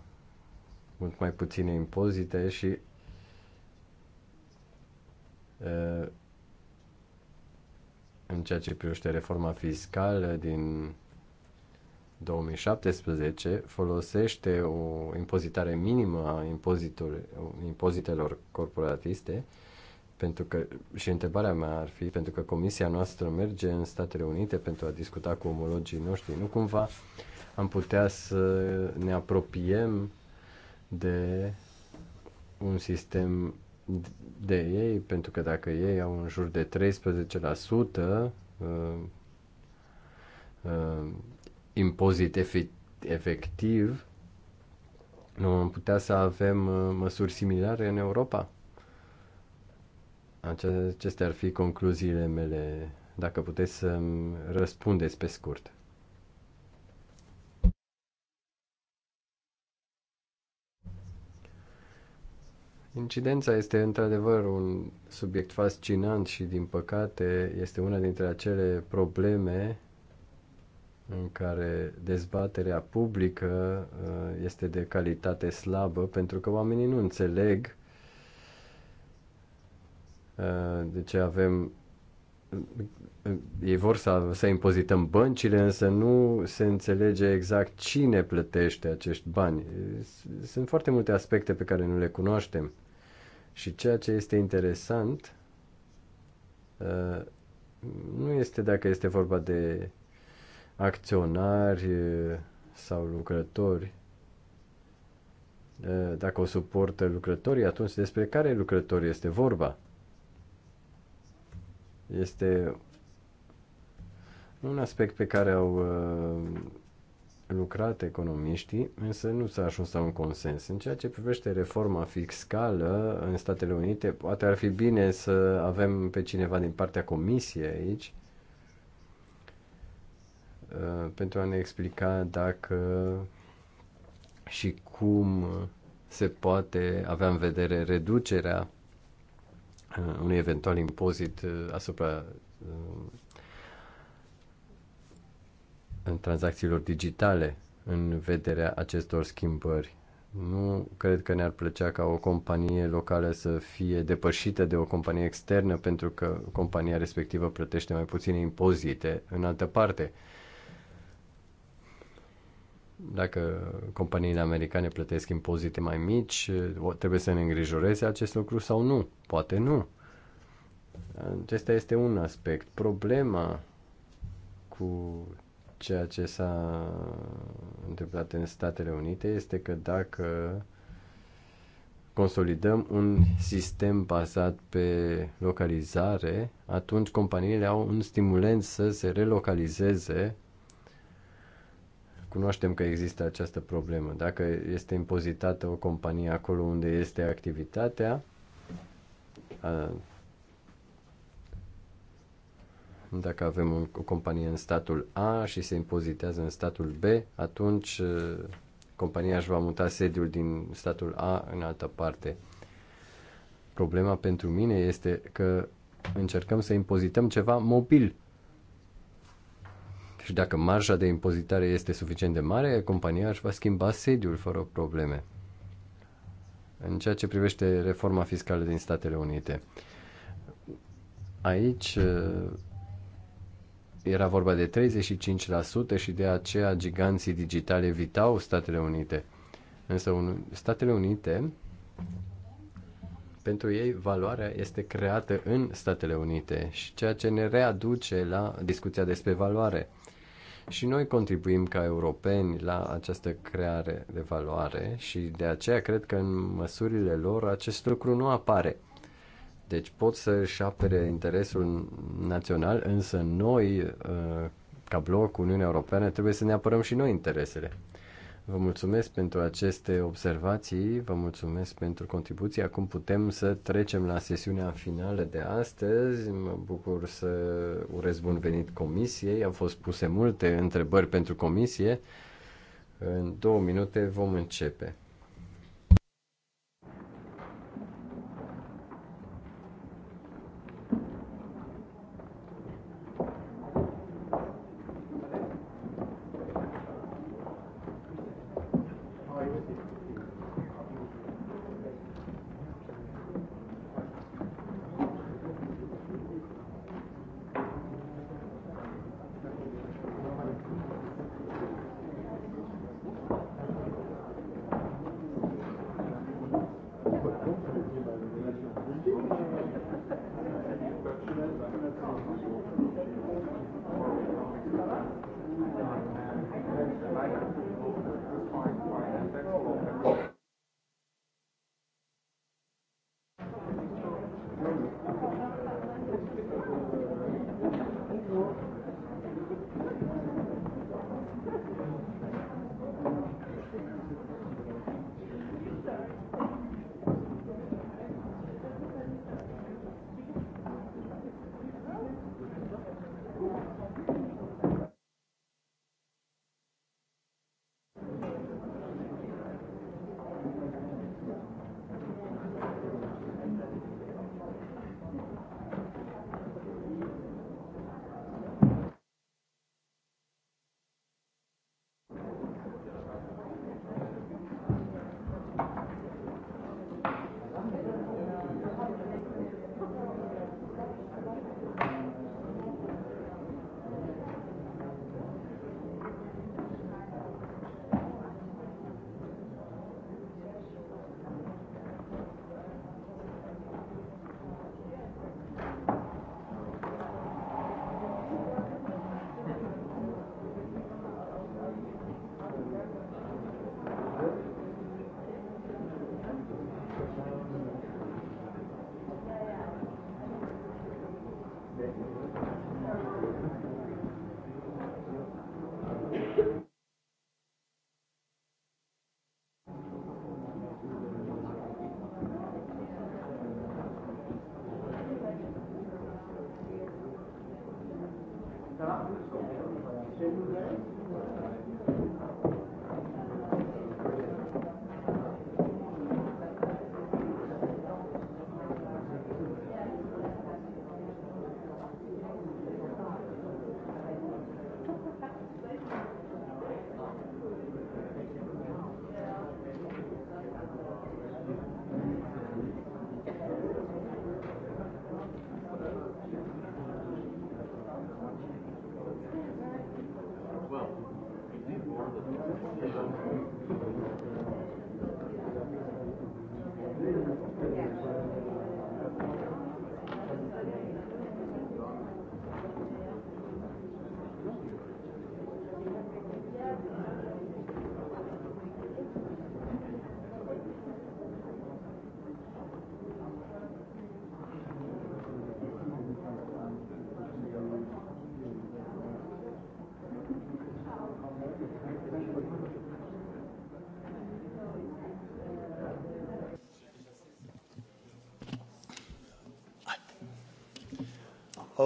mult mai puține impozite și în ceea ce privește reforma fiscală din 2017 folosește o impozitare minimă a impozitelor corporatiste pentru că, și întrebarea mea ar fi, pentru că comisia noastră merge în Statele Unite pentru a discuta cu omologii noștri, nu cumva am putea să ne apropiem de un sistem de ei, pentru că dacă ei au în jur de 13%, uh, uh, impozit efectiv, nu am putea să avem uh, măsuri similare în Europa? Acestea ar fi concluziile mele, dacă puteți să răspundeți pe scurt. Incidența este într-adevăr un subiect fascinant și, din păcate, este una dintre acele probleme în care dezbaterea publică uh, este de calitate slabă pentru că oamenii nu înțeleg uh, de ce avem uh, ei vor să, să impozităm băncile, însă nu se înțelege exact cine plătește acești bani. Sunt foarte multe aspecte pe care nu le cunoaștem. Și ceea ce este interesant nu este dacă este vorba de acționari sau lucrători, dacă o suportă lucrătorii, atunci despre care lucrători este vorba? Este un aspect pe care au lucrat economiștii, însă nu s-a ajuns la un consens. În ceea ce privește reforma fiscală în Statele Unite, poate ar fi bine să avem pe cineva din partea comisiei aici, Uh, pentru a ne explica dacă și cum se poate avea în vedere reducerea uh, unui eventual impozit uh, asupra în tranzacțiilor digitale în vederea acestor schimbări. Nu cred că ne-ar plăcea ca o companie locală să fie depășită de o companie externă pentru că compania respectivă plătește mai puține impozite în altă parte. Uh, dacă companiile americane plătesc impozite mai mici, trebuie să ne îngrijoreze acest lucru sau nu? Poate nu. Acesta este un aspect. Problema cu ceea ce s-a întâmplat în Statele Unite este că dacă consolidăm un sistem bazat pe localizare, atunci companiile au un stimulent să se relocalizeze Cunoaștem că există această problemă. Dacă este impozitată o companie acolo unde este activitatea, a, dacă avem un, o companie în statul A și se impozitează în statul B, atunci compania își va muta sediul din statul A în altă parte. Problema pentru mine este că încercăm să impozităm ceva mobil și dacă marja de impozitare este suficient de mare, compania își va schimba sediul fără probleme. În ceea ce privește reforma fiscală din Statele Unite, aici eh, era vorba de 35% și de aceea giganții digitale evitau Statele Unite. Însă un, Statele Unite, pentru ei, valoarea este creată în Statele Unite și ceea ce ne readuce la discuția despre valoare. Și noi contribuim ca europeni la această creare de valoare și de aceea cred că în măsurile lor acest lucru nu apare. Deci pot să-și apere interesul național, însă noi, uh, ca bloc Uniunea Europeană, trebuie să ne apărăm și noi interesele. Vă mulțumesc pentru aceste observații, vă mulțumesc pentru contribuții. Acum putem să trecem la sesiunea finală de astăzi. Mă bucur să urez bun venit comisiei. Au fost puse multe întrebări pentru comisie. În două minute vom începe.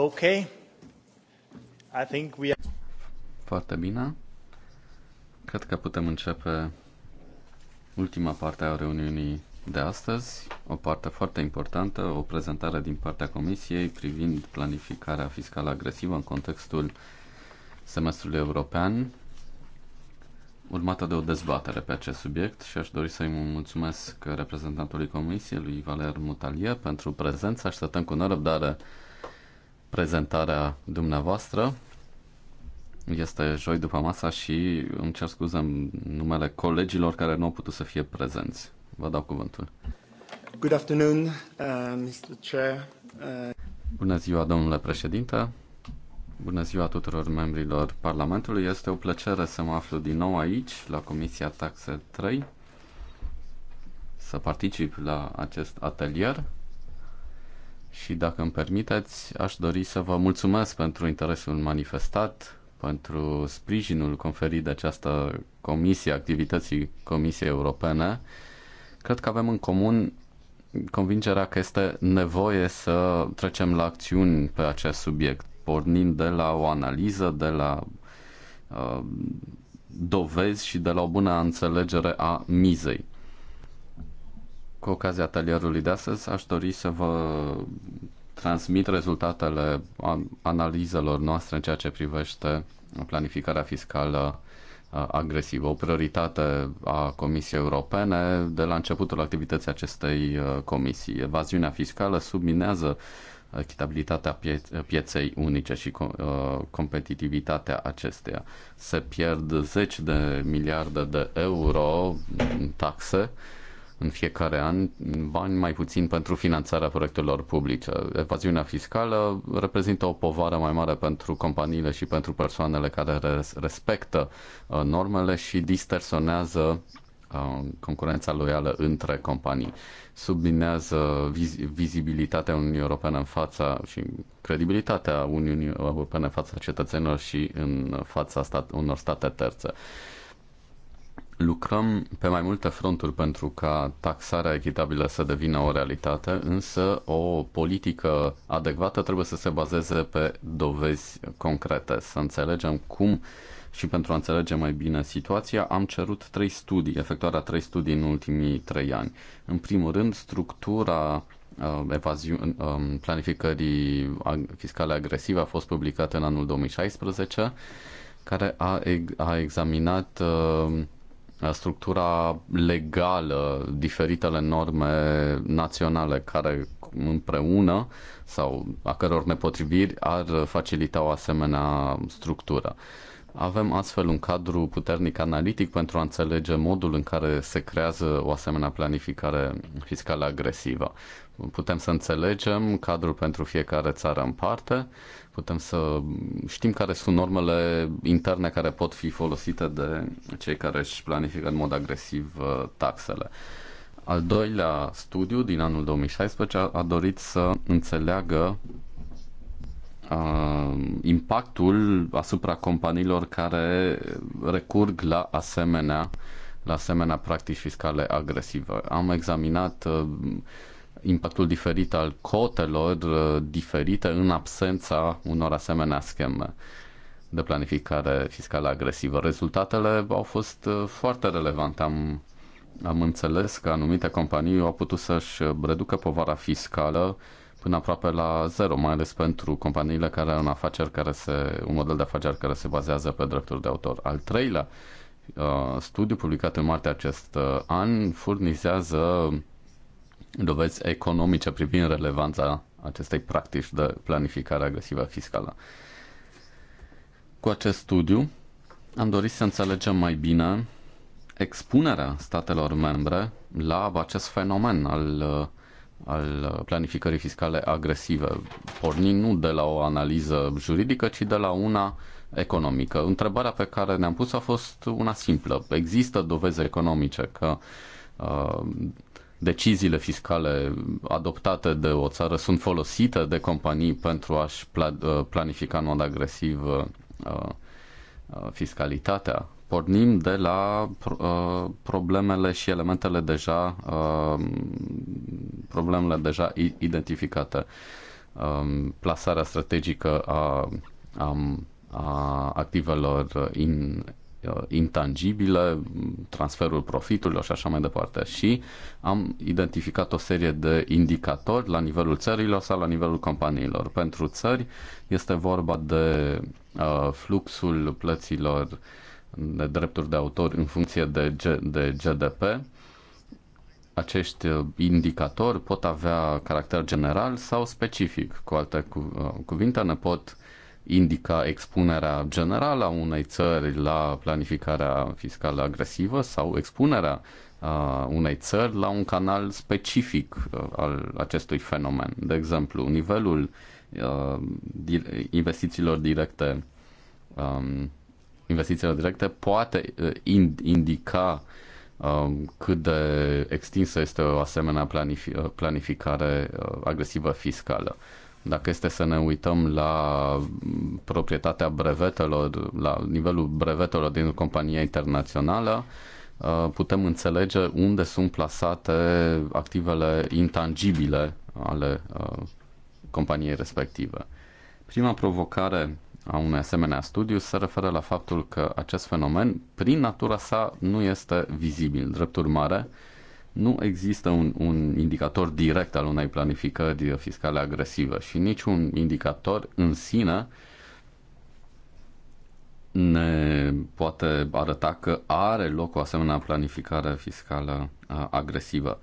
Okay. I think we are... Foarte bine. Cred că putem începe ultima parte a reuniunii de astăzi, o parte foarte importantă, o prezentare din partea Comisiei privind planificarea fiscală agresivă în contextul semestrului european, urmată de o dezbatere pe acest subiect și aș dori să-i mulțumesc reprezentantului Comisiei, lui Valer Mutalie, pentru prezență. Așteptăm cu nerăbdare prezentarea dumneavoastră. Este joi după masa și îmi cer scuze în numele colegilor care nu au putut să fie prezenți. Vă dau cuvântul. Good afternoon, uh, Mr. Chair. Uh... Bună ziua, domnule președinte. Bună ziua tuturor membrilor Parlamentului. Este o plăcere să mă aflu din nou aici, la Comisia Taxe 3, să particip la acest atelier și dacă îmi permiteți, aș dori să vă mulțumesc pentru interesul manifestat, pentru sprijinul conferit de această comisie, activității Comisiei Europene. Cred că avem în comun convingerea că este nevoie să trecem la acțiuni pe acest subiect, pornind de la o analiză, de la uh, dovezi și de la o bună înțelegere a mizei. Cu ocazia atelierului de astăzi, aș dori să vă transmit rezultatele analizelor noastre în ceea ce privește planificarea fiscală uh, agresivă, o prioritate a Comisiei Europene de la începutul activității acestei uh, comisii. Evaziunea fiscală subminează echitabilitatea pie- pieței unice și uh, competitivitatea acesteia. Se pierd 10 de miliarde de euro în taxe în fiecare an bani mai puțin pentru finanțarea proiectelor publice. Evaziunea fiscală reprezintă o povară mai mare pentru companiile și pentru persoanele care respectă uh, normele și distorsionează uh, concurența loială între companii. Subminează viz- vizibilitatea Uniunii Europene în fața și credibilitatea Uniunii Europene în fața cetățenilor și în fața stat- unor state terțe. Lucrăm pe mai multe fronturi pentru ca taxarea echitabilă să devină o realitate, însă o politică adecvată trebuie să se bazeze pe dovezi concrete, să înțelegem cum și pentru a înțelege mai bine situația, am cerut trei studii, efectuarea trei studii în ultimii trei ani. În primul rând, structura uh, um, planificării fiscale agresive a fost publicată în anul 2016, care a, a examinat uh, structura legală, diferitele norme naționale care împreună sau a căror nepotriviri ar facilita o asemenea structură. Avem astfel un cadru puternic analitic pentru a înțelege modul în care se creează o asemenea planificare fiscală agresivă. Putem să înțelegem cadrul pentru fiecare țară în parte putem să știm care sunt normele interne care pot fi folosite de cei care își planifică în mod agresiv uh, taxele. Al doilea studiu din anul 2016 a, a dorit să înțeleagă uh, impactul asupra companiilor care recurg la asemenea la asemenea practici fiscale agresive. Am examinat uh, impactul diferit al cotelor uh, diferite în absența unor asemenea scheme de planificare fiscală agresivă. Rezultatele au fost uh, foarte relevante. Am, am înțeles că anumite companii au putut să-și reducă povara fiscală până aproape la zero, mai ales pentru companiile care au un afaceri care se, un model de afaceri care se bazează pe drepturi de autor. Al treilea uh, studiu publicat în martie acest an furnizează dovezi economice privind relevanța acestei practici de planificare agresivă fiscală. Cu acest studiu am dorit să înțelegem mai bine expunerea statelor membre la acest fenomen al, al planificării fiscale agresive, pornind nu de la o analiză juridică, ci de la una economică. Întrebarea pe care ne-am pus a fost una simplă. Există dovezi economice că uh, deciziile fiscale adoptate de o țară sunt folosite de companii pentru a-și uh, planifica în mod agresiv uh, uh, fiscalitatea. Pornim de la problemele și elementele deja problemele deja identificate. Um, plasarea strategică a, a, a activelor in, Uh, intangibile, transferul profiturilor și așa mai departe. Și am identificat o serie de indicatori la nivelul țărilor sau la nivelul companiilor. Pentru țări este vorba de uh, fluxul plăților de drepturi de autor în funcție de, G- de GDP. Acești uh, indicatori pot avea caracter general sau specific. Cu alte cu- cuvinte, ne pot indica expunerea generală a unei țări la planificarea fiscală agresivă sau expunerea a unei țări la un canal specific al acestui fenomen. De exemplu, nivelul investițiilor directe investițiilor directe poate indica cât de extinsă este o asemenea planificare agresivă fiscală. Dacă este să ne uităm la proprietatea brevetelor, la nivelul brevetelor din compania internațională, uh, putem înțelege unde sunt plasate activele intangibile ale uh, companiei respective. Prima provocare a unui asemenea studiu se referă la faptul că acest fenomen, prin natura sa, nu este vizibil. Drept urmare, nu există un, un indicator direct al unei planificări fiscale agresive și niciun indicator în sine ne poate arăta că are loc o asemenea planificare fiscală agresivă.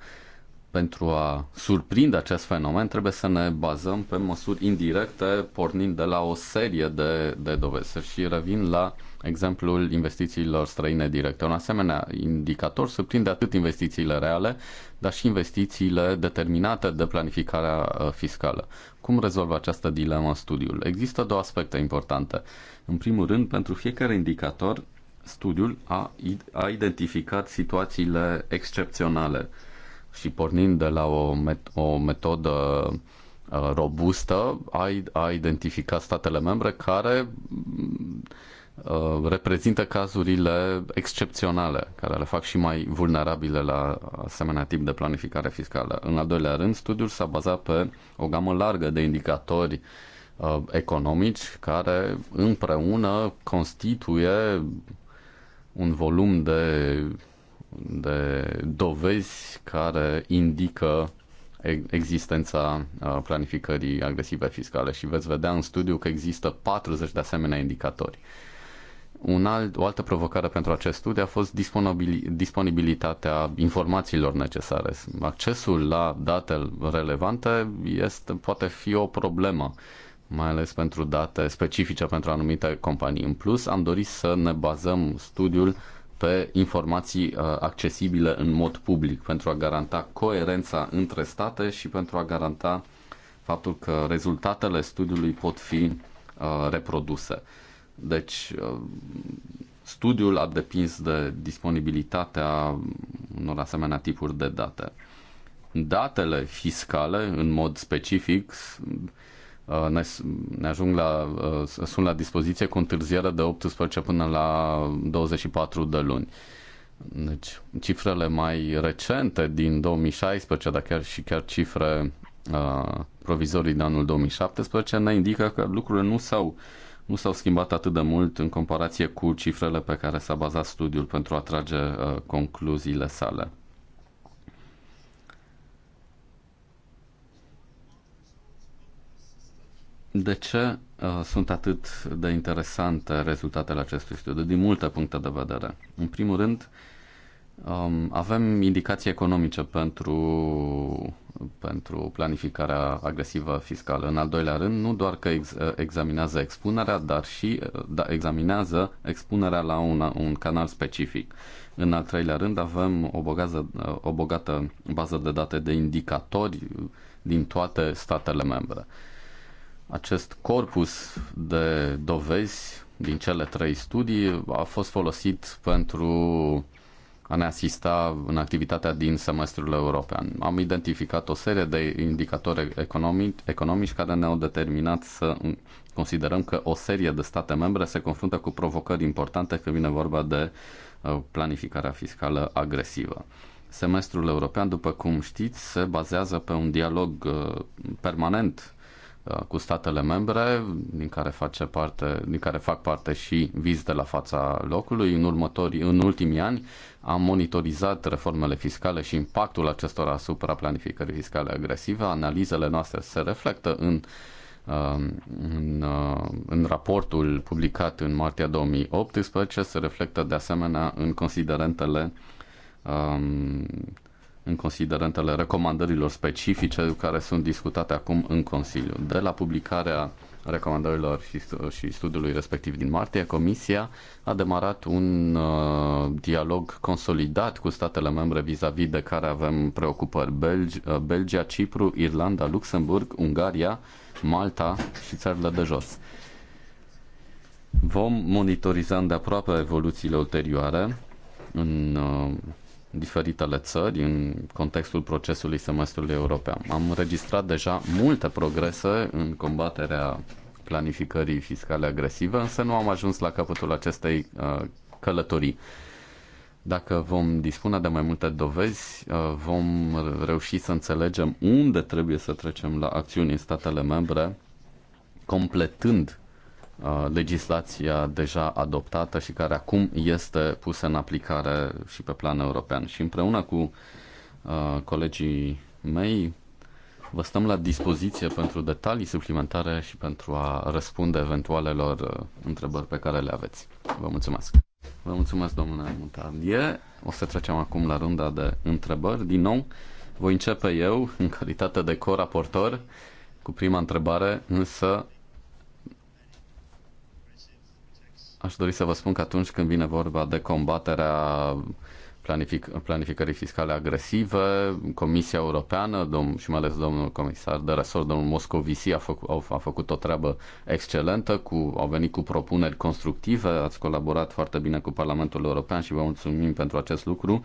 Pentru a surprinde acest fenomen, trebuie să ne bazăm pe măsuri indirecte, pornind de la o serie de, de dovezi. Și revin la uh, exemplul investițiilor străine directe. Un asemenea indicator surprinde atât investițiile reale, dar și investițiile determinate de planificarea uh, fiscală. Cum rezolvă această dilemă studiul? Există două aspecte importante. În primul rând, pentru fiecare indicator, studiul a, a identificat situațiile excepționale și pornind de la o, met- o metodă uh, robustă, a, a identificat statele membre care Uh, reprezintă cazurile excepționale care le fac și mai vulnerabile la asemenea tip de planificare fiscală. În al doilea rând, studiul s-a bazat pe o gamă largă de indicatori uh, economici care împreună constituie un volum de, de dovezi care indică existența uh, planificării agresive fiscale și veți vedea în studiu că există 40 de asemenea indicatori. Un alt, o altă provocare pentru acest studiu a fost disponibilitatea informațiilor necesare. Accesul la date relevante este, poate fi o problemă, mai ales pentru date specifice pentru anumite companii. În plus, am dorit să ne bazăm studiul pe informații uh, accesibile în mod public pentru a garanta coerența între state și pentru a garanta faptul că rezultatele studiului pot fi uh, reproduse. Deci, uh, studiul a depins de disponibilitatea unor asemenea tipuri de date. Datele fiscale, în mod specific, uh, ne, ne ajung la, uh, sunt la dispoziție cu întârziere de 18 până la 24 de luni. Deci, cifrele mai recente din 2016, dar chiar și chiar cifre uh, provizorii de anul 2017, ne indică că lucrurile nu s-au uh, nu s-au schimbat atât de mult în comparație cu cifrele pe care s-a bazat studiul pentru a trage uh, concluziile sale. De ce uh, sunt atât de interesante rezultatele acestui studiu? Din multe puncte de vedere. În primul rând, uh, Um, avem indicații economice pentru, pentru planificarea agresivă fiscală. În al doilea rând, nu doar că ex, examinează expunerea, dar și da, examinează expunerea la un, un canal specific. În al treilea rând, avem o, bogază, o bogată bază de date de indicatori din toate statele membre. Acest corpus de dovezi din cele trei studii a fost folosit pentru a ne asista în activitatea din semestrul european. Am identificat o serie de indicatori economici, economici care ne-au determinat să considerăm că o serie de state membre se confruntă cu provocări importante când vine vorba de uh, planificarea fiscală agresivă. Semestrul european, după cum știți, se bazează pe un dialog uh, permanent Uh, cu statele membre, din care, face parte, din care fac parte și vizite la fața locului. În, următorii, în ultimii ani am monitorizat reformele fiscale și impactul acestora asupra planificării fiscale agresive. Analizele noastre se reflectă în uh, în, uh, în raportul publicat în martie 2018 se reflectă de asemenea în considerentele um, în considerentele recomandărilor specifice care sunt discutate acum în Consiliu. De la publicarea recomandărilor și, și studiului respectiv din martie, Comisia a demarat un uh, dialog consolidat cu statele membre vis-a-vis -vis de care avem preocupări Belgi, uh, Belgia, Cipru, Irlanda, Luxemburg, Ungaria, Malta și țările de jos. Vom monitoriza de aproape evoluțiile ulterioare în uh, diferitele țări în contextul procesului semestrului european. Am înregistrat deja multe progrese în combaterea planificării fiscale agresive, însă nu am ajuns la capătul acestei uh, călătorii. Dacă vom dispune de mai multe dovezi, uh, vom reuși să înțelegem unde trebuie să trecem la acțiuni în statele membre, completând Uh, legislația deja adoptată și care acum este pusă în aplicare și pe plan european. Și împreună cu uh, colegii mei vă stăm la dispoziție pentru detalii suplimentare și pentru a răspunde eventualelor uh, întrebări pe care le aveți. Vă mulțumesc! Vă mulțumesc, domnule Mutardier. O să trecem acum la runda de întrebări. Din nou, voi începe eu, în calitate de coraportor, cu prima întrebare, însă Aș dori să vă spun că atunci când vine vorba de combaterea planific- planificării fiscale agresive, Comisia Europeană domn, și mai ales domnul comisar de resort, domnul Moscovici, a, făc- a făcut o treabă excelentă, cu, au venit cu propuneri constructive, ați colaborat foarte bine cu Parlamentul European și vă mulțumim pentru acest lucru.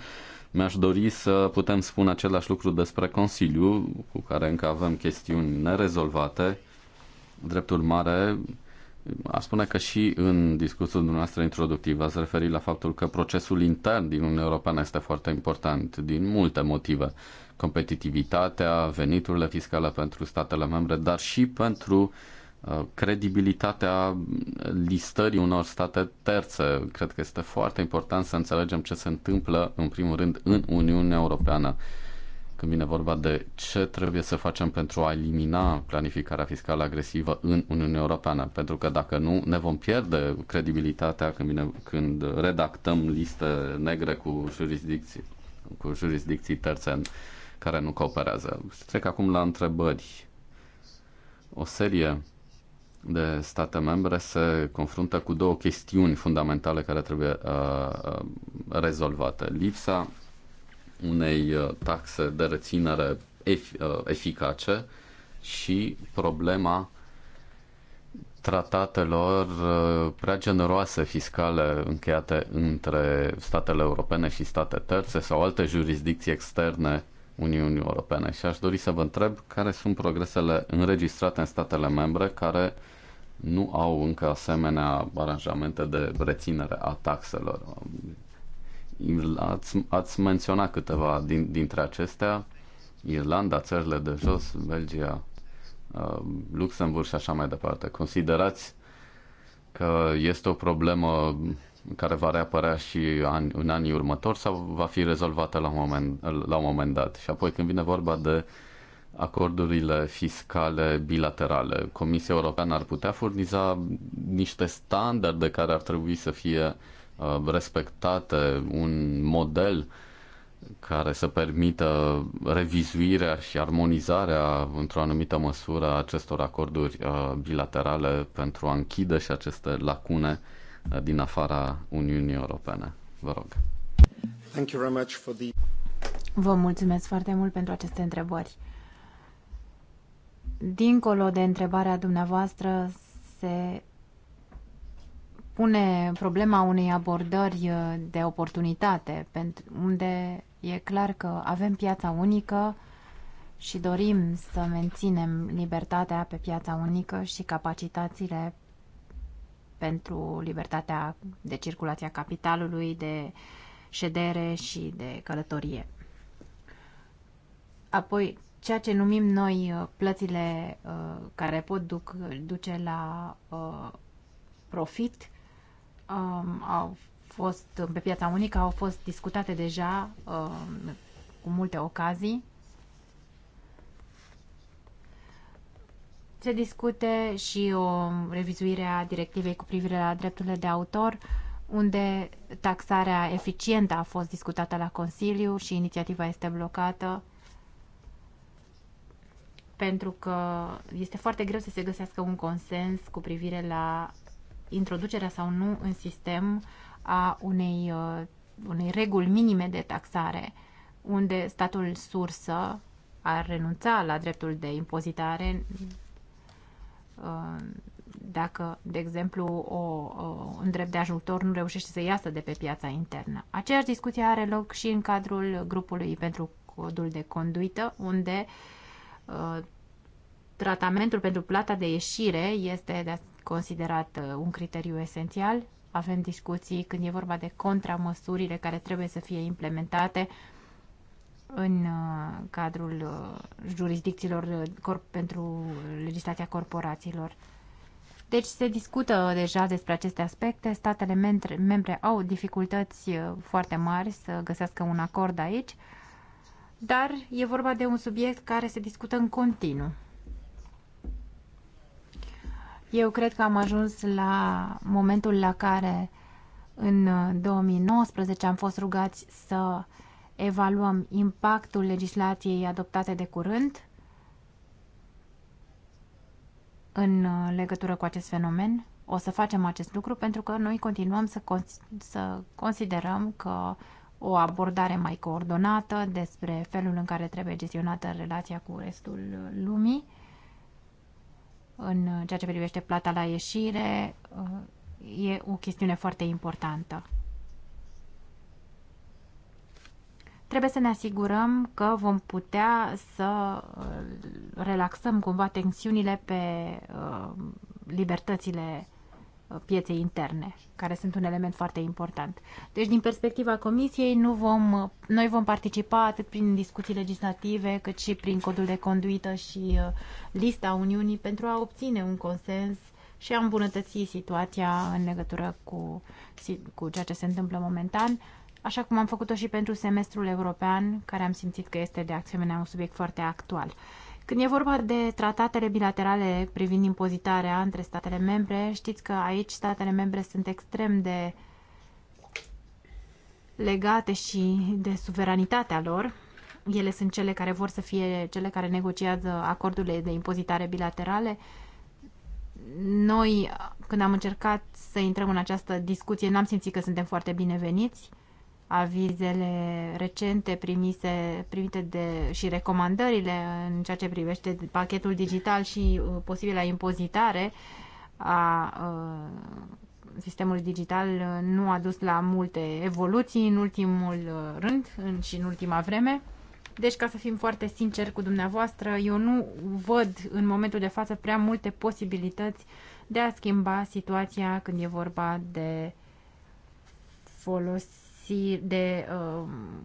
Mi-aș dori să putem spune același lucru despre Consiliu, cu care încă avem chestiuni nerezolvate. dreptul mare a spune că și în discursul dumneavoastră introductiv ați referit la faptul că procesul intern din Uniunea Europeană este foarte important din multe motive. Competitivitatea, veniturile fiscale pentru statele membre, dar și pentru uh, credibilitatea listării unor state terțe. Cred că este foarte important să înțelegem ce se întâmplă, în primul rând, în Uniunea Europeană când vine vorba de ce trebuie să facem pentru a elimina planificarea fiscală agresivă în Uniunea Europeană, pentru că dacă nu, ne vom pierde credibilitatea când, vine, când redactăm liste negre cu jurisdicții, cu jurisdicții terțe care nu cooperează. Și trec acum la întrebări. O serie de state membre se confruntă cu două chestiuni fundamentale care trebuie uh, uh rezolvate. Lipsa unei uh, taxe de reținere uh, eficace și problema tratatelor uh, prea generoase fiscale încheiate între statele europene și state terțe sau alte jurisdicții externe Uniunii Europene. Și aș dori să vă întreb care sunt progresele înregistrate în statele membre care nu au încă asemenea aranjamente de reținere a taxelor. Ați, ați menționat câteva din, dintre acestea, Irlanda, țările de jos, Belgia, uh, Luxemburg și așa mai departe. Considerați că este o problemă care va reapărea și an, în anii următori sau va fi rezolvată la un, moment, la un moment dat? Și apoi când vine vorba de acordurile fiscale bilaterale, Comisia Europeană ar putea furniza niște standarde care ar trebui să fie uh, Uh, respectate, un model care să permită revizuirea și armonizarea într-o anumită măsură a acestor acorduri uh, bilaterale pentru a închide și aceste lacune uh, din afara Uniunii Europene. Vă rog. Thank you very much for the... Vă mulțumesc foarte mult pentru aceste întrebări. Dincolo de întrebarea dumneavoastră, se pune problema unei abordări uh, de oportunitate, pentru unde e clar că avem piața unică și dorim să menținem libertatea pe piața unică și capacitățile pentru libertatea de circulație a capitalului, de ședere și de călătorie. Apoi, ceea ce numim noi uh, plățile uh, care pot duc, duce la profit um, au fost pe piața unică, au fost discutate deja um, cu multe ocazii. Se discute și o revizuire a directivei cu privire la drepturile de autor, unde taxarea eficientă a fost discutată la Consiliu și inițiativa este blocată pentru că este foarte greu să se găsească un consens cu privire la introducerea sau nu în sistem a unei, uh, unei reguli minime de taxare, unde statul sursă ar renunța la dreptul de impozitare uh, dacă, de exemplu, o, o, un drept de ajutor nu reușește să iasă de pe piața internă. Aceeași discuție are loc și în cadrul grupului pentru codul de conduită, unde uh, tratamentul pentru plata de ieșire este de considerat uh, un criteriu esențial. Avem discuții când e vorba de contramăsurile care trebuie să fie implementate în uh, cadrul uh, jurisdicțiilor pentru legislația corporațiilor. Deci se discută deja despre aceste aspecte. Statele membre au dificultăți foarte mari să găsească un acord aici, dar e vorba de un subiect care se discută în continuu. Eu cred că am ajuns la momentul la care în 2019 uh, am fost rugați să evaluăm impactul legislației adoptate de curând în uh, legătură cu acest fenomen. O să facem acest lucru pentru că noi continuăm să, cons- să considerăm că o abordare mai coordonată despre felul în care trebuie gestionată relația cu restul uh, lumii în uh, ceea ce privește plata la ieșire uh, e o chestiune foarte importantă. Trebuie să ne asigurăm că vom putea să uh, relaxăm cumva tensiunile pe libertățile pieței interne, care sunt un element foarte important. Deci, din perspectiva Comisiei, nu vom, noi vom participa atât prin discuții legislative, cât și prin codul de conduită și uh, lista Uniunii pentru a obține un consens și a îmbunătăți situația în legătură cu, cu ceea ce se întâmplă momentan, așa cum am făcut-o și pentru semestrul european, care am simțit că este de asemenea un subiect foarte actual. Când e vorba de tratatele bilaterale privind impozitarea între statele membre, știți că aici statele membre sunt extrem de legate și de suveranitatea lor. Ele sunt cele care vor să fie cele care negociază acordurile de impozitare bilaterale. Noi, când am încercat să intrăm în această discuție, n-am simțit că suntem foarte bineveniți avizele recente primise, primite de, și recomandările în ceea ce privește pachetul digital și uh, posibila impozitare a uh, sistemului digital uh, nu a dus la multe evoluții în ultimul uh, rând în, și în ultima vreme. Deci, ca să fim foarte sinceri cu dumneavoastră, eu nu văd în momentul de față prea multe posibilități de a schimba situația când e vorba de folos de uh, um,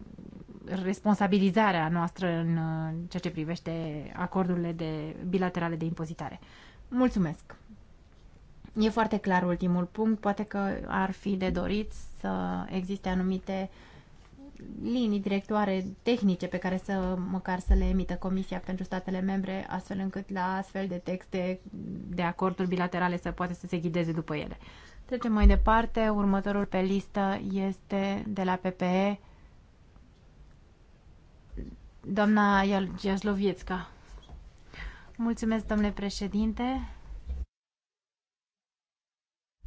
responsabilizarea noastră în uh, ceea ce privește acordurile de bilaterale de impozitare. Mulțumesc! E foarte clar ultimul punct. Poate că ar fi de dorit să existe anumite linii directoare tehnice pe care să măcar să le emită Comisia pentru statele membre, astfel încât la astfel de texte de acorduri bilaterale să poate să se ghideze după ele. Trecem mai departe. Următorul pe listă este de la PPE, doamna Iaslovietska. Mulțumesc, domnule președinte.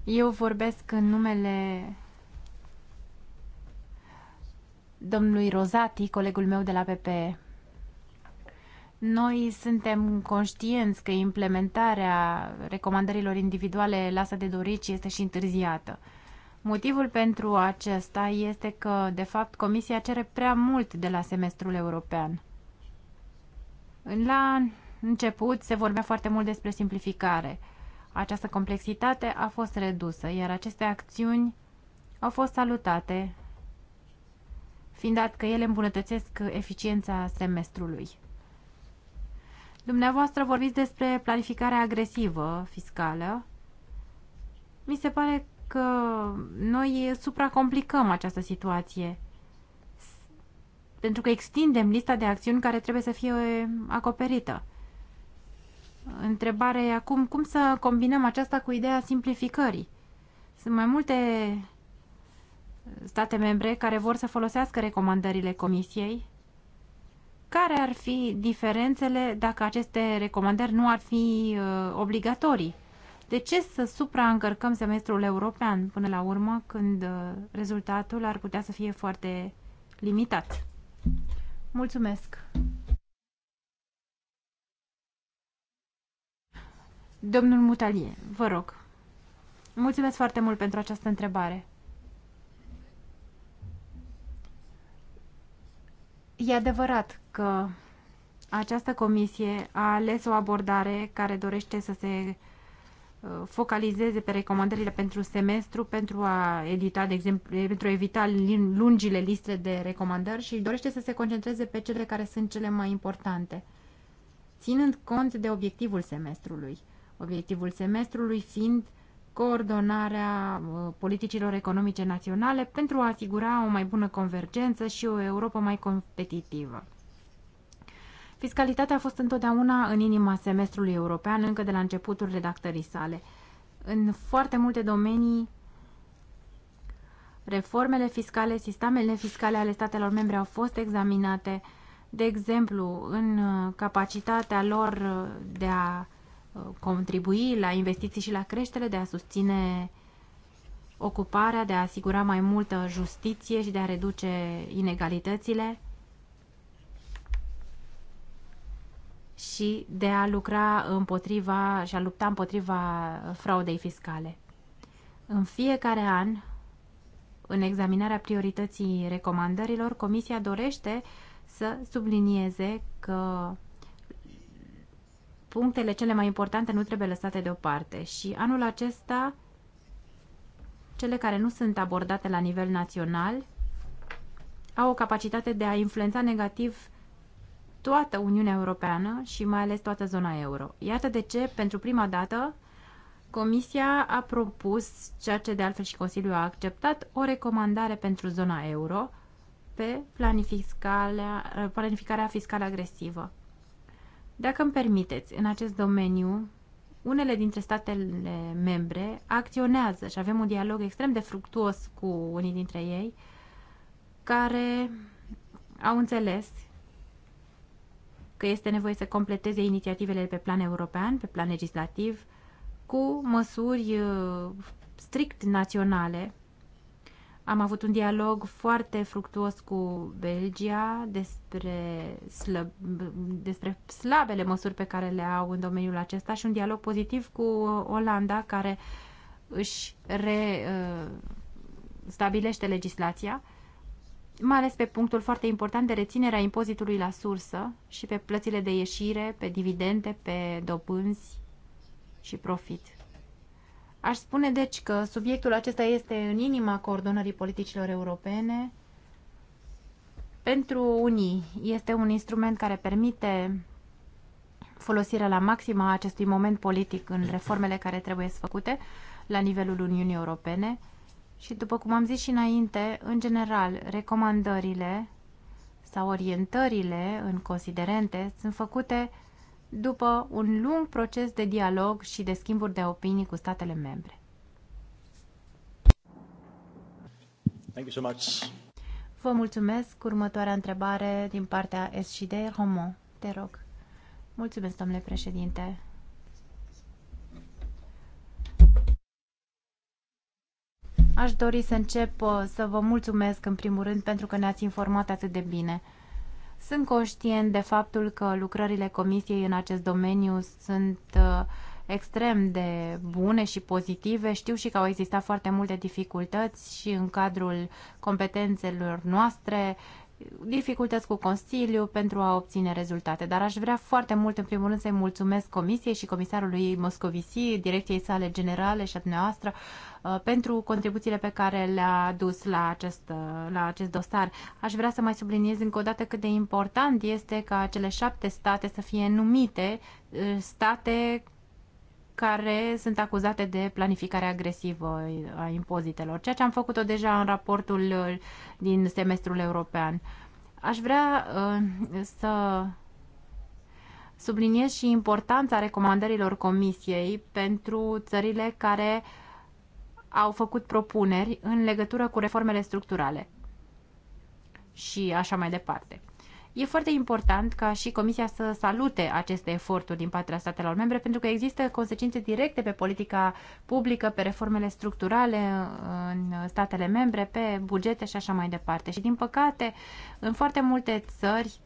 Eu vorbesc în numele domnului Rozati, colegul meu de la PPE. Noi suntem conștienți că implementarea recomandărilor individuale lasă de dorit și este și întârziată. Motivul pentru acesta este că, de fapt, Comisia cere prea mult de la semestrul european. La început se vorbea foarte mult despre simplificare. Această complexitate a fost redusă, iar aceste acțiuni au fost salutate, fiind dat că ele îmbunătățesc eficiența semestrului. Dumneavoastră vorbiți despre planificarea agresivă fiscală. Mi se pare că noi supracomplicăm această situație pentru că extindem lista de acțiuni care trebuie să fie acoperită. Întrebarea e acum cum să combinăm aceasta cu ideea simplificării. Sunt mai multe state membre care vor să folosească recomandările Comisiei care ar fi diferențele dacă aceste recomandări nu ar fi uh, obligatorii? De ce să supraîncărcăm semestrul european până la urmă când uh, rezultatul ar putea să fie foarte limitat? Mulțumesc! Domnul Mutalie, vă rog. Mulțumesc foarte mult pentru această întrebare. E adevărat că această comisie a ales o abordare care dorește să se uh, focalizeze pe recomandările pentru semestru pentru a edita, de exemplu, pentru a evita lungile liste de recomandări și dorește să se concentreze pe cele care sunt cele mai importante, ținând cont de obiectivul semestrului. Obiectivul semestrului fiind coordonarea uh, politicilor economice naționale pentru a asigura o mai bună convergență și o Europa mai competitivă. Fiscalitatea a fost întotdeauna în inima semestrului european, încă de la începutul redactării sale. În foarte multe domenii, reformele fiscale, sistemele fiscale ale statelor membre au fost examinate, de exemplu, în uh, capacitatea lor uh, de a uh, contribui la investiții și la creștere, de a susține ocuparea, de a asigura mai multă justiție și de a reduce inegalitățile. și de a lucra împotriva și a lupta împotriva fraudei fiscale. În fiecare an, în examinarea priorității recomandărilor, Comisia dorește să sublinieze că punctele cele mai importante nu trebuie lăsate deoparte și anul acesta cele care nu sunt abordate la nivel național au o capacitate de a influența negativ toată Uniunea Europeană și mai ales toată zona euro. Iată de ce, pentru prima dată, Comisia a propus, ceea ce de altfel și Consiliul a acceptat, o recomandare pentru zona euro pe planificarea, planificarea fiscală agresivă. Dacă îmi permiteți, în acest domeniu, unele dintre statele membre acționează și avem un dialog extrem de fructuos cu unii dintre ei, care au înțeles că este nevoie să completeze inițiativele pe plan european, pe plan legislativ, cu măsuri uh, strict naționale. Am avut un dialog foarte fructuos cu Belgia despre, slăb, despre slabele măsuri pe care le au în domeniul acesta și un dialog pozitiv cu Olanda, care își re, uh, stabilește legislația mai ales pe punctul foarte important de reținerea impozitului la sursă și pe plățile de ieșire, pe dividende, pe dobânzi și profit. Aș spune deci că subiectul acesta este în inima coordonării politicilor europene. Pentru unii este un instrument care permite folosirea la maximă a acestui moment politic în reformele care trebuie făcute la nivelul Uniunii Europene, și după cum am zis și înainte, în general, recomandările sau orientările în considerente sunt făcute după un lung proces de dialog și de schimburi de opinii cu statele membre. Thank you so much. Vă mulțumesc. Următoarea întrebare din partea SCD, Romo. Te rog. Mulțumesc, domnule președinte. Aș dori să încep uh, să vă mulțumesc în primul rând pentru că ne-ați informat atât de bine. Sunt conștient de faptul că lucrările Comisiei în acest domeniu sunt uh, extrem de bune și pozitive. Știu și că au existat foarte multe dificultăți și în cadrul competențelor noastre dificultăți cu Consiliu pentru a obține rezultate, dar aș vrea foarte mult, în primul rând, să-i mulțumesc Comisiei și Comisarului Moscovici, Direcției sale generale și a dumneavoastră, uh, pentru contribuțiile pe care le-a dus la acest, uh, la acest dosar. Aș vrea să mai subliniez încă o dată cât de important este ca cele șapte state să fie numite uh, state care sunt acuzate de planificare agresivă a impozitelor, ceea ce am făcut-o deja în raportul uh, din semestrul european. Aș vrea uh, să subliniez și importanța recomandărilor Comisiei pentru țările care au făcut propuneri în legătură cu reformele structurale și așa mai departe. E foarte important ca și Comisia să salute aceste eforturi din partea statelor membre, pentru că există consecințe directe pe politica publică, pe reformele structurale uh, în statele membre, pe bugete și așa mai departe. Și, din păcate, în foarte multe țări,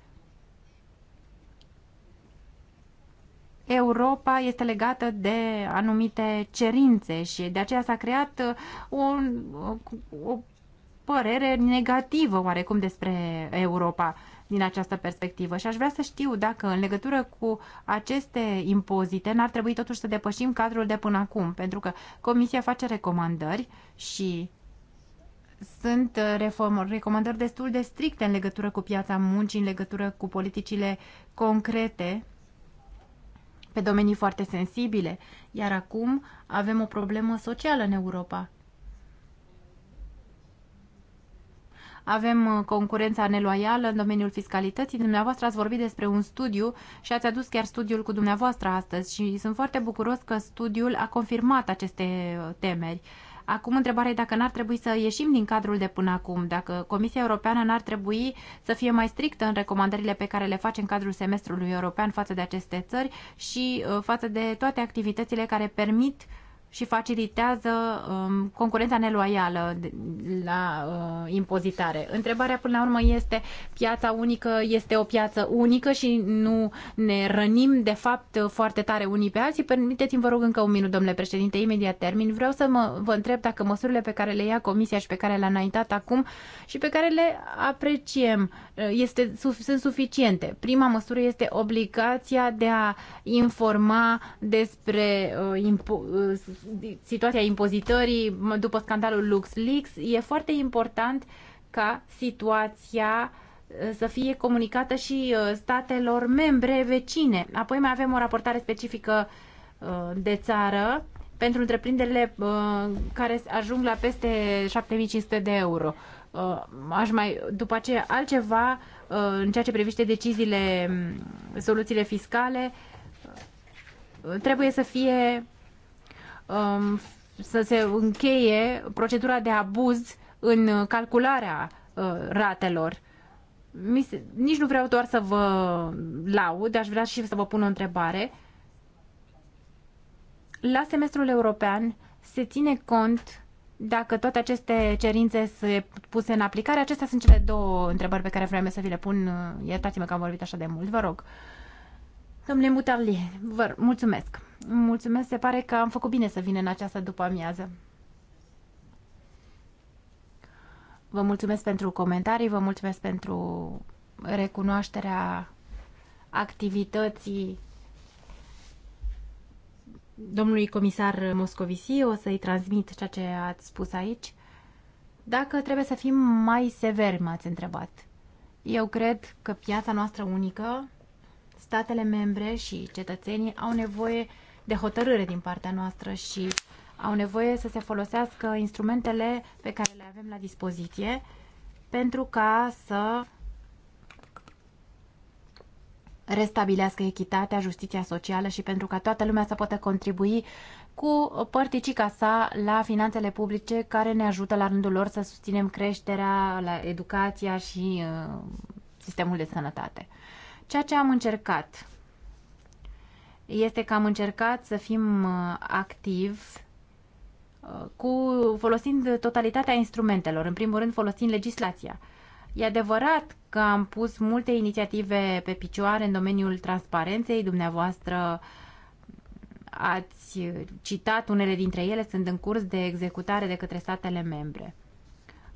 Europa este legată de anumite cerințe și de aceea s-a creat uh, un, uh, o, o părere negativă oarecum despre Europa din această perspectivă și aș vrea să știu dacă în legătură cu aceste impozite n-ar trebui totuși să depășim cadrul de până acum, pentru că Comisia face recomandări și sunt uh, recomandări destul de stricte în legătură cu piața muncii, în legătură cu politicile concrete pe domenii foarte sensibile. Iar acum avem o problemă socială în Europa. Avem uh, concurența neloială în domeniul fiscalității. Dumneavoastră ați vorbit despre un studiu și ați adus chiar studiul cu dumneavoastră astăzi și sunt foarte bucuros că studiul a confirmat aceste uh, temeri. Acum întrebarea e dacă n-ar trebui să ieșim din cadrul de până acum, dacă Comisia Europeană n-ar trebui să fie mai strictă în recomandările pe care le face în cadrul semestrului european față de aceste țări și uh, față de toate activitățile care permit uh, și facilitează um, concurența neloială la uh, impozitare. Întrebarea până la urmă este piața unică este o piață unică și nu ne rănim de fapt foarte tare unii pe alții. Permiteți-mi vă rog încă un minut, domnule președinte, imediat termin. Vreau să mă, vă întreb dacă măsurile pe care le ia comisia și pe care le-a înaintat acum și pe care le apreciem uh, este, sunt suficiente. Prima măsură este obligația de a informa despre uh, impo- uh, situația impozitării după scandalul LuxLeaks, e foarte important ca situația uh, să fie comunicată și uh, statelor membre vecine. Apoi mai avem o raportare specifică uh, de țară pentru întreprinderile care ajung la peste 7500 de euro. Aș mai, după aceea, altceva în ceea ce privește deciziile, mm, soluțiile fiscale, trebuie să fie um, să se încheie procedura de abuz în calcularea uh, ratelor. Se, nici nu vreau doar să vă laud, aș vrea și să vă pun o întrebare. La semestrul european se ține cont dacă toate aceste cerințe se puse în aplicare. Acestea sunt cele două întrebări pe care vreau să vi le pun. Uh, iertați-mă că am vorbit așa de mult, vă rog. Domnule Mutarli, vă mulțumesc. Mulțumesc, se pare că am făcut bine să vin în această după-amiază. Vă mulțumesc pentru comentarii, vă mulțumesc pentru recunoașterea activității domnului comisar Moscovici. O să-i transmit ceea ce ați spus aici. Dacă trebuie să fim mai severi, m-ați întrebat. Eu cred că piața noastră unică, statele membre și cetățenii au nevoie de hotărâre din partea noastră și au nevoie să se folosească instrumentele pe care le avem la dispoziție pentru ca să restabilească echitatea, justiția socială și pentru ca toată lumea să poată contribui cu părticica sa la finanțele publice care ne ajută la rândul lor să susținem creșterea, la educația și uh, sistemul de sănătate. Ceea ce am încercat este că am încercat să fim uh, activi uh, cu, folosind totalitatea instrumentelor, în primul rând folosind legislația. E adevărat că am pus multe inițiative pe picioare în domeniul transparenței, dumneavoastră ați citat unele dintre ele, sunt în curs de executare de către statele membre.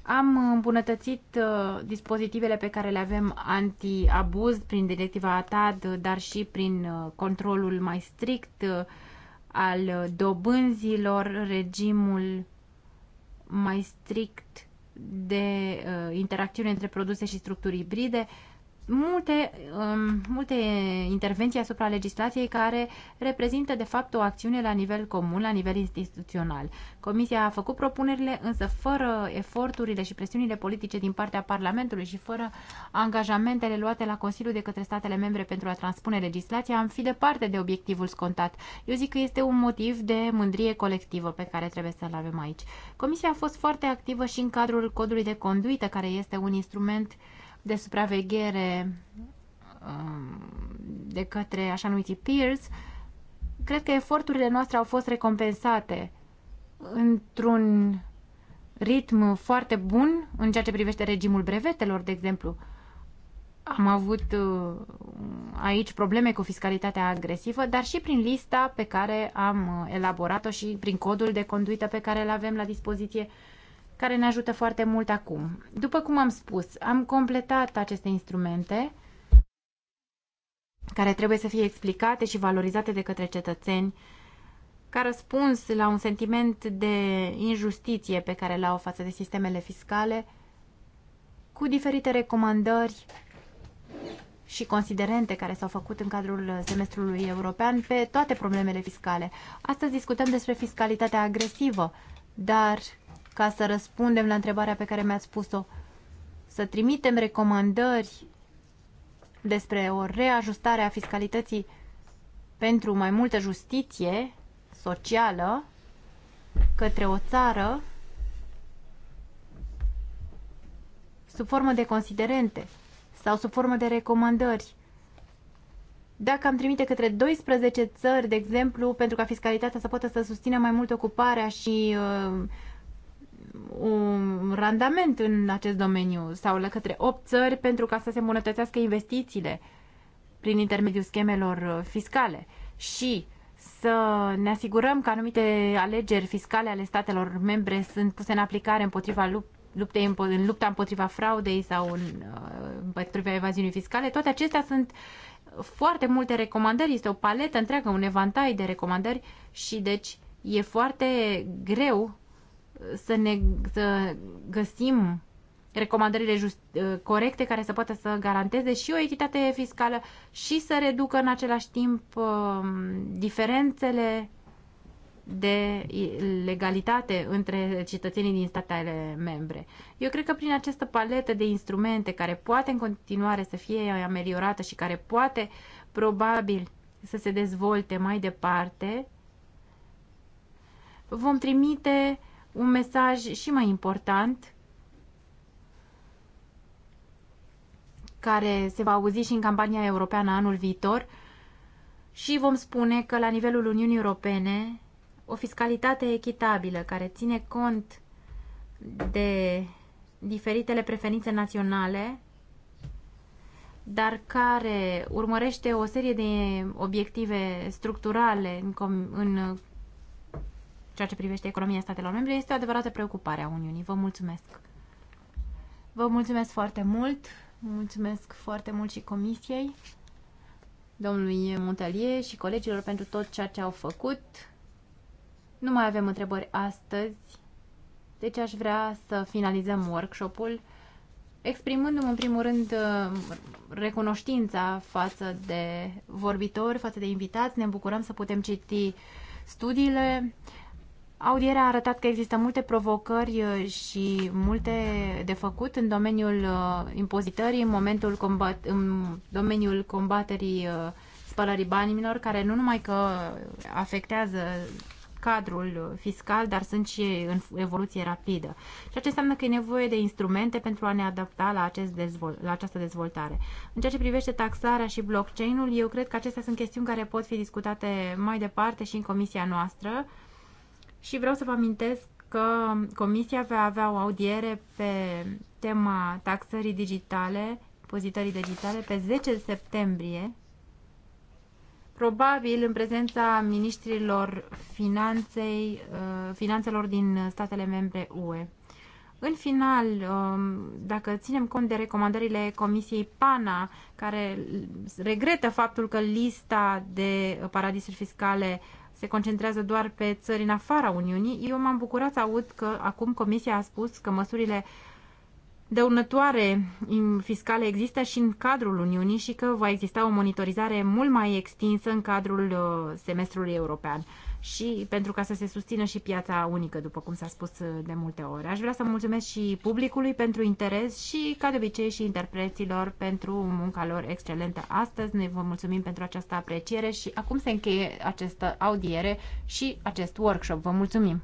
Am îmbunătățit uh, dispozitivele pe care le avem anti-abuz prin directiva ATAD, dar și prin uh, controlul mai strict uh, al dobânzilor, regimul mai strict de interacțiune între produse și structuri ibride multe, um, multe intervenții asupra legislației care reprezintă de fapt o acțiune la nivel comun, la nivel instituțional. Comisia a făcut propunerile, însă fără eforturile și presiunile politice din partea Parlamentului și fără angajamentele luate la Consiliu de către statele membre pentru a transpune legislația, am fi departe de obiectivul scontat. Eu zic că este un motiv de mândrie colectivă pe care trebuie să-l avem aici. Comisia a fost foarte activă și în cadrul codului de conduită, care este un instrument uh, de supraveghere um, de către așa numiti peers, cred că eforturile noastre au fost recompensate într-un ritm foarte bun în ceea ce privește regimul brevetelor, de exemplu. Am avut uh, aici probleme cu fiscalitatea agresivă, dar și prin lista pe care am uh, elaborat-o și prin codul de conduită pe care îl avem la dispoziție care ne ajută foarte mult acum. După cum am spus, am completat aceste instrumente care trebuie să fie explicate și valorizate de către cetățeni ca răspuns la un sentiment de injustiție pe care l-au față de sistemele fiscale, cu diferite recomandări și considerente care s-au făcut în cadrul semestrului european pe toate problemele fiscale. Astăzi discutăm despre fiscalitatea agresivă, dar ca să răspundem la întrebarea pe care mi-ați pus-o. Să trimitem recomandări despre o reajustare a fiscalității pentru mai multă justiție socială către o țară sub formă de considerente sau sub formă de recomandări. Dacă am trimite către 12 țări, de exemplu, pentru ca fiscalitatea să poată să susțină mai mult ocuparea și uh, un randament în acest domeniu sau la către 8 țări pentru ca să se îmbunătățească investițiile prin intermediul schemelor uh, fiscale și să ne asigurăm că anumite alegeri fiscale ale statelor membre sunt puse în aplicare împotriva luptei luptei în lupta împotriva fraudei sau în, uh, împotriva evaziunii fiscale, toate acestea sunt foarte multe recomandări, este o paletă întreagă, un evantai de recomandări și deci e foarte greu să, ne, să găsim recomandările just, uh, corecte care să poată să garanteze și o echitate fiscală și să reducă în același timp um, diferențele de legalitate între cetățenii din statele membre. Eu cred că prin această paletă de instrumente care poate în continuare să fie ameliorată și care poate probabil să se dezvolte mai departe, vom trimite un mesaj și mai important care se va auzi și în campania europeană anul viitor și vom spune că la nivelul Uniunii Europene o fiscalitate echitabilă care ține cont de diferitele preferințe naționale, dar care urmărește o serie de obiective structurale în, în ceea ce privește economia statelor membre este o adevărată preocupare a Uniunii. Vă mulțumesc! Vă mulțumesc foarte mult! Mulțumesc foarte mult și Comisiei, domnului Montalie și colegilor pentru tot ceea ce au făcut. Nu mai avem întrebări astăzi, deci aș vrea să finalizăm workshop-ul exprimându-mi în primul rând recunoștința față de vorbitori, față de invitați. Ne bucurăm să putem citi studiile Audierea a arătat că există multe provocări uh, și multe de făcut în domeniul uh, impozitării, în, momentul combat, în domeniul combaterii uh, spălării banilor, care nu numai că afectează cadrul fiscal, dar sunt și în evoluție rapidă. Ceea ce înseamnă că e nevoie de instrumente pentru a ne adapta la, acest dezvol- la această dezvoltare. În ceea ce privește taxarea și blockchain-ul, eu cred că acestea sunt chestiuni care pot fi discutate mai departe și în comisia noastră și vreau să vă amintesc că Comisia va avea o audiere pe tema taxării digitale, pozitării digitale, pe 10 septembrie, probabil în prezența ministrilor finanței, uh, finanțelor din statele membre UE. În final, um, dacă ținem cont de recomandările Comisiei PANA, care regretă faptul că lista de paradisuri fiscale se concentrează doar pe țări în afara Uniunii, eu m-am bucurat să aud că acum Comisia a spus că măsurile dăunătoare fiscale există și în cadrul Uniunii și că va exista o monitorizare mult mai extinsă în cadrul uh, semestrului european și pentru ca să se susțină și piața unică, după cum s-a spus uh, de multe ori. Aș vrea să mulțumesc și publicului pentru interes și, ca de obicei, și interpreților pentru munca lor excelentă astăzi. Ne vă mulțumim pentru această apreciere și acum se încheie această audiere și acest workshop. Vă mulțumim!